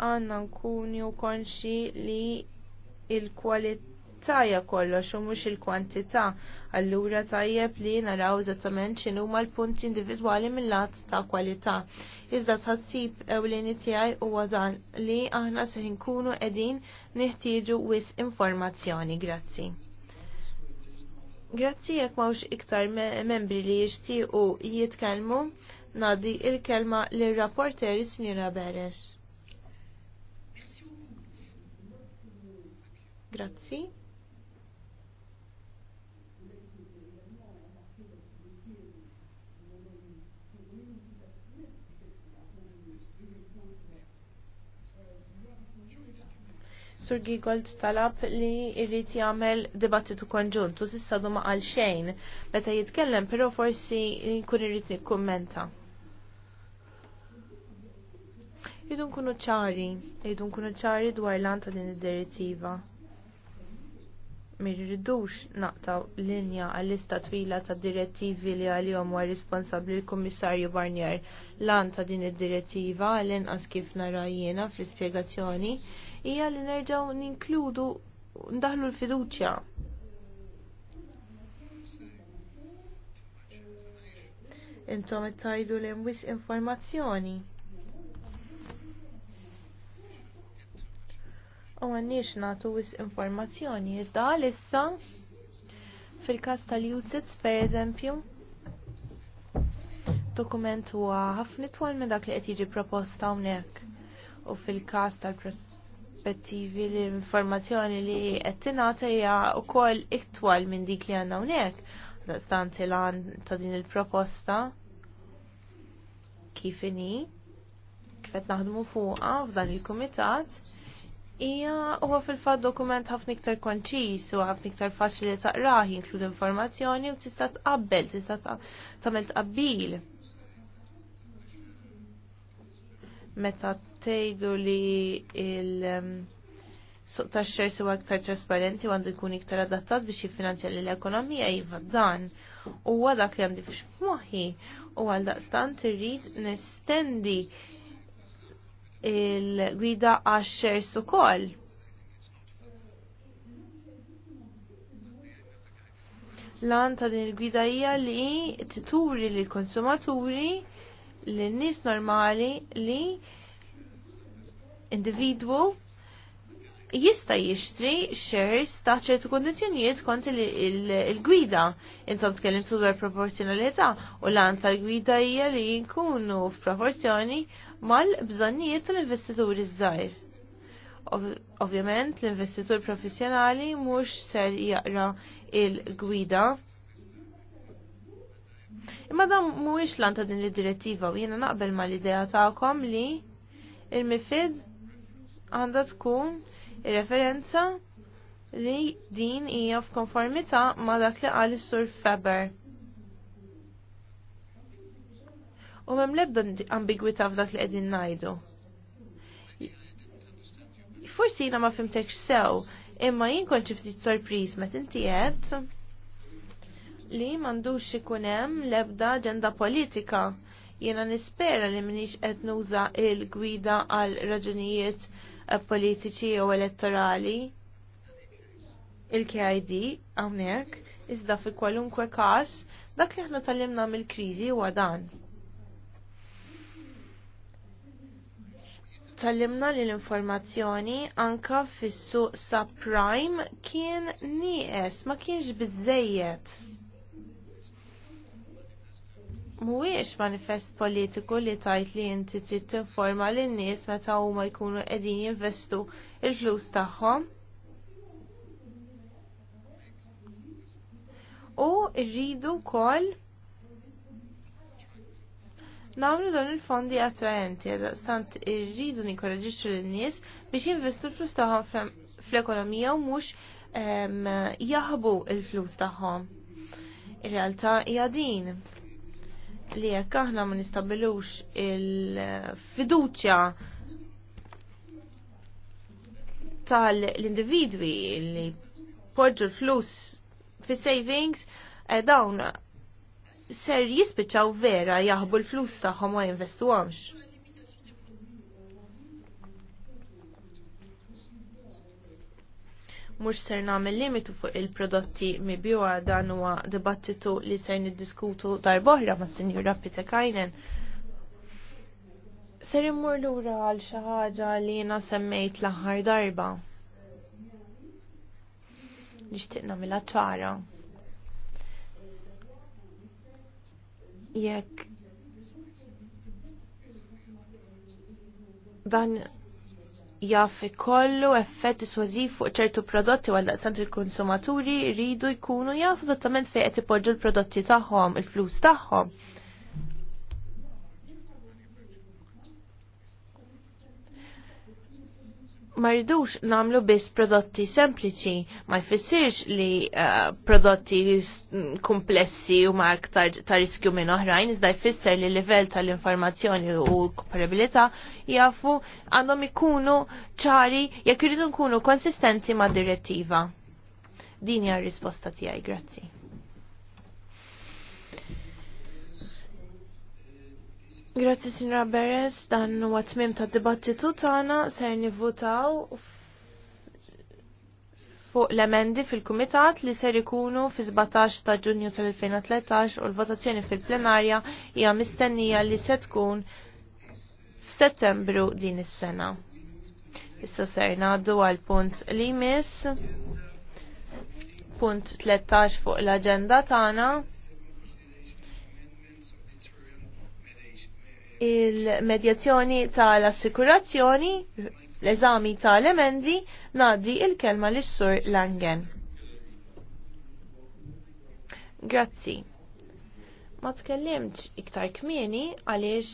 għanna nkunu konxi li l kwalità hija kollox u mhux il-kwantità. Allura tajjeb li naraw eżattament x'inhu huma l-punti individwali mill-lat ta' kwalità. Iżda tħassib ewlieni tiegħi huwa dan li aħna se nkunu qegħdin nieħtieġu wis informazzjoni. Grazzi. Grazzi jekk mawx iktar membri li jixtiequ jitkellmu, nadi il-kelma lir rapporteri Sinjura Beres. Grazzi. Sur Gigold talab li irrit jagħmel dibattitu konġuntu tista' s'issa du ma qal xejn meta jitkellem però forsi jkun irrid nikkummenta. Jridu nkunu ċari, jridu nkunu ċari dwar l-anta din id-direttiva mirridux naqtaw linja għall-lista twila ta' direttivi li għalihom huwa responsabbli l-Kummissarju Barnier lan ta' din id-direttiva għall-inqas kif nara jiena fl-ispjegazzjoni hija li nerġgħu ninkludu ndaħlu l-fiduċja. Intom ittajdu li imwis informazzjoni. u għannix natu wis informazzjoni. Iżda għalissa fil-kas tal-usits per eżempju dokument huwa ħafna twal minn dak li qed jiġi proposta hawnhekk u fil-kas tal-prospettivi l-informazzjoni li qed tingħata hija wkoll iktwal minn dik li għandna hawnhekk. Stanti lan ta' din il-proposta kif inhi kif qed naħdmu fuqha f'dan il-kumitat Ija, huwa fil-fat dokument ħafna iktar konċis u ħafna iktar faċli li taqraħ jinkludu informazzjoni u tista' tqabbel, tista' tagħmel tqabbil. Meta tgħidu li il ehm, suq tax-xejn huwa iktar trasparenti u għandu jkun iktar adattat biex jiffinanzja l-ekonomija iva dan Huwa dak li għandi f'moħħi u għal daqstant irrid nestendi il-gwida għax-xer ukoll. Lan ta' din il-gwida hija li tituri li konsumaturi li n-nis normali li individwu jista jixtri shares ta' ċertu kondizjonijiet kont il-gwida. Intom tkellimtu dwar proporzjonalità u lan tal-gwida hija li jkunu f'proporzjoni mal-bżonnijiet tal-investituri żgħir. Ovvjament l-investitur professjonali mhux ser jaqra il-gwida Imma dan mhuwiex lan ta' din id-direttiva u jiena naqbel mal-idea tagħkom li il-mifid għandha tkun ir-referenza li din hija f'konformità ma' dak li qal is-Sur Feber. U l-ebda ambigwità f'dak li qegħdin ngħidu. Forsi jiena ma fimtekx sew, imma jien kont xi ftit sorpriż meta inti qed li m'għandux ikun hemm l-ebda aġenda politika. Jiena nispera li m'iniex qed nuża il-gwida għal raġunijiet politiċi jew elettorali il-KID hawnhekk iżda fi kwalunkwe każ dak li aħna tallimna mill-kriżi huwa dan. Tallimna li l-informazzjoni anka fis-suq subprime kien nieqes ma kienx bizzejiet. Mhuwiex manifest politiku li tajt li inti trid tinforma lin nies meta huma jkunu qegħdin jinvestu l flus tagħhom. U rridu wkoll nagħmlu dawn il-fondi attraenti, stant irridu ninkoraġixxu lin nies biex jinvestu l-flus tagħhom fl-ekonomija u mhux ehm, jaħbu l flus tagħhom. Ir-realtà hija din li jekk aħna ma nistabilux il-fiduċja tal-individwi li poġġu l-flus fi savings eh, dawn ser jispiċaw vera jaħbu l-flus tagħhom ma jinvestuhomx. mhux ser nagħmel limitu fuq il-prodotti mibjuwa dan huwa dibattitu li ser niddiskutu darb'oħra mas Sinjura Pitekajnen. Ser immur lura għal xi ħaġa li jiena semmejt l-aħħar darba. Nixtieq nagħmilha ċara. Jekk dan jaf ikollu effett isważiv fuq ċertu prodotti għal daqsant il-konsumaturi rridu jkunu jafu eżattament fejn qed ipoġġu l-prodotti tagħhom, il-flus tagħhom. ma rridux namlu biss prodotti sempliċi, ma jfissirx li uh, prodotti komplessi u ma aktar ta' riskju minn oħrajn, iżda jfisser li livell tal-informazzjoni u komparabilità jafu għandhom ikunu ċari jekk iridu nkunu konsistenti ma' direttiva. Din hija r-risposta tiegħi, grazzi. Grazzi Sinra Beres, dan huwa tmiem tad dibattitu tagħna ser nivvutaw fuq l-emendi fil-Kumitat li ser ikunu fi 17 ta' Ġunju tal-2013 u l-votazzjoni fil-plenarja hija mistennija li se tkun f'Settembru din is-sena. Issa ser ngħaddu għal punt li miss punt 13 fuq l-aġenda tagħna il-medjazzjoni tal-assikurazzjoni, l-eżami tal-emendi, naddi il-kelma l issur Langen. Grazzi. Ma tkellimx iktar kmieni għaliex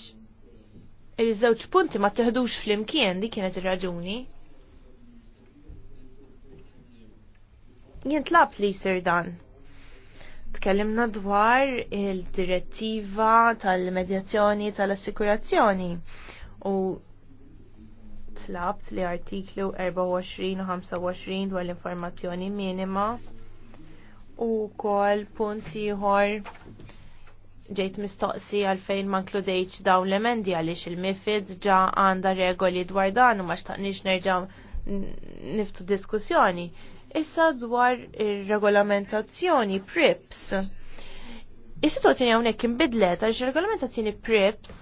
il-żewġ punti ma teħdux fl-imkien di kienet ir-raġuni. Jien tlab li jsir dan tkellimna dwar il-direttiva tal-medjazzjoni tal-assikurazzjoni u tlabt li artiklu 24 u 25 dwar l-informazzjoni minima u kol punti ħor ġejt mistoqsi għalfejn ma nkludejċ dawn l-emendi għaliex il-mifid ġa għanda regoli dwar dan u ma xtaqnix nerġa' niftu diskussjoni. Issa dwar ir-regolamentazzjoni PRIPS. Is-situazzjoni hawnhekk inbidlet għax regolamentazzjoni PRIPS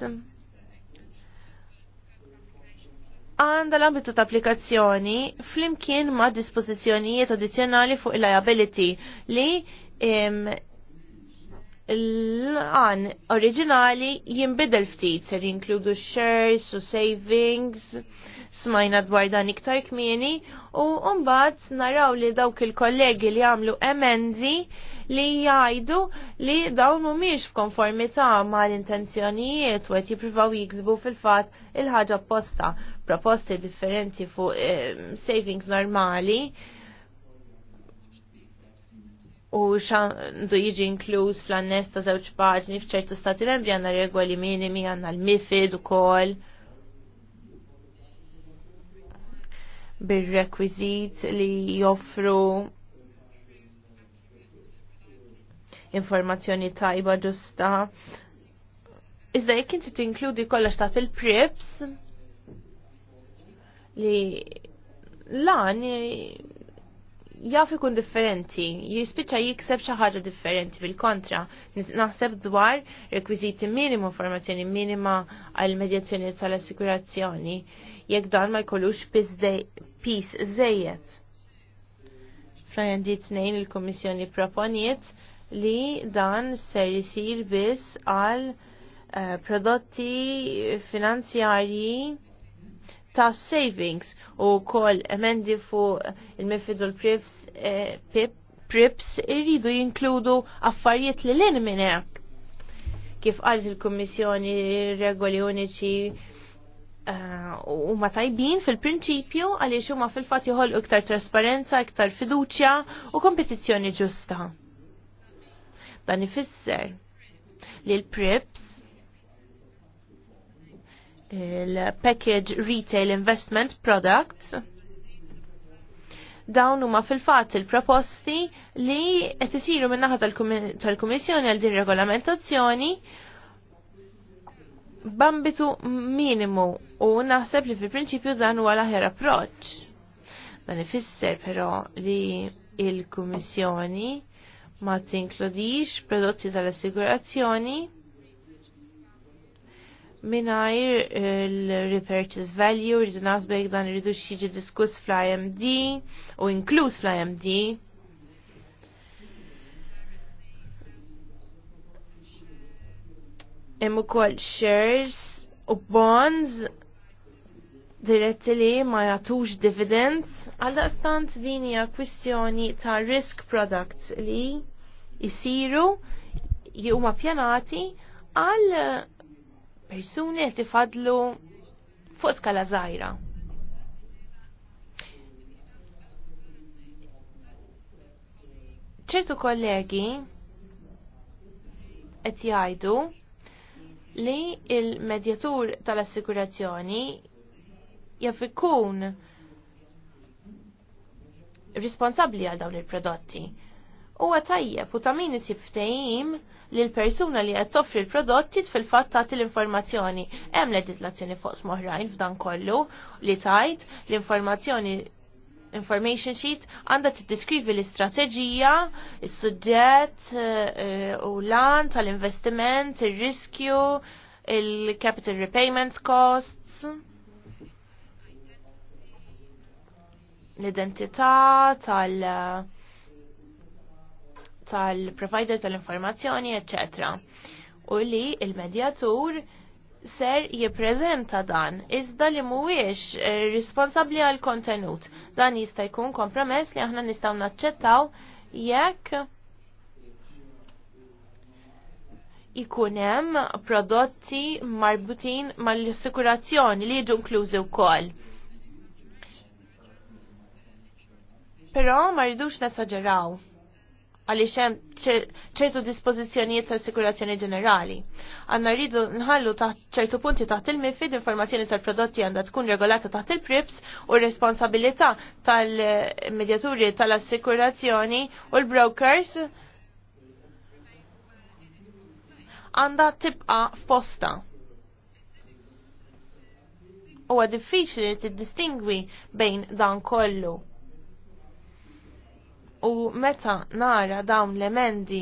għanda l-ambitu ta' applikazzjoni flimkien ma' dispożizzjonijiet addizzjonali fuq il-liability li l-għan oriġinali jimbidel ftit ser jinkludu shares u savings smajna dwar dan iktar kmieni u mbagħad naraw li dawk il-kollegi li għamlu emendi li jgħidu li dawn mhumiex f'konformità mal-intenzjonijiet u qed jippruvaw jiksbu fil-fatt il-ħaġa posta proposti differenti fuq eh, savings normali u xandu jiġi inkluż fl-annes ta' żewġ paġni f'ċertu stati membri għandna regoli minimi għandna l-mifid ukoll. Bir-rekwiżit li joffru informazzjoni tajba ġusta. Iżda jekk inti tinkludi kollox ta' il-prips li lan jaf ikun differenti, jispiċċa jikseb xi ħaġa differenti bil-kontra. Naħseb dwar rekwiżiti minimu informazzjoni minima għal medjazzjoni tal-assikurazzjoni jekk dan ma jkollux pis żejjed. Frajan di tnejn il komissjoni proponiet li dan ser jisir biss għal eh, prodotti finanzjarji ta' savings u kol emendi fu il-mifidul prips, eh, prips irridu jinkludu affarijiet li l-in minnek. Kif għalġ il-Kommissjoni regoli uniċi eh, u ma tajbin fil-prinċipju għaliex huma fil-fatt joħolqu iktar trasparenza, iktar fiduċja u kompetizzjoni ġusta. Dan ifisser li l-prips il-Package Retail Investment Products. Dawn huma fil-fatt il-proposti li qed isiru min-naħa tal-Kummissjoni għal din regolamentazzjoni bambitu minimu u naħseb li fil-prinċipju dan huwa l-aħjar approċċ. Dan ifisser però li il-Kummissjoni ma tinkludix prodotti tal-assigurazzjoni Minajr il-repurchase eh, value, rridu nasbek dan rridu xieġi diskuss fl-IMD u inkluż fl-IMD. Hemm ukoll shares u bonds diretti li ma jagħtux dividends għalda stant din hija kwistjoni ta' risk products li jisiru huma pjanati għal persuni qed tifadlu fuq skala żgħira. ċertu kollegi qed jgħidu li il-medjatur tal-assikurazzjoni jaf ikun responsabbli għal dawn il-prodotti huwa tajjeb u ta' min isib ftehim li l-persuna li qed toffri l-prodotti fil-fatt tagħti l-informazzjoni. Hemm leġislazzjoni fuq smoħrajn f'dan kollu li tajt l-informazzjoni information sheet għandha tiddiskrivi l-istrateġija, is-suġġett eh, u l-an tal-investiment, ir-riskju, il-capital repayment costs, l-identità tal- uh, tal-provider tal-informazzjoni, etc. U li il-medjatur ser jipprezenta dan, iżda li mhuwiex eh, responsabbli għal kontenut. Dan jista' jkun kompromess li aħna nistgħu naċċettaw jekk ikun hemm prodotti marbutin mal-assikurazzjoni li jiġu inklużi wkoll. Però ma rridux nesaġġeraw għaliex hemm ċertu dispożizzjonijiet tal-assikurazzjoni ġenerali. Għandna rridu nħallu taħt ċertu punti taħt il-mifid informazzjoni tal-prodotti għandha tkun regolata taħt il-prips u responsabilità tal-medjaturi tal-assikurazzjoni u l-brokers għandha tibqa f'posta. Huwa diffiċli tiddistingwi bejn dan kollu. U meta nara dawn l-emendi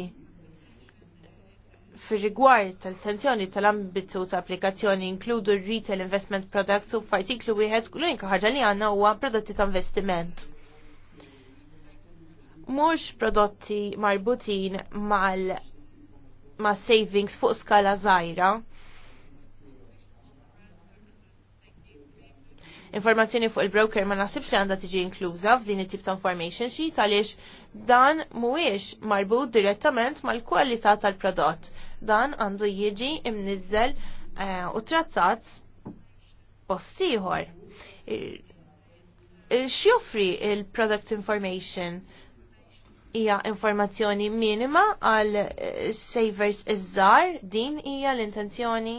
fir rigward tal-estensjoni tal-ambitu ta' applikazzjoni inkludu retail investment products u f'artiklu wieħed l-unika ħaġa li għandna huwa prodotti ta' investiment. Mhux prodotti marbutin mal ma' savings fuq skala żgħira, Informazzjoni fuq il-broker ma nasibx li għandha tiġi inkluża f'din it-tip ta' information sheet għaliex dan mhuwiex marbut direttament mal-kwalità tal-prodott. Dan għandu jiġi imniżżel eh, u trattat ieħor. X'joffri il-product information hija informazzjoni minima għal eh, savers iż-żar din hija l-intenzjoni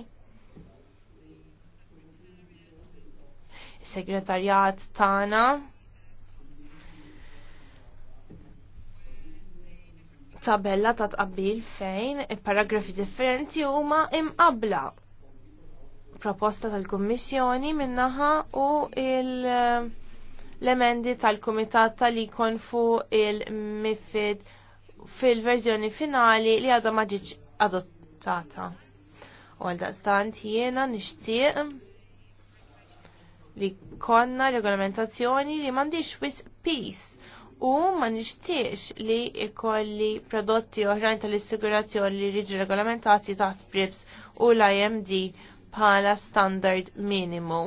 segretarjat tagħna tabella ta' tqabbil fejn paragrafi differenti huma imqabla proposta tal-Kummissjoni minnaħa u il- l-emendi tal-Kumitat tal-Ikon fuq il-MIFID fil-verżjoni finali li għadha ma ġiġ adottata. U għal daqstant jiena nixtieq li konna regolamentazzjoni li mandiċ wis peace u ma nixtiex li ikolli prodotti oħrajn tal-assigurazzjoni li riġi regolamentati taħt PRIPS u l-IMD bħala standard minimu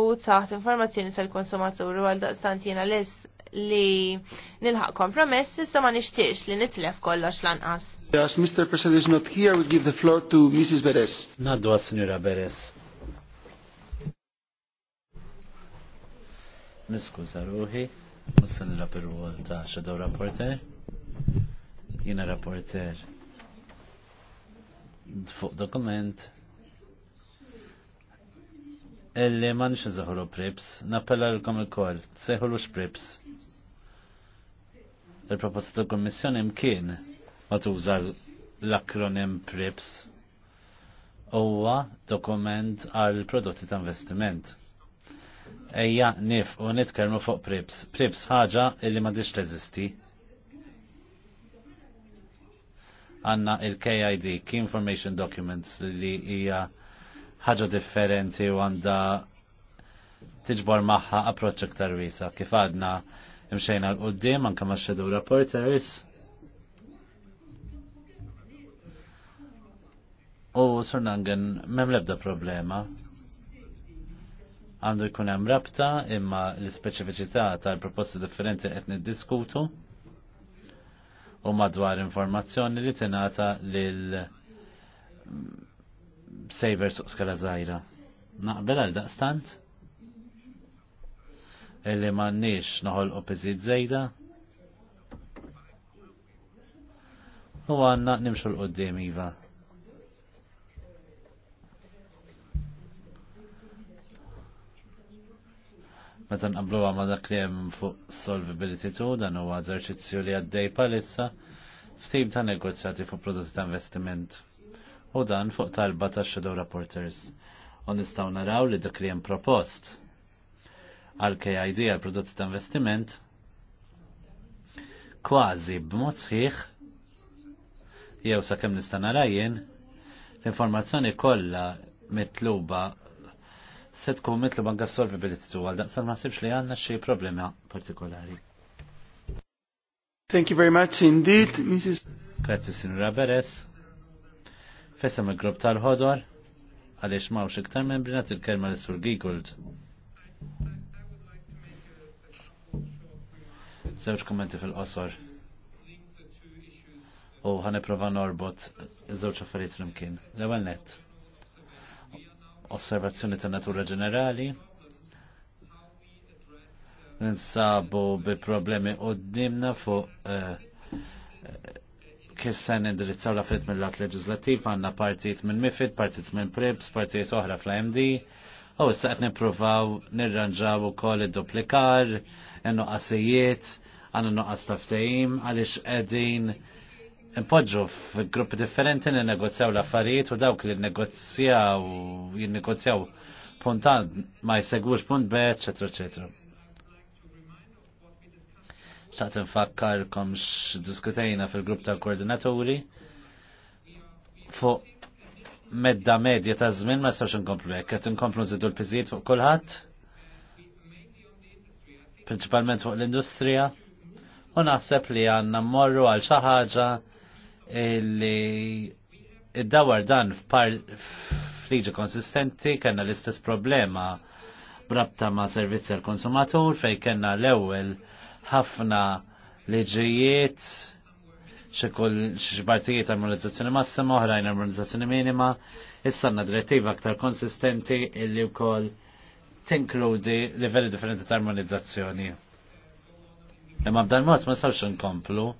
u taħt informazzjoni tal-konsumatur u għal daqstant l lis li nilħaq kompromess issa ma nixtiex li nitlef kollox lanqas. Yes, Mr. President is not here, we give the floor to Mrs. Beres. Nadwa, għas Beres. Niskuza ruħi, mussan il-rapporter ta' Shadow Rapporter. Jina rapporter fuq dokument Elli ma nix nżaħru prips, nappella l-kom il-kol, x prips. Il-proposta tal kommissjoni mkien ma tuża l-akronim prips huwa dokument għal prodotti ta' investiment ejja nif u nitkelmu fuq prips. Prips ħaġa illi ma diċ teżisti. Għanna il-KID, Key Information Documents, li hija ħaġa differenti u għanda tiġbor maħħa approċċ iktar wisa. Kif għadna imxejna l-qoddim, anka maċċedu Reporters. U surnangen, mem lebda problema għandu jkun hemm rabta imma l-ispeċifiċità tal-proposti differenti qed niddiskutu u madwar informazzjoni li tingħata lil savers u skala żgħira. Naqbel għal daqstant? Illi m'għandniex noħol opiżid żejda. U għanna nimxu l-qoddim iva. Meta nqabluha ma dak li hemm fuq solvability tu dan huwa eżerċizzju li għaddej palissa ftim ta' negozjati fuq prodotti ta' investiment. U dan fuq talba ta' Shadow Reporters. U nistgħu naraw li dak li hemm propost għal KID għal prodotti ta' investiment kważi b'mod sħiħ jew sakemm nista' narajjen l-informazzjoni kollha mitluba se tkun mitlu banka solvibility għal daqsan ma sibx li għanna xie problema partikolari. Thank you very much indeed, Mrs. Grazie, Sinura Beres. Fessa me grob tal-ħodor, għalix mawx iktar membrina il-kelma l-sur Gigold. Zewġ kommenti fil-qosor. U ħane prova norbot zewġ żewġ affarijiet flimkien. L-ewwel nett osservazzjoni ta' natura ġenerali. Ninsabu bi problemi dimna fuq eh, kif se indirizzaw la fit mill-lat leġislattiv għandna partit minn MIFID, partit minn PRIBS, partit oħra fl md U issa qed nippruvaw nirranġaw ukoll id-duplikar, in-nuqqasijiet, għandna nuqqas taftejim għaliex qegħdin impoġġu f'gruppi differenti li negozjaw l-affarijiet u dawk li negozjaw jinnegozjaw punt ma jsegwux punt B, eċetera, eċetera. Xtaqt x diskutejna fil-grupp ta' koordinaturi fuq medda medja ta' żmien ma sawx inkomplu hekk, għet inkomplu nżidu l-piżijiet fuq kulħadd, prinċipalment fuq l-industrija, u naħseb li għandna mmorru għal xi ħaġa li id-dawar dan f'liġi konsistenti kena l-istess problema brabta ma' servizzi għal konsumatur fej kena l-ewel ħafna liġijiet xibartijiet armonizzazzjoni massima, oħrajn armonizzazzjoni minima, jissanna direttiva aktar konsistenti illi wkoll tinkludi livelli differenti ta' armonizzazzjoni. Imma b'dan mod ma sawx nkomplu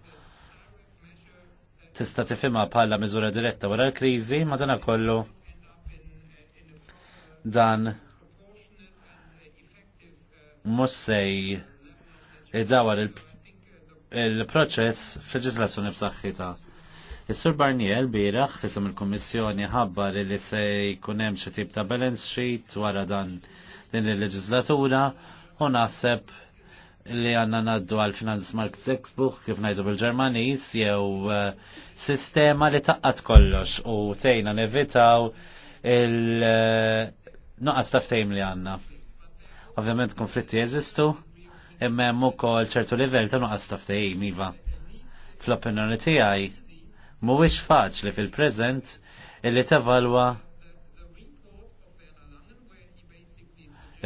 tista' tifhimha bħala miżura diretta wara l-kriżi, ma dan kollu dan mussej id-dawar il-proċess f'leġislazzjoni b'saħħitha. Is-Sur Barnier bieraħ fisem il-Kummissjoni ħabbar li se jkun hemm xi tip ta' balance sheet wara dan din il-leġislatura u naħseb li għanna naddu għal Finance Markets Expo, kif najdu bil-Ġermanis jew eh, sistema li taqqat kollox u tejna nevitaw il-nuqqas eh, taftajm li għanna. Ovvjament konflitti jeżistu, imma hemm ukoll ċertu livell ta' nuqqas taftajm iva. Fl-opinjoni tiegħi mhuwiex faċli fil-preżent illi tevalwa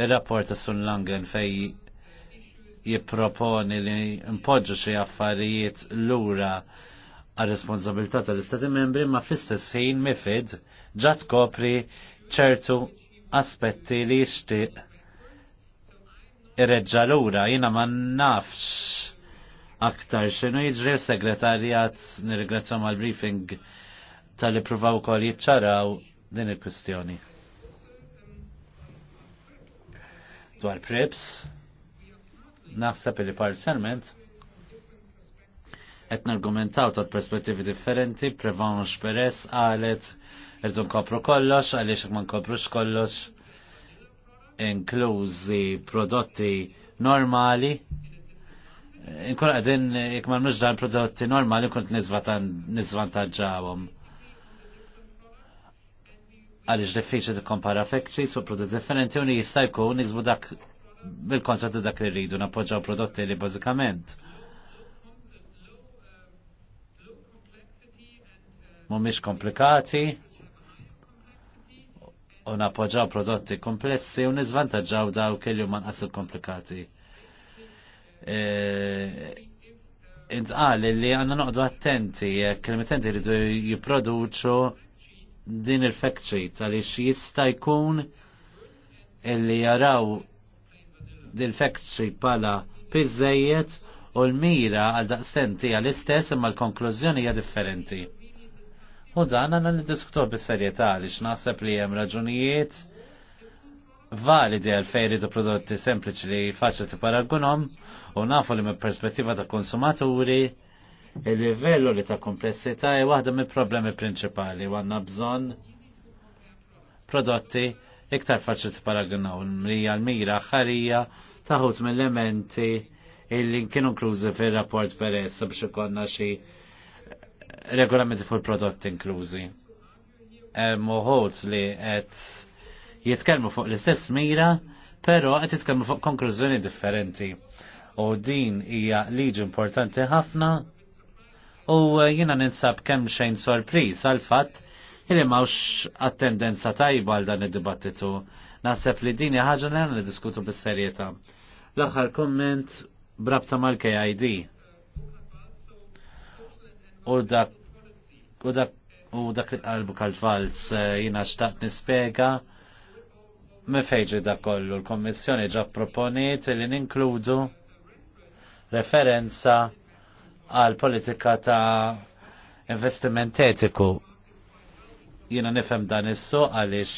il-rapport ta' Sun Langen fej jipproponi li impoġġu xi affarijiet lura għal responsabilità tal-Istati membri ma fl-istess ħin mifid ġa tkopri ċertu aspetti li jixtieq irreġġa lura jiena ma nafx aktar xinu jiġri segretarjat nirgrazzja mal-briefing tal-li kol jitċaraw din il-kustjoni. Dwar preps, naħseb li parzialment qed nargumentaw ta' perspettivi differenti, prevanx peress, qalet irdu nkopru kollox għaliex ma nkoprux kollox inklużi prodotti normali Inkun għadin, jek ma nmux dan prodotti normali, kunt nizvantagġawom. Għalix diffiċi t-kompara fekċi su prodotti differenti, unni jistajku nizbu dak bil-kontra ta' dak li rridu nappoġġaw prodotti li bażikament mhumiex komplikati u nappoġġaw prodotti komplessi u niżvantaġġaw dawk li huma nqas komplikati. E, Intqal li għanna noqdu attenti, jekk il-mitenti rridu jipproduċu din il-fact sheet għaliex jista' jkun illi jaraw dil-factory pala pizzejiet u l-mira għal daqstenti għal istess imma l-konklużjoni hija differenti. U dan għanna niddiskutu bis-serjetà li x'naħseb li hemm raġunijiet validi għal fejri ta' prodotti sempliċi li faċli paragunom u nafu li mill perspettiva ta' konsumaturi il-livellu li ta' komplessità hija waħda mill problemi prinċipali u għandna bżonn prodotti iktar faċli tipparagnaw l-mrija l-mira ħarija taħut mill-elementi illi kienu inklużi fil-rapport peress biex ikonna xi eh, regolamenti fuq prodotti inklużi. Moħolz li qed jitkellmu fuq l-istess mira, però qed jitkellmu fuq konklużjoni differenti. U din hija liġi importanti ħafna u eh, jiena ninsab kemm xejn sorpriż għal fatt Illi mawx għat-tendenza tajba għal dan id-dibattitu. Naħseb li dini ħagġa li diskutu bis-serjetà. L-aħħar komment brabta mal-KID. U dak u dak u dak li qalbu kalfalz eh, jina xtaqt nispjega me fejġi dak kollu l-Kommissjoni ġa proponiet li ninkludu referenza għal politika ta' investiment etiku Jiena nifhem dan isso għaliex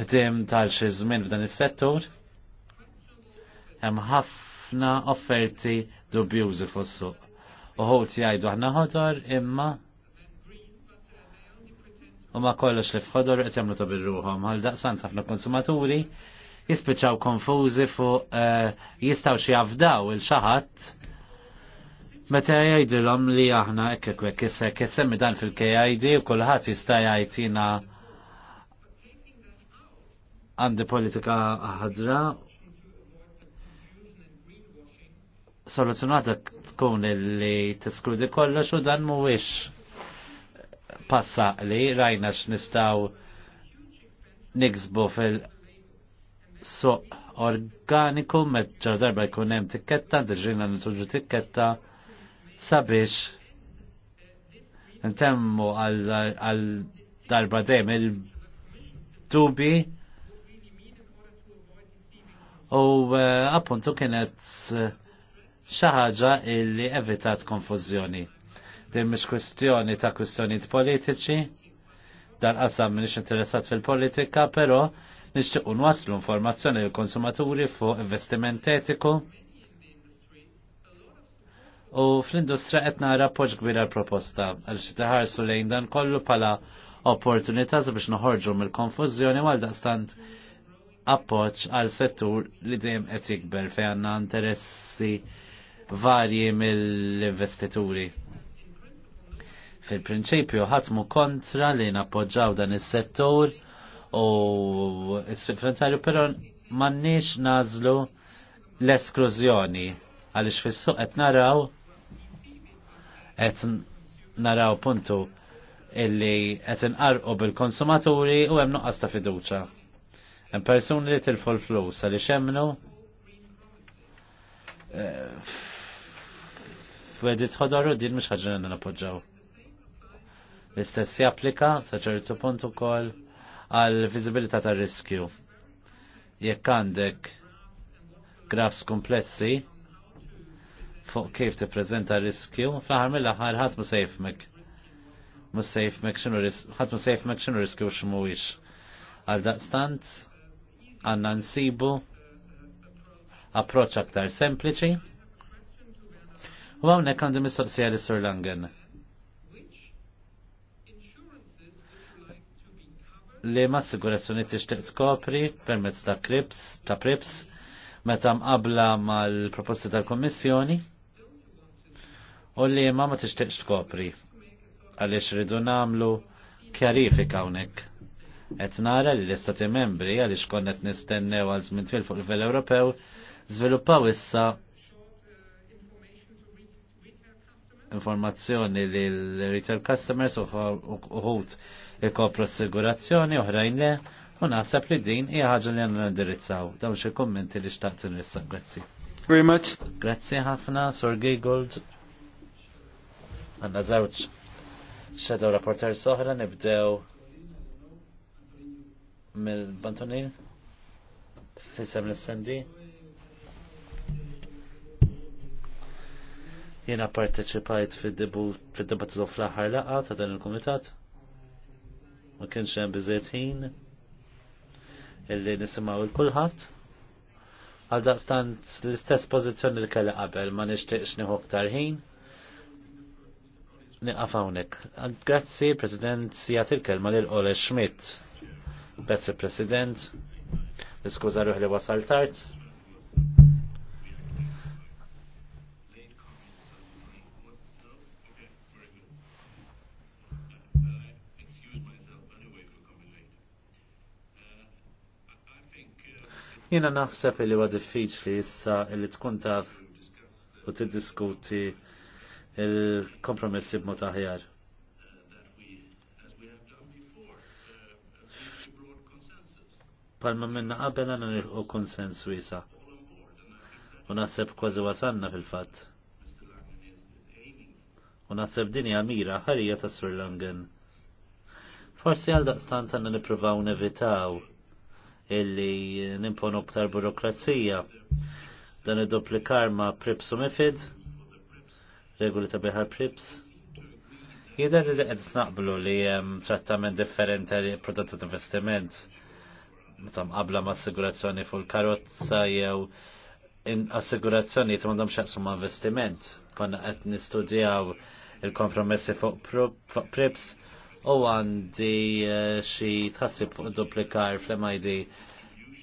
ħdiem tal xi żmien f'dan is-settur. Hemm ħafna offerti dubjużi fuq suq Uħut jgħidu aħna ħodor imma u ma kollox li fħodor qed jagħmlu ta' birruhom. Għal daqsant ħafna konsumaturi jispiċċaw konfużi fuq eh, jistgħu xi jafdaw il xaħat Meta jgħidilhom li aħna hekk hekk hekk issek issemmi dan fil-KID u kulħadd jista' jgħidina għandi politika ħadra soluzzjonata tkun li teskludi kollox u dan mhuwiex passa li rajna x'nistgħu niksbu fil- so organiku meċċa darba jkun hemm tikketta, dirġina nitruġu tikketta, sabiex ntemmu għal darba dejjem il-dubi u eh, appuntu kienet eh, xaħġa illi evitat konfuzjoni. Din mhix kwestjoni ta' kwistjonijiet politiċi, dan qasam minix interessat fil-politika, però nixtiequ nwaslu informazzjoni l konsumaturi fuq investiment etiku U fl-industrija qed nara poġ kbira proposta għal xi tiħarsu lejn dan kollu pala opportunità biex noħorġu mill-konfużjoni għal daqstant appoġġ għal settur li dejjem qed jikber fejn għandna interessi varji mill-investituri. Fil-prinċipju ħatmu kontra li nappoġġaw dan is-settur u s-finanzarju però m'għandniex nażlu l-esklużjoni għaliex fis-suq qed naraw qed naraw puntu illi qed inqarqu bil-konsumaturi u hemm nuqqas ta' fiduċa. Hemm persuni li tilfu l-flus għaliex jemmnu eh, f'wedi u din mhux ħaġa nappoġġaw. L-istess japplika sa ċertu punt ukoll għal viżibilità tar-riskju. Jekk għandek grafs komplessi, fuq kif tippreżenta riskju, fl-aħħar mill-aħħar ħadd musejfmek. Musejfmek x'inhu riskju, sejf mek xinu riskju x'mhuwiex. Għal daqstant għandna nsibu approċċ aktar sempliċi. U hawnhekk għandi mistoqsija li Sur Langen. li ma assigurazzjoni tixtieq tkopri permezz ta' krips, ta' prips, meta mqabla mal-proposti tal-Kommissjoni u li ma ma tixtieqx tkopri għalix ridu namlu kjarifika hawnhekk. Et nara li l-Istati Membri għaliex konnet nistennew għal zmin fil fuq livell Ewropew żviluppaw issa informazzjoni li l-retail customers uħut ikopru assigurazzjoni uħrajn le u naħseb li din hija ħaġa li għandna indirizzaw. Dawn xi kummenti li xtaqt nrissaq, grazzi. Very much. Grazzi ħafna, Sir Giggold. Għanna żewġ shadow rapporter soħra nibdew mill-Bantonin fissem l-sendi. Jena parteċipajt fil-dibattitu fl-aħħar laqa ta' dan il-komitat. Ma kienx hemm biżejt ħin illi nisimgħu il kulħadd. Għal daqstant l-istess pożizzjoni li kelli qabel ma nixtieqx nieħu aktar ħin. Nifawnek. Ah, grazzi, President, sijat il-kelma lil Ole Schmidt. Grazzi, President. Niskuza ruħli li wasal tard. Jena naħseb li huwa diffiċli issa li tkun taf u tiddiskuti il-kompromessi b'mod aħjar. Palma minna qabel għanna nilħu konsens jisa. U naħseb kważi wasanna fil-fatt. U naħseb dini għamira ħarija ta' Sri Langen. Forsi għal daqstant għanna niprofaw nevitaw illi nimponu ktar burokrazija dan id-duplikar ma' pripsu mifid regoli ta' biħar prips. Jidher li qed naqblu li hemm trattament differenti għal prodotti ta' investiment meta qabla ma' assigurazzjoni fuq il-karozza jew assigurazzjoni jitma għandhom xaqsu ma' investiment. Konna qed nistudjaw il-kompromessi fuq prips u għandi eh, xi tħassib fuq duplikar fl-MID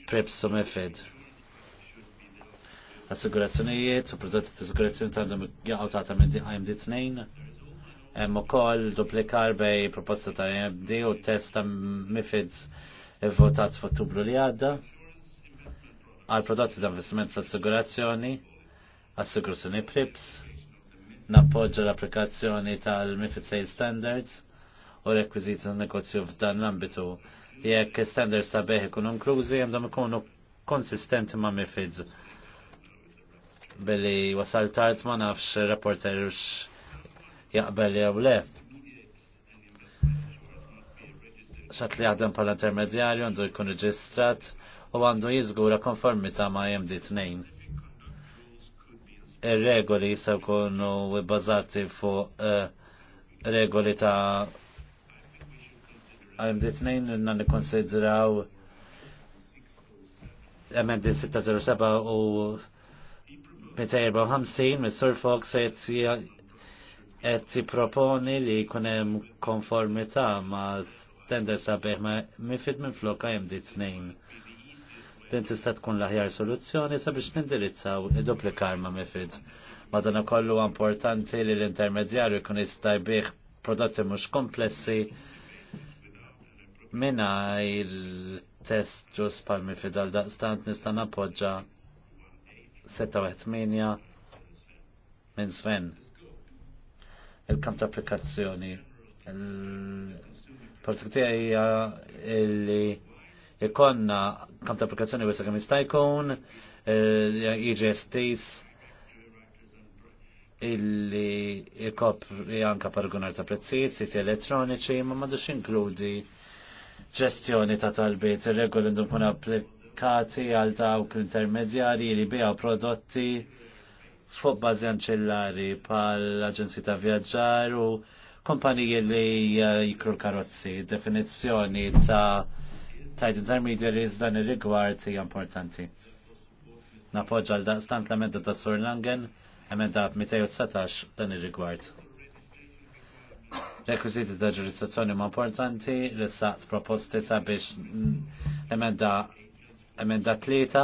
prips u mifid assigurazzjonijiet u prodotti ta' assigurazzjoni ta' għandhom jaqgħu ta' ta' minn IMD 2. Hemm ukoll duplikar bej proposta ta' IMD u test ta' MIFIDs votat f'Ottubru li għadda għal prodotti ta' investiment fl-assigurazzjoni, assigurazzjoni PRIPS, nappoġġa l-applikazzjoni tal-MIFID Sales Standards u rekwiziti negozju f'dan l-ambitu jekk standards ta' beħi kunu inklużi għandhom ikunu konsistenti ma' MIFIDs billi wasal tard ma nafx reporter rapporterux jaqbel jew le. Xat li għadem pala intermedjarju għandu jkun reġistrat u għandu jizgura konformita ma MD2. Ir-regoli jisaw kunu bazati fu eh, regoli ta' għajm MD2 n nikonsidraw MD607 u 254 Mr. Fox qed proponi li jkun hemm konformità ma' tender sabiħ ma' mifid minn flokka di 2 Din tista' tkun l-aħjar soluzzjoni sabiex nindirizzaw id-duplikar ma' mifid. Madonna kollu importanti li l-intermedjarju jkun jista' jbih prodotti mhux komplessi minna il-test ġus palmi fidal daqstant nista' napoġġa 86 minn Sven. Il-kamp ta' applikazzjoni. Il-politika hija li ikonna kamp ta' applikazzjoni wisa kemm jista' eh, IGSTs jiġi estis illi ikopri anka paragunar ta' prezzijiet, siti elettroniċi, ma madux inkludi ġestjoni ta' talbiet, il-regol indum kun applikazzjoni mercati għal dawk intermedjari li bija prodotti fuq bazi anċellari pal aġenzi ta' vjaġġar u kompaniji li eh, jikru l-karozzi. Definizzjoni ta' ta' intermediaries dan ir-rigward hija importanti. Napoġġa l daqstant l-emenda ta' Sur Langen, emenda 217 dan ir-rigward. Rekwiziti ta' ġurizzazzjoni ma' importanti, l-saqt proposti sabiex mm, l-emenda emenda tlieta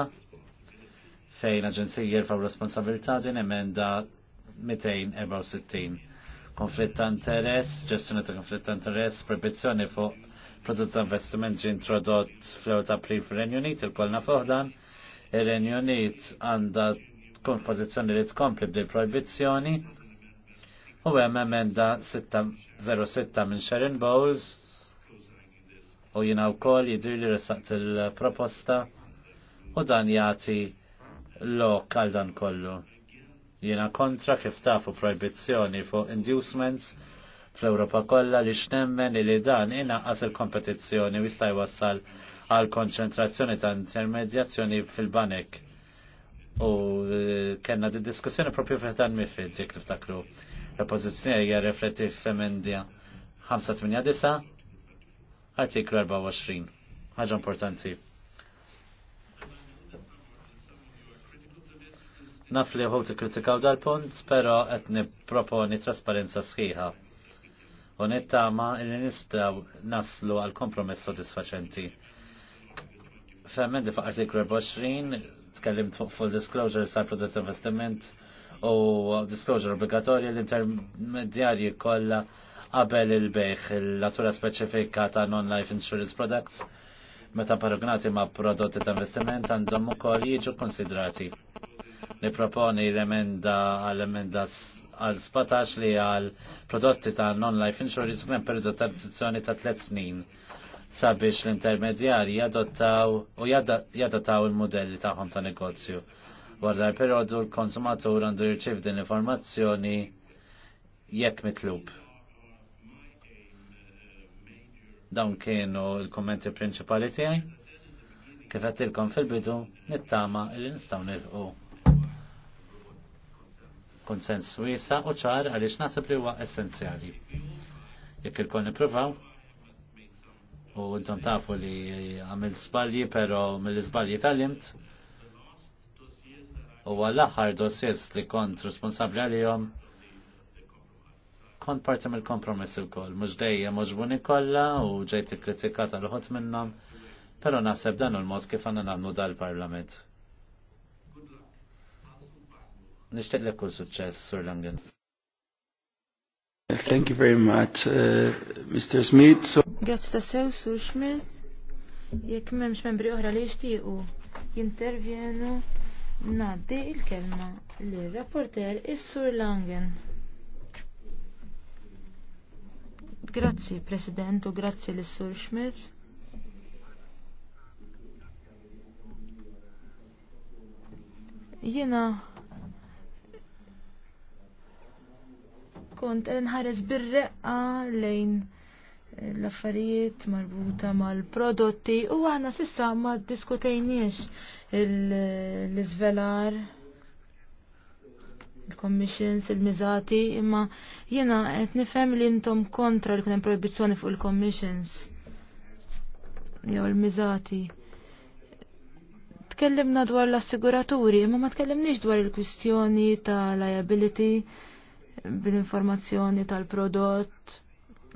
fejn aġenzija jirfaw responsabilità din emenda 264. Konflitt ta' interess, ġestjoni ta' konflitt ta' interess, proibizzjoni fuq prodott ta' investiment ġi introdott fl-ewwel ta' April fil renju Unit, il kolna foħdan, ir-Renju Unit għandha tkun pożizzjoni li tkompli bdil proibizzjoni. U hemm emenda 606 minn Sharon Bowles u jina wkoll jidhirli li resaqt il-proposta. il proposta u dan jagħti lok għal dan kollu. Jiena kontra kif tafu proibizzjoni fuq inducements fl-Ewropa kollha li x'nemmen li dan inaqqas il-kompetizzjoni u jista' jwassal għal konċentrazzjoni ta' intermedjazzjoni fil-banek. U e, kellna di diskussjoni propju dan mifid, jek tiftakru. Repozizjoni hija refletti f'emendja 589 artiklu 24. Ħaġa importanti. Naf li ħu kritikaw dal-punt, pero qed nipproponi trasparenza sħiħa. U nittama li nistgħu naslu għal kompromiss sodisfaċenti. Femmendi fuq artiklu 24 tkellimt fuq full disclosure sa' prodott investiment u disclosure obbligatorja l-intermedjarji kollha qabel il-bejħ il-natura speċifika ta' non-life insurance products meta paragonati ma' prodotti ta' investiment għandhom ukoll jiġu konsidrati niproponi l-emenda għal-emenda għal 17 li għal prodotti ta' non-life insurance kien periodu ta' transizzjoni ta' 3 snin sabiex l-intermedjari jadottaw u jadottaw il-modelli tagħhom ta' negozju. Wara l-periodu l-konsumatur għandu jirċiv din informazzjoni jekk mitlub. Dawn kienu il-kommenti prinċipali tiegħi. Kif għattilkom fil-bidu, nittama il-instaw nilqu konsens wiesa u ċar għaliex nasib li huwa essenzjali. Jekk il-kon u intom tafu li għamil sbalji, pero mill-sbalji tal imt u għall-aħħar dossiers li kont responsabli għalihom kont parti mill kompromess ukoll, mhux dejja mhux kollha u ġejt ikkritikata l ħot minnhom, però naħseb dan il-mod kif għandna nagħmlu dal-Parlament. Nishtaq lek kull suċċess, Sur Langen. Thank you very much, uh, Mr. Smith. So... Grazzi ta' sew, Sur Smith. Jekk m'hemmx membri oħra li jixtiequ jintervjenu, naddi il-kelma li rapporter is-Sur Langen. Grazzi, President, u grazzi lis-Sur Smith. Jiena kont nħares bir-reqqa lejn l-affarijiet marbuta mal-prodotti u għana sissa ma diskutejniex l-izvelar il-commissions, il-mizati, imma jena qed nifhem li intom kontra li kunem proibizzjoni fuq il-commissions jew il-mizati. Tkellimna dwar l-assiguraturi, imma ma tkellimniex dwar il-kwistjoni ta' liability bil-informazzjoni tal-prodott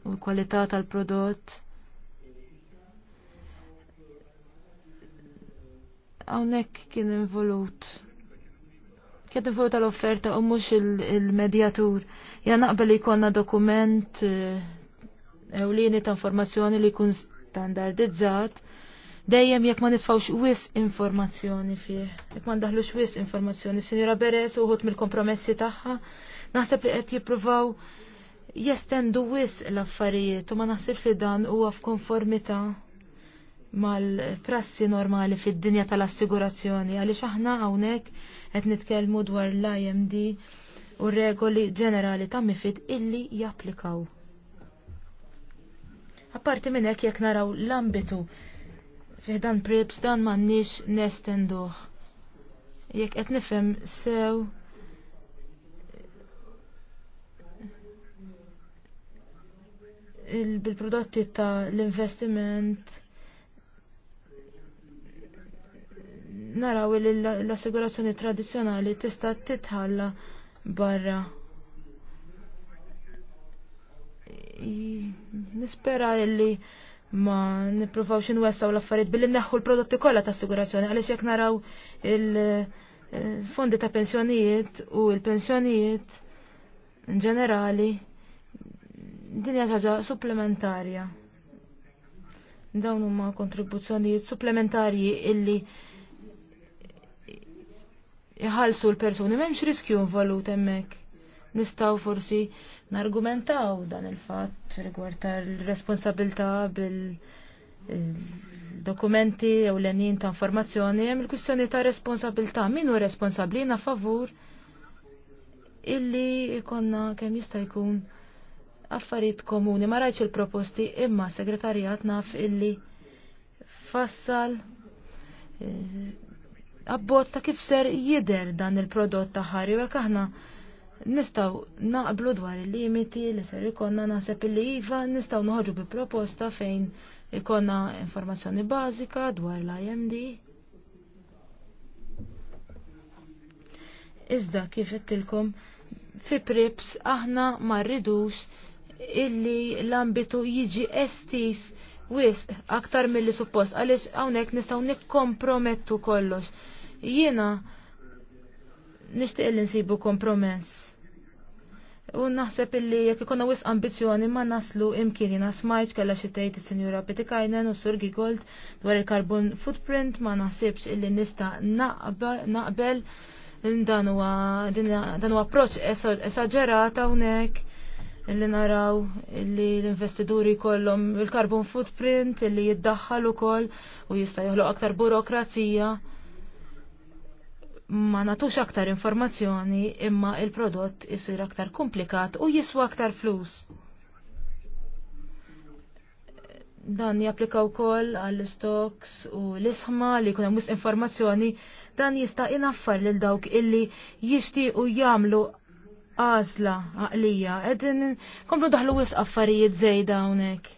u l-kwalità tal-prodott. Hawnhekk kien involut. Kien involut tal-offerta u mhux il-medjatur. Il naqbel li jkollna dokument eh, ewlieni ta' informazzjoni li jkun standardizzat dejjem jekk ma nitfawx wis informazzjoni fih, jekk ma ndaħlux wis informazzjoni, Sinjora Beres uħut mill-kompromessi tagħha Naħseb li qed jippruvaw jestendu wis l-affarijiet u ma naħsibx li dan huwa f'konformità mal-prassi normali fid-dinja tal-assigurazzjoni għaliex aħna hawnhekk qed nitkellmu dwar l-IMD u regoli ġenerali ta' mifid illi japplikaw. Apparti minn hekk jekk naraw l-ambitu fih dan prips dan m'għandniex nestenduh. Jekk qed nifhem sew bil-prodotti ta' l-investiment naraw li l-assigurazzjoni tradizjonali tista' titħalla barra. Nispera li ma niprofawx nwessaw l-affarijiet billi neħħu l-prodotti kollha ta' assigurazzjoni għaliex jekk naraw il-fondi ta' pensjonijiet u l-pensjonijiet in ġenerali Dinja ħaġa supplementarja. Dawn huma kontribuzzjonijiet supplementarji illi jħalsu l-persuni m'hemmx riskju involut hemmhekk. Nistgħu forsi nargumentaw dan il-fatt rigward tal-responsabilità bil dokumenti jew l-enin ta' informazzjoni hemm il-kwistjoni ta' responsabilità. Min hu responsabbli na favur illi konna kemm jista' jkun affarijiet komuni, ma rajtx il-proposti imma segretarjat naf illi fassal eh, abbozz ta' kif ser jider dan il-prodott ta' ħari u aħna nistaw naqblu dwar il-limiti li ser ikonna naħseb illi iva nistaw noħġu bi proposta fejn ikonna informazzjoni bażika dwar l-IMD. Iżda kif ittilkom fi prips aħna ma rridux illi l-ambitu jiġi estis wis aktar mill-li suppost għaliex hawnhekk nistgħu nikkompromettu kollox. Jiena nixtieq li nsibu kompromess. U naħseb illi jekk ikonna wis ambizzjoni ma naslu imkien jina smajċ kalla xi tgħid is-Sinjura Petikajnen u Sur Gigold dwar il-carbon footprint ma naħsibx illi nista' naqbel dan huwa approċċ esaġerat hawnhekk illi naraw illi l-investiduri kollhom il-carbon footprint illi jiddaħħal ukoll u jista' joħloq aktar burokrazija. Ma natux aktar informazzjoni imma il-prodott isir aktar komplikat u jiswa aktar flus. Dan japplika wkoll għall-stocks u l-isħma li jkun hemm informazzjoni dan jista' inaffar lil dawk illi jixtiequ jagħmlu għazla għaqlija, għedin komplu daħlu wis affarijiet zejda unek.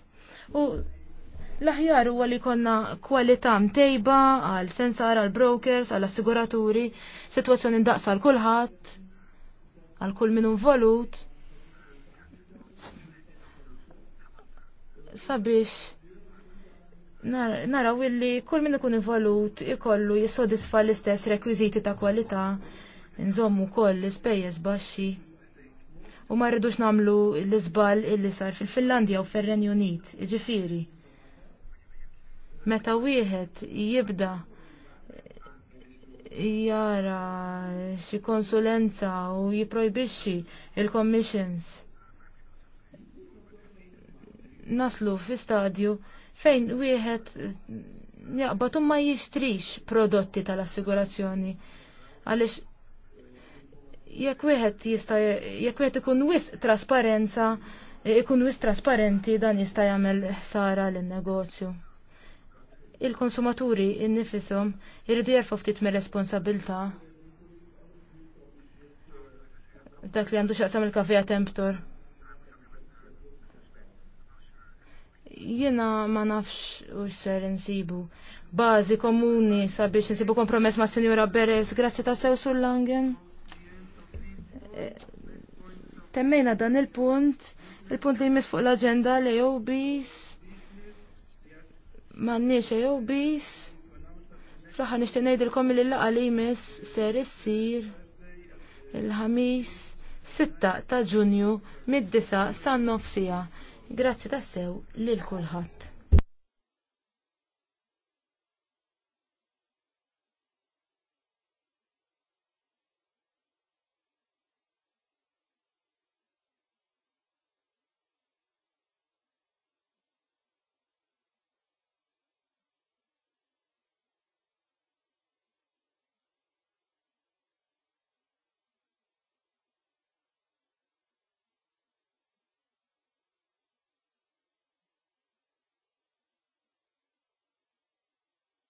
U l-aħjar huwa li konna kwalità mtejba għal sensar għal brokers għal assiguraturi, situazzjoni ndaqsa għal kulħadd, għal kull minn involut. Sabiex nara u illi kull minn ikun involut ikollu jissodisfa l-istess rekwiżiti ta' kwalità nżommu koll l-ispejjeż baxxi u ma rridux namlu l-izbal illi sar fil-Finlandja u fil-Renju Unit, iġifiri. Meta wieħed jibda eh, jara xi konsulenza u jiprojbixxi il-commissions. Naslu fi stadju fejn wieħed eh, jaqbad ma jixtrix prodotti tal-assigurazzjoni għaliex jekk wieħed jista' jekk wieħed ikun wisq trasparenza, ikun wisq trasparenti dan jista' jagħmel ħsara lin-negozju. Il-konsumaturi innifisom jridu jerfu ftit mir-responsabilità dak li għandu xaqsam il-kafija temptor. Jena ma nafx u ser nsibu. Bazi komuni sabiex nsibu kompromess ma' Senjora Beres, grazzi ta' sew sul-langen. Temmejna dan il-punt, il-punt li jmiss fuq l-agenda li jow bis, mannix jow bis, fl-aħħar nixtieq ngħidilkom li l-laqa li jmiss ser issir il-ħamis 6 ta' Ġunju mid-disa san nofsija. Grazzi tassew lil kulħadd.